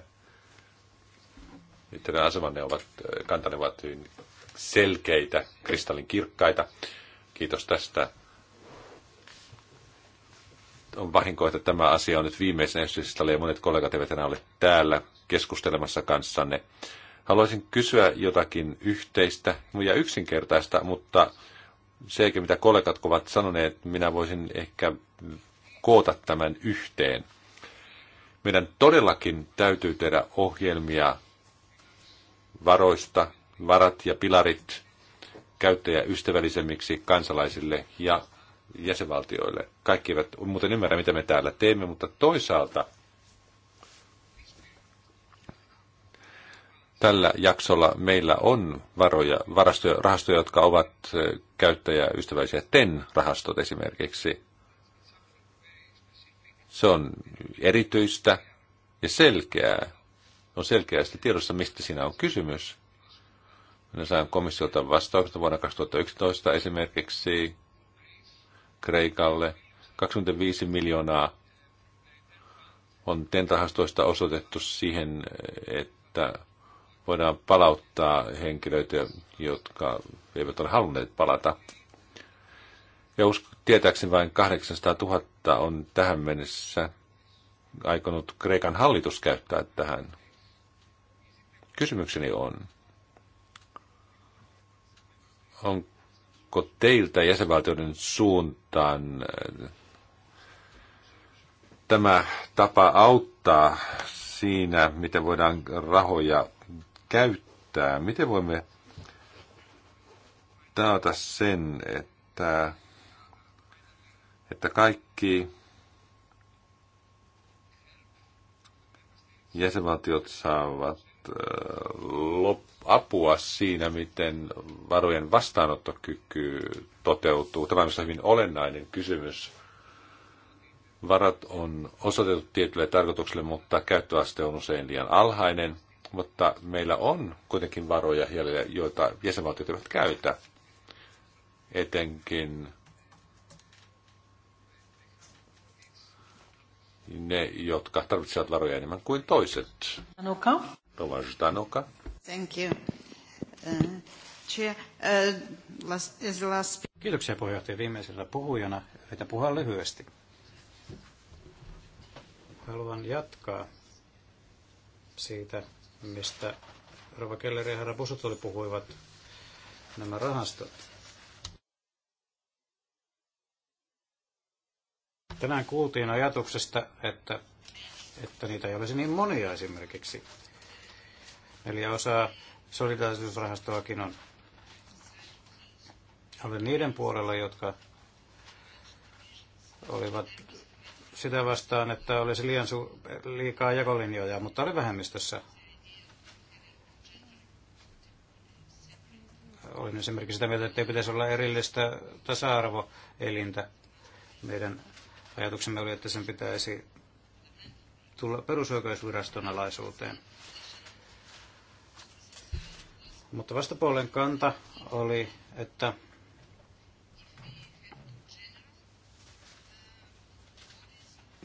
Teidän asemanne ovat, kantanevat hyvin selkeitä, kristallin kirkkaita. Kiitos tästä. On vahinko, että tämä asia on nyt viimeisenä esityslistalle ja monet kollegat eivät enää ole täällä keskustelemassa kanssanne. Haluaisin kysyä jotakin yhteistä ja yksinkertaista, mutta se, mitä kollegat ovat sanoneet, minä voisin ehkä koota tämän yhteen. Meidän todellakin täytyy tehdä ohjelmia varoista, varat ja pilarit käyttäjäystävällisemmiksi kansalaisille ja jäsenvaltioille. Kaikki eivät muuten ymmärrä, mitä me täällä teemme, mutta toisaalta tällä jaksolla meillä on varoja, varastoja, rahastoja, jotka ovat käyttäjäystävällisiä. TEN-rahastot esimerkiksi. Se on erityistä ja selkeää. On selkeästi tiedossa, mistä siinä on kysymys. Minä sain komissiolta vastauksesta vuonna 2011 esimerkiksi Kreikalle. 25 miljoonaa on TEN-rahastoista osoitettu siihen, että voidaan palauttaa henkilöitä, jotka eivät ole halunneet palata. Ja usko, tietääkseni vain 800 000 on tähän mennessä aikonut Kreikan hallitus käyttää tähän. Kysymykseni on, onko teiltä jäsenvaltioiden suuntaan äh, tämä tapa auttaa siinä, miten voidaan rahoja käyttää? Miten voimme taata sen, että että kaikki jäsenvaltiot saavat äh, apua siinä, miten varojen vastaanottokyky toteutuu. Tämä on hyvin olennainen kysymys. Varat on osoitettu tietylle tarkoitukselle, mutta käyttöaste on usein liian alhainen. Mutta meillä on kuitenkin varoja joita jäsenvaltiot eivät käytä. Etenkin Niin ne, jotka tarvitsevat varoja enemmän kuin toiset. Danuka. Rova Danuka. Thank you. Uh, chair, uh, last, is last... Kiitoksia puheenjohtaja viimeisellä puhujana. Yritän puhua lyhyesti. Haluan jatkaa siitä, mistä Rova Kelleri ja herra Busutoli puhuivat nämä rahastot Tänään kuultiin ajatuksesta, että, että niitä ei olisi niin monia esimerkiksi. Eli osaa solidaarisuusrahastoakin on. Olen niiden puolella, jotka olivat sitä vastaan, että olisi liian su- liikaa jakolinjoja, mutta oli vähemmistössä. Olin esimerkiksi sitä mieltä, että ei pitäisi olla erillistä tasa-arvoelintä meidän Ajatuksemme oli, että sen pitäisi tulla perusoikeusviraston alaisuuteen. Mutta vastapuolen kanta oli, että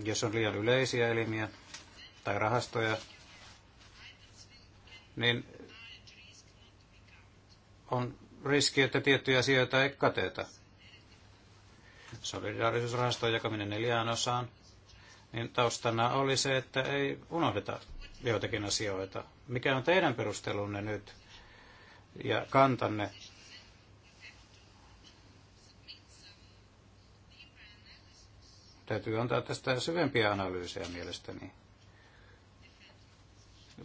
jos on liian yleisiä elimiä tai rahastoja, niin on riski, että tiettyjä asioita ei kateta solidaarisuusrahaston jakaminen neljään osaan, niin taustana oli se, että ei unohdeta joitakin asioita. Mikä on teidän perustelunne nyt ja kantanne täytyy antaa tästä syvempiä analyysejä mielestäni.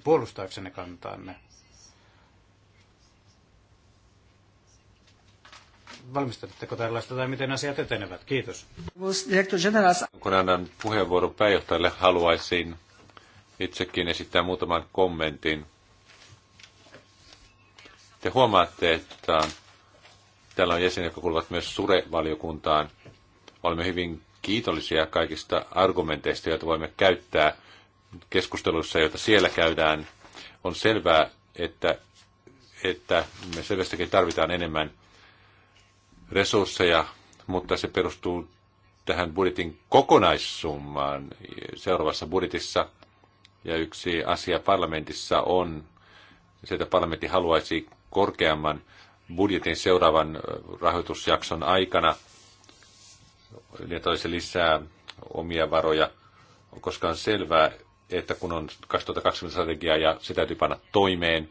Puolustaaksenne kantaanne. valmistatteko tällaista tai miten asiat etenevät? Kiitos. Kun annan puheenvuoron pääjohtajalle, haluaisin itsekin esittää muutaman kommentin. Te huomaatte, että täällä on jäseniä, jotka kuuluvat myös Sure-valiokuntaan. Olemme hyvin kiitollisia kaikista argumenteista, joita voimme käyttää keskusteluissa, joita siellä käydään. On selvää, että, että me selvästikin tarvitaan enemmän resursseja, mutta se perustuu tähän budjetin kokonaissummaan seuraavassa budjetissa. Ja yksi asia parlamentissa on se, että parlamentti haluaisi korkeamman budjetin seuraavan rahoitusjakson aikana, niin että olisi lisää omia varoja, koska on selvää, että kun on 2020 strategia ja se täytyy panna toimeen,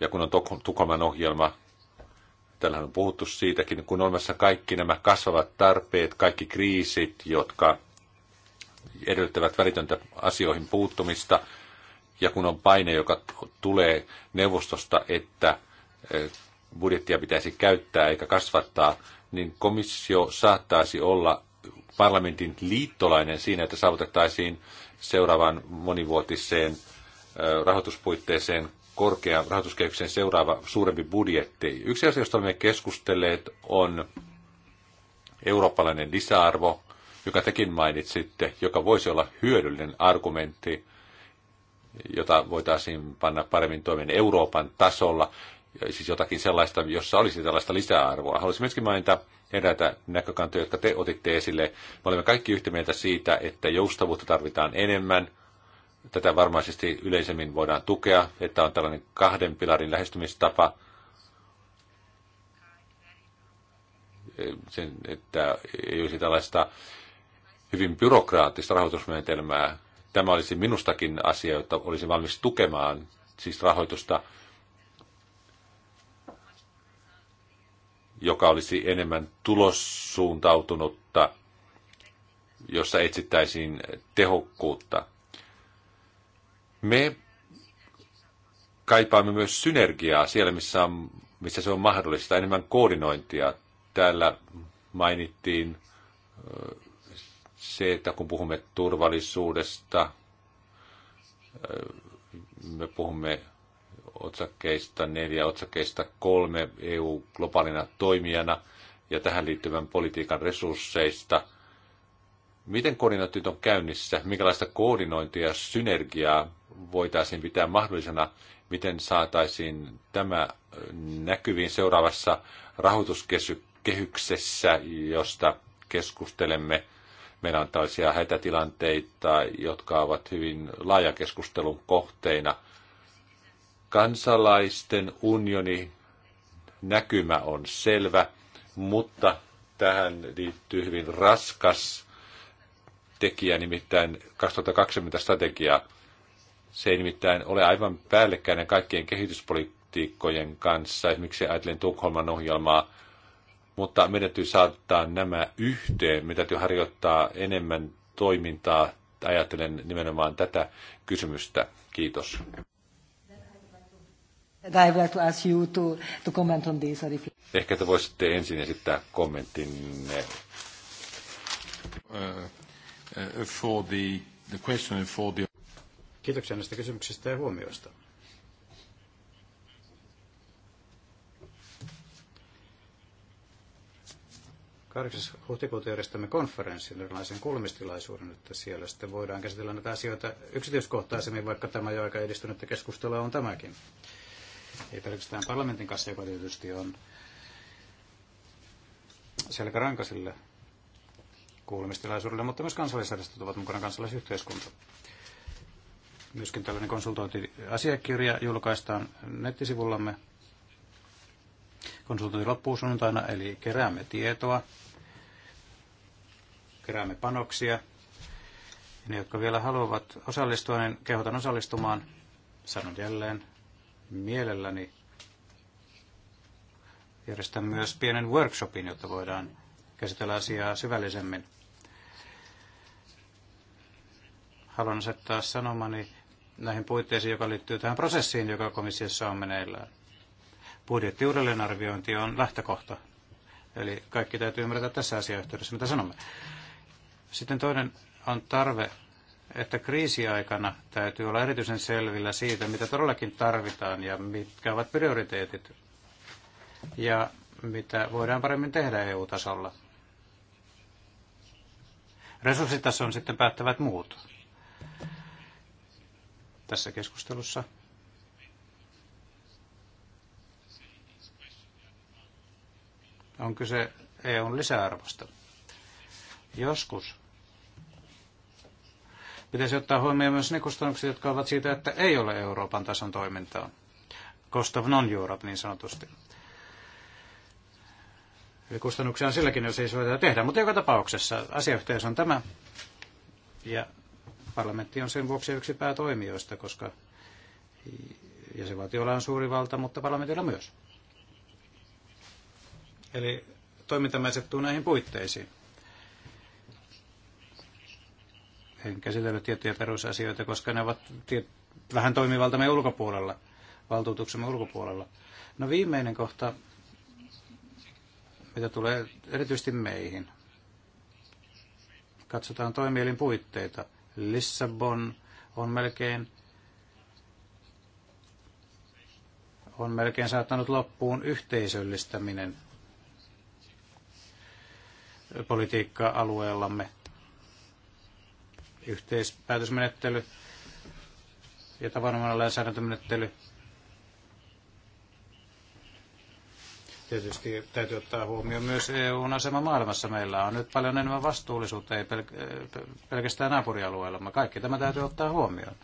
ja kun on Tukholman ohjelma, Tällä on puhuttu siitäkin, kun on olemassa kaikki nämä kasvavat tarpeet, kaikki kriisit, jotka edellyttävät välitöntä asioihin puuttumista, ja kun on paine, joka tulee neuvostosta, että eh, budjettia pitäisi käyttää eikä kasvattaa, niin komissio saattaisi olla parlamentin liittolainen siinä, että saavutettaisiin seuraavaan monivuotiseen eh, rahoituspuitteeseen korkea rahoituskehyksen seuraava suurempi budjetti. Yksi asia, josta olemme keskustelleet, on eurooppalainen lisäarvo, joka tekin mainitsitte, joka voisi olla hyödyllinen argumentti, jota voitaisiin panna paremmin toimeen Euroopan tasolla, siis jotakin sellaista, jossa olisi tällaista lisäarvoa. Haluaisin myöskin mainita eräitä näkökantoja, jotka te otitte esille. Me olemme kaikki yhtä mieltä siitä, että joustavuutta tarvitaan enemmän – Tätä varmaisesti yleisemmin voidaan tukea, että on tällainen kahden pilarin lähestymistapa. Sen, että ei olisi tällaista hyvin byrokraattista rahoitusmenetelmää. Tämä olisi minustakin asia, jotta olisin valmis tukemaan, siis rahoitusta, joka olisi enemmän tulossuuntautunutta, jossa etsittäisiin tehokkuutta. Me kaipaamme myös synergiaa siellä, missä, on, missä se on mahdollista, enemmän koordinointia. Täällä mainittiin se, että kun puhumme turvallisuudesta, me puhumme otsakkeista neljä, otsakkeista kolme EU globaalina toimijana ja tähän liittyvän politiikan resursseista. Miten koordinointi on käynnissä? Minkälaista koordinointia ja synergiaa voitaisiin pitää mahdollisena, miten saataisiin tämä näkyviin seuraavassa rahoituskehyksessä, josta keskustelemme. Meillä on tällaisia hätätilanteita, jotka ovat hyvin laajan keskustelun kohteina. Kansalaisten unioni näkymä on selvä, mutta tähän liittyy hyvin raskas tekijä, nimittäin 2020 strategiaa. Se ei nimittäin ole aivan päällekkäinen kaikkien kehityspolitiikkojen kanssa, esimerkiksi ajatellen Tukholman ohjelmaa, mutta meidän täytyy saattaa nämä yhteen. Meidän täytyy harjoittaa enemmän toimintaa. Ajattelen nimenomaan tätä kysymystä. Kiitos. Ehkä te voisitte ensin esittää kommentin Uh, uh, for the, the question for the... Kiitoksia näistä kysymyksistä ja huomioista. Kahdeksas huhtikuuta järjestämme konferenssin, erilaisen kulmistilaisuuden, että siellä sitten voidaan käsitellä näitä asioita yksityiskohtaisemmin, vaikka tämä jo aika edistynyt keskustelua on tämäkin. Ei pelkästään parlamentin kanssa, joka tietysti on selkäranka sille kuulemistilaisuudelle, mutta myös kansallisjärjestöt ovat mukana kansallisyhteiskunta. Myöskin tällainen konsultointiasiakirja julkaistaan nettisivullamme. Konsultointi loppuu sunnuntaina, eli keräämme tietoa, keräämme panoksia. Ne, jotka vielä haluavat osallistua, niin kehotan osallistumaan. Sanon jälleen mielelläni. Järjestän myös pienen workshopin, jotta voidaan käsitellä asiaa syvällisemmin haluan asettaa sanomani näihin puitteisiin, joka liittyy tähän prosessiin, joka komissiossa on meneillään. Budjetti uudelleenarviointi on lähtökohta. Eli kaikki täytyy ymmärtää tässä asiayhteydessä, mitä sanomme. Sitten toinen on tarve, että kriisiaikana täytyy olla erityisen selvillä siitä, mitä todellakin tarvitaan ja mitkä ovat prioriteetit ja mitä voidaan paremmin tehdä EU-tasolla. Resurssitason sitten päättävät muut tässä keskustelussa. On kyse EUn lisäarvosta. Joskus pitäisi ottaa huomioon myös ne kustannukset, jotka ovat siitä, että ei ole Euroopan tason toimintaa. Cost of non-Europe niin sanotusti. Eli kustannuksia on silläkin, jos ei siis voida tehdä. Mutta joka tapauksessa asiayhteys on tämä. Ja Parlamentti on sen vuoksi yksi päätoimijoista, koska jäsenvaltiolla on suuri valta, mutta parlamentilla myös. Eli toimintamme asettuu näihin puitteisiin. En käsitellyt tiettyjä perusasioita, koska ne ovat vähän toimivaltamme ulkopuolella, valtuutuksemme ulkopuolella. No viimeinen kohta, mitä tulee erityisesti meihin. Katsotaan toimielin puitteita. Lissabon on melkein on melkein saattanut loppuun yhteisöllistäminen politiikka-alueellamme. Yhteispäätösmenettely ja tavanomainen lainsäädäntömenettely Tietysti täytyy ottaa huomioon myös EUn asema maailmassa. Meillä on nyt paljon enemmän vastuullisuutta, ei pelk- pelkästään mutta Kaikki tämä täytyy ottaa huomioon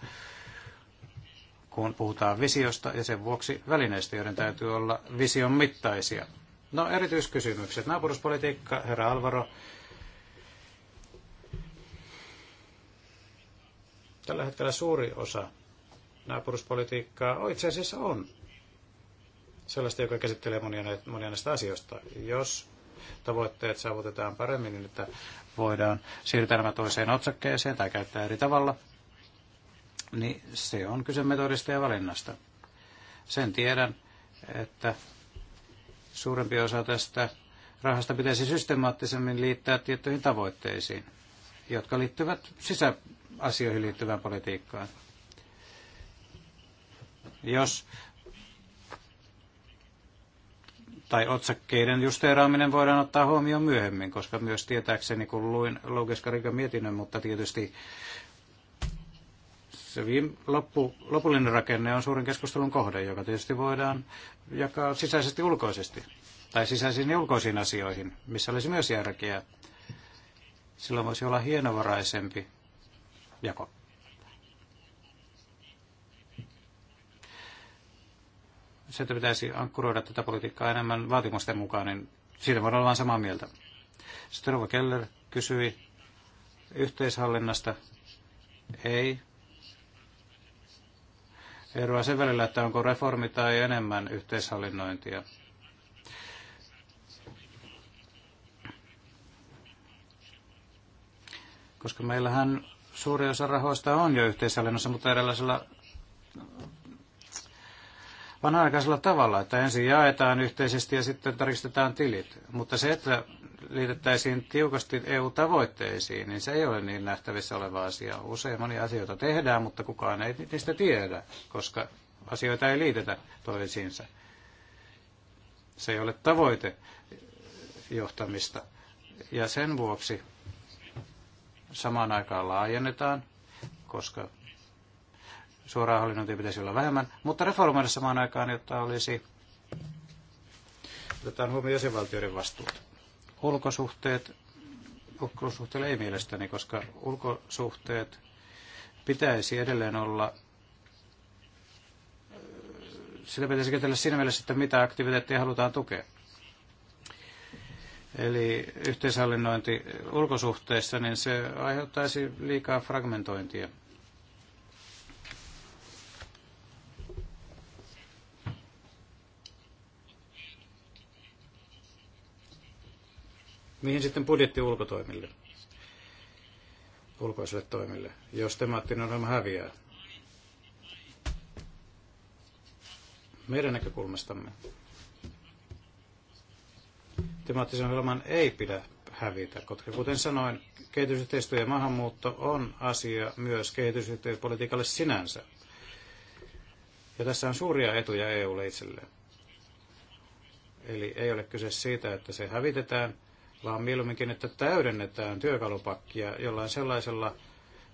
kun puhutaan visiosta ja sen vuoksi välineistä, joiden täytyy olla vision mittaisia. No erityiskysymykset. Naapuruspolitiikka, herra Alvaro. Tällä hetkellä suuri osa naapuruspolitiikkaa oh, itse asiassa on sellaista, joka käsittelee monia, monia näistä asioista. Jos tavoitteet saavutetaan paremmin, niin että voidaan siirtää nämä toiseen otsakkeeseen tai käyttää eri tavalla, niin se on kyse metodista ja valinnasta. Sen tiedän, että suurempi osa tästä rahasta pitäisi systemaattisemmin liittää tiettyihin tavoitteisiin, jotka liittyvät sisäasioihin liittyvään politiikkaan. Jos tai otsakkeiden justeeraaminen voidaan ottaa huomioon myöhemmin, koska myös tietääkseni, kun luin logiskarika mietinnön, mutta tietysti se viime, loppu, lopullinen rakenne on suuren keskustelun kohde, joka tietysti voidaan jakaa sisäisesti ulkoisesti tai sisäisiin ja ulkoisiin asioihin, missä olisi myös järkeä. Silloin voisi olla hienovaraisempi jako. se, että pitäisi ankkuroida tätä politiikkaa enemmän vaatimusten mukaan, niin siitä voidaan olla vain samaa mieltä. Sitten Rova Keller kysyi yhteishallinnasta. Ei. Eroa sen välillä, että onko reformi tai enemmän yhteishallinnointia. Koska meillähän suuri osa rahoista on jo yhteishallinnossa, mutta erilaisilla vanha-aikaisella tavalla, että ensin jaetaan yhteisesti ja sitten tarkistetaan tilit. Mutta se, että liitettäisiin tiukasti EU-tavoitteisiin, niin se ei ole niin nähtävissä oleva asia. Usein monia asioita tehdään, mutta kukaan ei niistä tiedä, koska asioita ei liitetä toisiinsa. Se ei ole tavoite johtamista. Ja sen vuoksi samaan aikaan laajennetaan, koska Suoraa hallinnointia pitäisi olla vähemmän, mutta reformoida samaan aikaan, jotta olisi, otetaan huomioon jäsenvaltioiden vastuut. Ulkosuhteet, ulkosuhteille ei mielestäni, koska ulkosuhteet pitäisi edelleen olla sitä pitäisi käsitellä siinä mielessä, että mitä aktiviteetteja halutaan tukea. Eli yhteishallinnointi ulkosuhteissa, niin se aiheuttaisi liikaa fragmentointia. Mihin sitten budjetti ulkotoimille, ulkoisille toimille, jos temaattinen ohjelma häviää? Meidän näkökulmastamme temaattisen ohjelman ei pidä hävitä, koska kuten sanoin, kehitysyhteistyö ja maahanmuutto on asia myös kehitysyhteistyöpolitiikalle sinänsä. Ja tässä on suuria etuja EUlle itselleen. Eli ei ole kyse siitä, että se hävitetään – vaan mieluumminkin, että täydennetään työkalupakkia jollain sellaisella,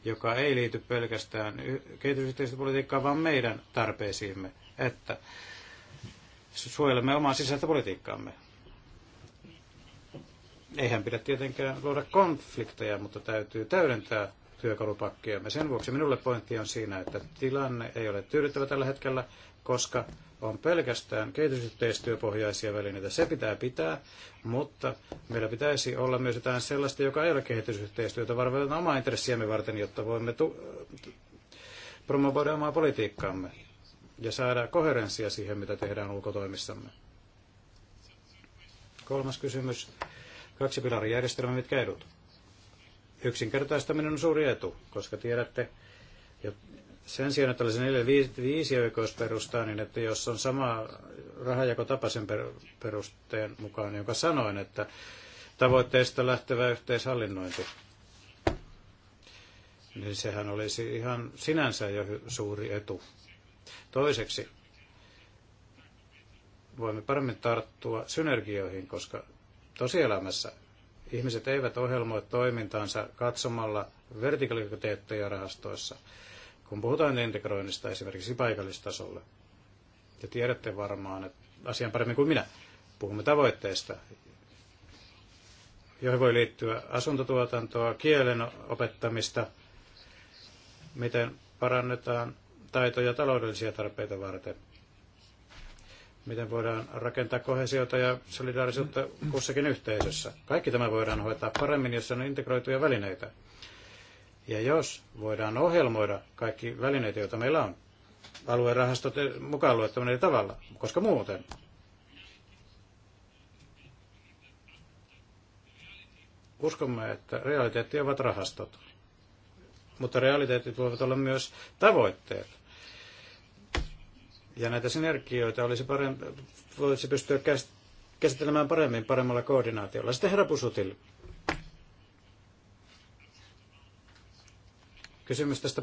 joka ei liity pelkästään kehitysyhteistyöpolitiikkaan, vaan meidän tarpeisiimme, että suojelemme omaa sisäistä politiikkaamme. Eihän pidä tietenkään luoda konflikteja, mutta täytyy täydentää työkalupakkia. Sen vuoksi minulle pointti on siinä, että tilanne ei ole tyydyttävä tällä hetkellä, koska on pelkästään kehitysyhteistyöpohjaisia välineitä. Se pitää pitää, mutta meillä pitäisi olla myös jotain sellaista, joka ei ole kehitysyhteistyötä, vaan omaa intressiämme varten, jotta voimme tu- promovoida omaa politiikkaamme ja saada koherenssia siihen, mitä tehdään ulkotoimissamme. Kolmas kysymys. Kaksi pilarijärjestelmää, mitkä edut? Yksinkertaistaminen on suuri etu, koska tiedätte, sen sijaan, että olisi 4-5 oikeusperustaa, niin että jos on sama rahajakotapa sen perusteen mukaan, jonka sanoin, että tavoitteista lähtevä yhteishallinnointi, niin sehän olisi ihan sinänsä jo suuri etu. Toiseksi voimme paremmin tarttua synergioihin, koska tosielämässä ihmiset eivät ohjelmoi toimintaansa katsomalla vertikaliteetteja rahastoissa, kun puhutaan integroinnista esimerkiksi paikallistasolle, ja tiedätte varmaan että asian paremmin kuin minä, puhumme tavoitteista, joihin voi liittyä asuntotuotantoa, kielen opettamista, miten parannetaan taitoja taloudellisia tarpeita varten, miten voidaan rakentaa kohesiota ja solidaarisuutta kussakin yhteisössä. Kaikki tämä voidaan hoitaa paremmin, jos on integroituja välineitä. Ja jos voidaan ohjelmoida kaikki välineet, joita meillä on, aluerahastot e, mukaan luettaminen tavalla, koska muuten uskomme, että realiteetti ovat rahastot. Mutta realiteetit voivat olla myös tavoitteet. Ja näitä synergioita olisi parempi, voisi pystyä käsittelemään paremmin paremmalla koordinaatiolla. Sitten herra Pusutil Kysymys tästä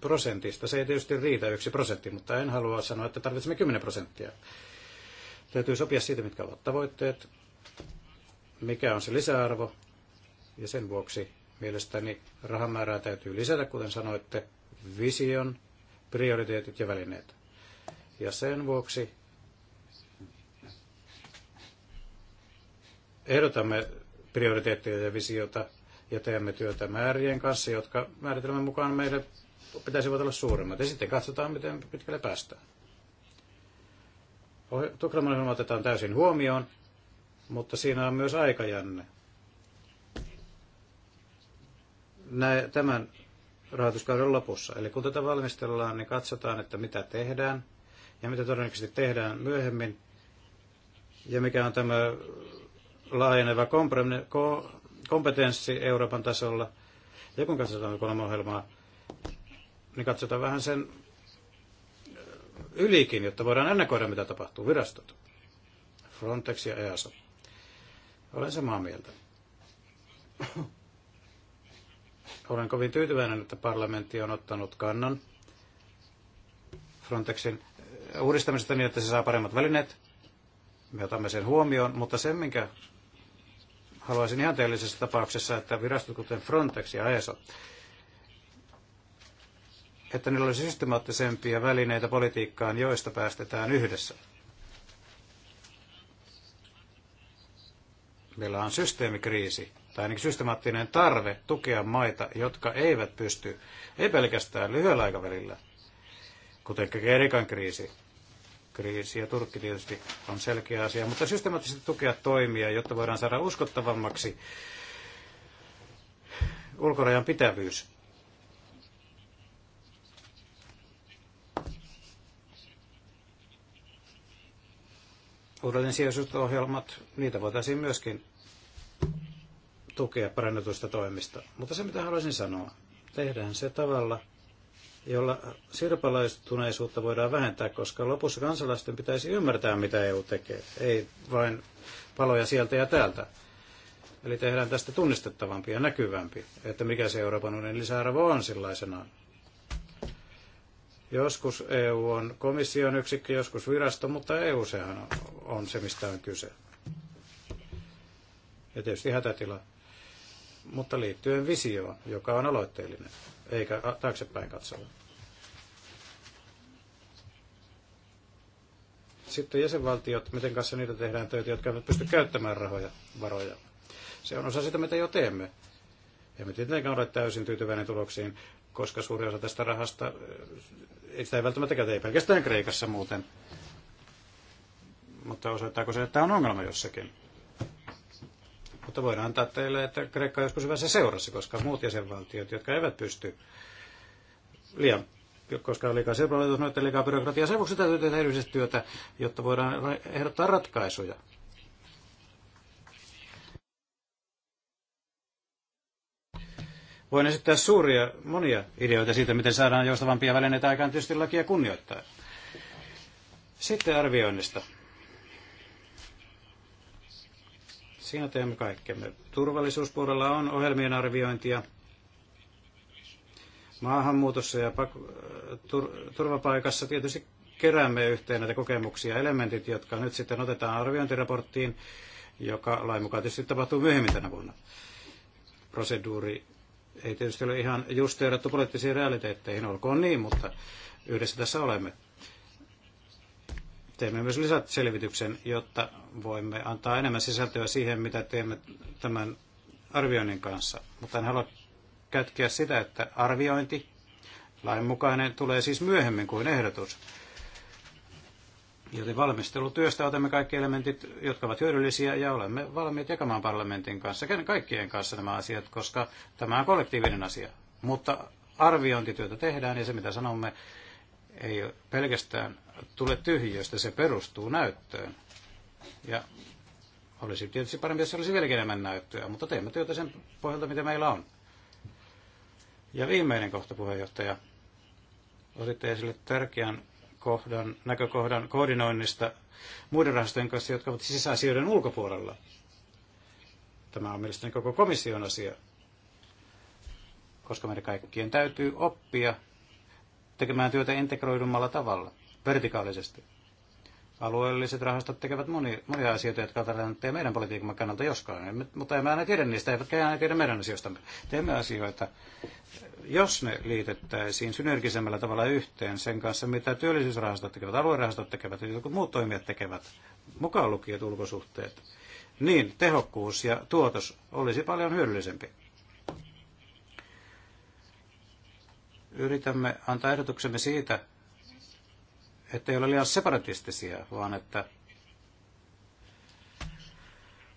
prosentista. Se ei tietysti riitä yksi prosentti, mutta en halua sanoa, että tarvitsemme 10 prosenttia. Täytyy sopia siitä, mitkä ovat tavoitteet, mikä on se lisäarvo, ja sen vuoksi mielestäni rahamäärää täytyy lisätä, kuten sanoitte, vision, prioriteetit ja välineet. Ja sen vuoksi ehdotamme prioriteetteja ja visiota ja teemme työtä määrien kanssa, jotka määritelmän mukaan meille pitäisi olla suuremmat. Ja sitten katsotaan, miten pitkälle päästään. Tukholman ohjelma otetaan täysin huomioon, mutta siinä on myös aikajänne. Nä, tämän rahoituskauden lopussa. Eli kun tätä valmistellaan, niin katsotaan, että mitä tehdään ja mitä todennäköisesti tehdään myöhemmin ja mikä on tämä laajeneva kompromissi, ko, kompetenssi Euroopan tasolla. Ja kun katsotaan ohjelmaa, niin katsotaan vähän sen äh, ylikin, jotta voidaan ennakoida, mitä tapahtuu virastot. Frontex ja EASO. Olen samaa mieltä. Olen kovin tyytyväinen, että parlamentti on ottanut kannan Frontexin äh, uudistamisesta niin, että se saa paremmat välineet. Me otamme sen huomioon, mutta sen, minkä haluaisin ihanteellisessa tapauksessa, että virastot kuten Frontex ja ESO, että niillä olisi systemaattisempia välineitä politiikkaan, joista päästetään yhdessä. Meillä on systeemikriisi, tai ainakin systemaattinen tarve tukea maita, jotka eivät pysty, ei pelkästään lyhyellä aikavälillä, kuten Kreikan kriisi, talouskriisi ja Turkki tietysti on selkeä asia, mutta systemaattisesti tukea toimia, jotta voidaan saada uskottavammaksi ulkorajan pitävyys. Uudelleen sijoitusohjelmat, niitä voitaisiin myöskin tukea parannetuista toimista. Mutta se, mitä haluaisin sanoa, tehdään se tavalla, jolla sirpalaistuneisuutta voidaan vähentää, koska lopussa kansalaisten pitäisi ymmärtää, mitä EU tekee, ei vain paloja sieltä ja täältä. Eli tehdään tästä tunnistettavampi ja näkyvämpi, että mikä se Euroopan unionin lisäarvo on sellaisenaan. Joskus EU on komission yksikkö, joskus virasto, mutta EU sehän on, on se, mistä on kyse. Ja tietysti hätätila mutta liittyen visioon, joka on aloitteellinen, eikä taaksepäin katsova. Sitten jäsenvaltiot, miten kanssa niitä tehdään töitä, jotka eivät pysty käyttämään rahoja, varoja. Se on osa sitä, mitä jo teemme. me tietenkään ole täysin tyytyväinen tuloksiin, koska suuri osa tästä rahasta, eh, ei sitä ei välttämättä käytä, ei pelkästään Kreikassa muuten. Mutta osoittaako se, että tämä on ongelma jossakin? Mutta voidaan antaa teille, että Kreikka on joskus hyvässä seurassa, koska muut jäsenvaltiot, jotka eivät pysty liian koska on liikaa sirpaloitusnoita, liikaa byrokratiaa. Sen vuoksi täytyy tehdä työtä, jotta voidaan ehdottaa ratkaisuja. Voin esittää suuria, monia ideoita siitä, miten saadaan joustavampia välineitä aikaan tietysti lakia kunnioittaa. Sitten arvioinnista. Siinä teemme kaikkemme. Turvallisuuspuolella on ohjelmien arviointia maahanmuutossa ja pak- tur- turvapaikassa tietysti keräämme yhteen näitä kokemuksia elementit, jotka nyt sitten otetaan arviointiraporttiin, joka lain mukaan tietysti tapahtuu myöhemmin tänä vuonna. Proseduuri ei tietysti ole ihan justeerattu poliittisiin realiteetteihin, olkoon niin, mutta yhdessä tässä olemme. Teemme myös lisäselvityksen, jotta voimme antaa enemmän sisältöä siihen, mitä teemme tämän arvioinnin kanssa. Mutta en halua kätkeä sitä, että arviointi lainmukainen tulee siis myöhemmin kuin ehdotus. Joten valmistelutyöstä otamme kaikki elementit, jotka ovat hyödyllisiä, ja olemme valmiit jakamaan parlamentin kanssa, kaikkien kanssa nämä asiat, koska tämä on kollektiivinen asia. Mutta arviointityötä tehdään, ja se mitä sanomme ei pelkästään tule tyhjiöstä, se perustuu näyttöön. Ja olisi tietysti parempi, jos olisi vieläkin enemmän näyttöä, mutta teemme työtä sen pohjalta, mitä meillä on. Ja viimeinen kohta, puheenjohtaja. Otitte esille tärkeän kohdan, näkökohdan koordinoinnista muiden rahastojen kanssa, jotka ovat sisäasioiden ulkopuolella. Tämä on mielestäni koko komission asia, koska meidän kaikkien täytyy oppia tekemään työtä integroidummalla tavalla, vertikaalisesti. Alueelliset rahastot tekevät moni, monia asioita, jotka ovat meidän politiikan kannalta joskaan, emme, mutta emme aina tiedä niistä, eivätkä aina tiedä meidän asioistamme. Teemme asioita, jos ne liitettäisiin synergisemmällä tavalla yhteen sen kanssa, mitä työllisyysrahastot tekevät, aluerahastot tekevät, jotkut muut toimijat tekevät, mukaan lukijat ulkosuhteet, niin tehokkuus ja tuotos olisi paljon hyödyllisempi. yritämme antaa ehdotuksemme siitä, että ei ole liian separatistisia, vaan että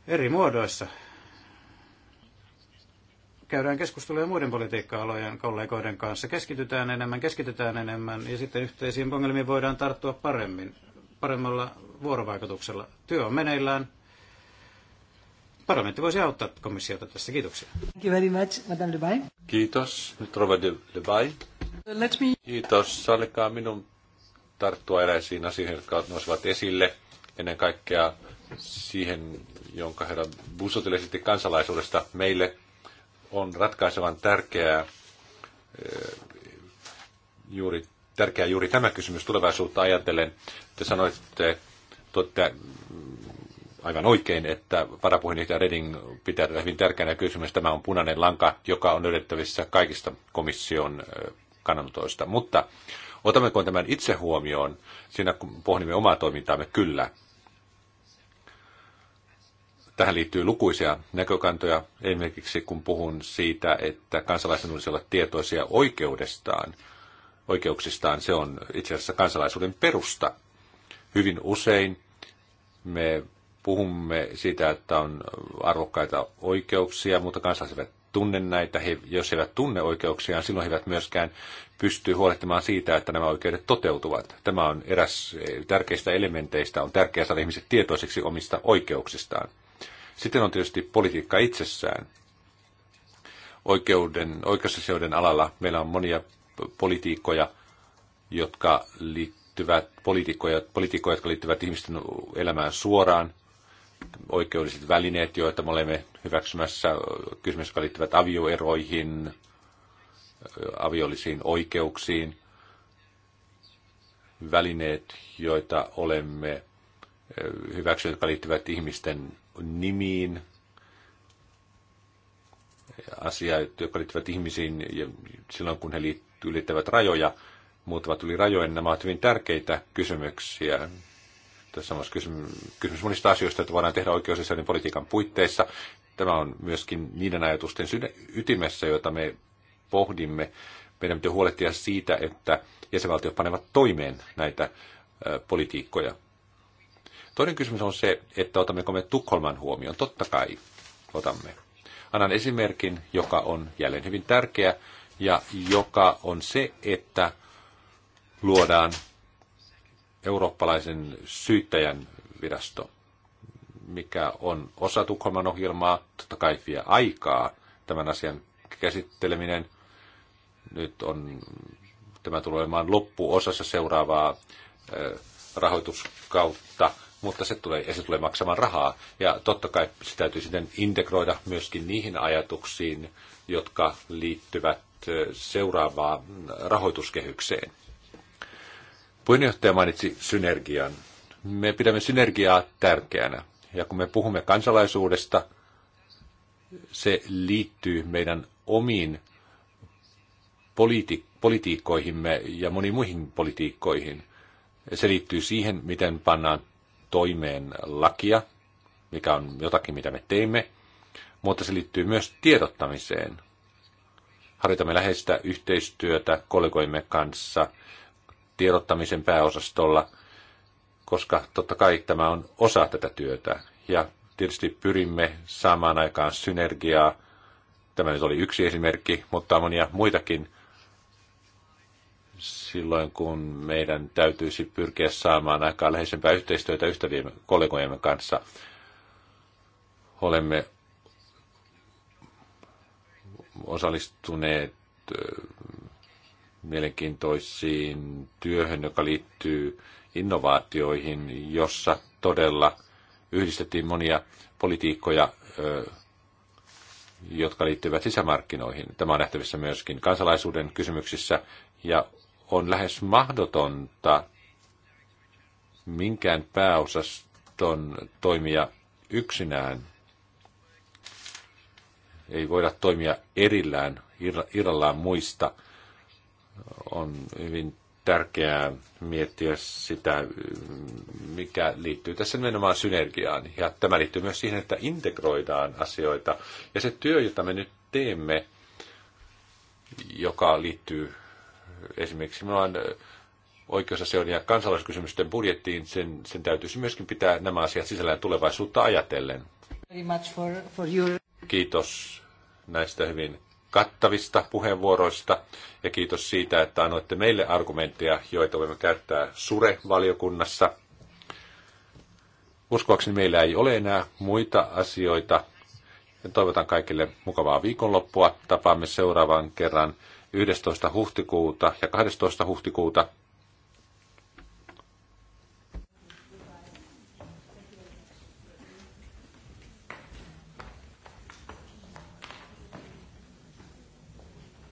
eri muodoissa käydään keskusteluja muiden politiikka-alojen kollegoiden kanssa. Keskitytään enemmän, keskitytään enemmän ja sitten yhteisiin ongelmiin voidaan tarttua paremmin, paremmalla vuorovaikutuksella. Työ on meneillään. Parlamentti voisi auttaa komissiota tässä. Kiitoksia. Thank you very much, Madame Kiitos. Nyt Robert Lebay. Let me... Kiitos. Sallikaa minun tarttua eräisiin asioihin, jotka nousivat esille. Ennen kaikkea siihen, jonka herra Busotil esitti kansalaisuudesta meille, on ratkaisevan tärkeää eh, juuri, tärkeää juuri tämä kysymys tulevaisuutta ajatellen. Te sanoitte tuotte, aivan oikein, että varapuheenjohtaja Reding pitää tätä hyvin tärkeänä kysymys. Tämä on punainen lanka, joka on yritettävissä kaikista komission eh, kannanotoista. Mutta otammeko tämän itse huomioon siinä, kun pohdimme omaa toimintaamme? Kyllä. Tähän liittyy lukuisia näkökantoja, esimerkiksi kun puhun siitä, että kansalaisen tulisi olla tietoisia oikeudestaan, oikeuksistaan. Se on itse asiassa kansalaisuuden perusta. Hyvin usein me puhumme siitä, että on arvokkaita oikeuksia, mutta kansalaiset tunne näitä, he, jos he eivät tunne oikeuksiaan, silloin he eivät myöskään pysty huolehtimaan siitä, että nämä oikeudet toteutuvat. Tämä on eräs eh, tärkeistä elementeistä, on tärkeää saada ihmiset tietoisiksi omista oikeuksistaan. Sitten on tietysti politiikka itsessään. Oikeuden, oikeusasioiden alalla meillä on monia politiikkoja, jotka liittyvät, poliitikkoja, politiikkoja, jotka liittyvät ihmisten elämään suoraan, oikeudelliset välineet, joita me olemme hyväksymässä, kysymys, jotka liittyvät avioeroihin, aviollisiin oikeuksiin, välineet, joita olemme hyväksyneet, jotka liittyvät ihmisten nimiin, asiat, jotka liittyvät ihmisiin ja silloin, kun he ylittävät rajoja, muutamat yli rajojen, nämä ovat hyvin tärkeitä kysymyksiä. Tässä on kysymys, kysymys monista asioista, että voidaan tehdä oikeusasioiden politiikan puitteissa. Tämä on myöskin niiden ajatusten ytimessä, joita me pohdimme. Meidän pitää huolehtia siitä, että jäsenvaltiot panevat toimeen näitä politiikkoja. Toinen kysymys on se, että otammeko me Tukholman huomioon. Totta kai otamme. Annan esimerkin, joka on jälleen hyvin tärkeä ja joka on se, että luodaan eurooppalaisen syyttäjän virasto, mikä on osa Tukholman ohjelmaa, totta kai vie aikaa tämän asian käsitteleminen. Nyt on, tämä tulee olemaan loppuosassa seuraavaa rahoituskautta, mutta se tulee, ja se tulee maksamaan rahaa. Ja totta kai se täytyy sitten integroida myöskin niihin ajatuksiin, jotka liittyvät seuraavaan rahoituskehykseen. Puheenjohtaja mainitsi synergian. Me pidämme synergiaa tärkeänä. Ja kun me puhumme kansalaisuudesta, se liittyy meidän omiin politi- politiikkoihimme ja moniin muihin politiikkoihin. Se liittyy siihen, miten pannaan toimeen lakia, mikä on jotakin, mitä me teimme, mutta se liittyy myös tiedottamiseen. Harjoitamme läheistä yhteistyötä kollegoimme kanssa tiedottamisen pääosastolla, koska totta kai tämä on osa tätä työtä. Ja tietysti pyrimme saamaan aikaan synergiaa. Tämä nyt oli yksi esimerkki, mutta on monia muitakin silloin, kun meidän täytyisi pyrkiä saamaan aikaan läheisempää yhteistyötä ystävien kollegojemme kanssa. Olemme osallistuneet mielenkiintoisiin työhön, joka liittyy innovaatioihin, jossa todella yhdistettiin monia politiikkoja, jotka liittyvät sisämarkkinoihin. Tämä on nähtävissä myöskin kansalaisuuden kysymyksissä ja on lähes mahdotonta minkään pääosaston toimia yksinään. Ei voida toimia erillään, irrallaan muista – on hyvin tärkeää miettiä sitä, mikä liittyy tässä nimenomaan synergiaan. Ja tämä liittyy myös siihen, että integroidaan asioita. Ja se työ, jota me nyt teemme, joka liittyy esimerkiksi minulla on oikeusasioiden ja kansalaiskysymysten budjettiin, sen, sen täytyisi myöskin pitää nämä asiat sisällään tulevaisuutta ajatellen. Kiitos näistä hyvin kattavista puheenvuoroista ja kiitos siitä, että annoitte meille argumentteja, joita voimme käyttää Sure-valiokunnassa. Uskoakseni meillä ei ole enää muita asioita. Ja toivotan kaikille mukavaa viikonloppua. Tapaamme seuraavan kerran 11. huhtikuuta ja 12. huhtikuuta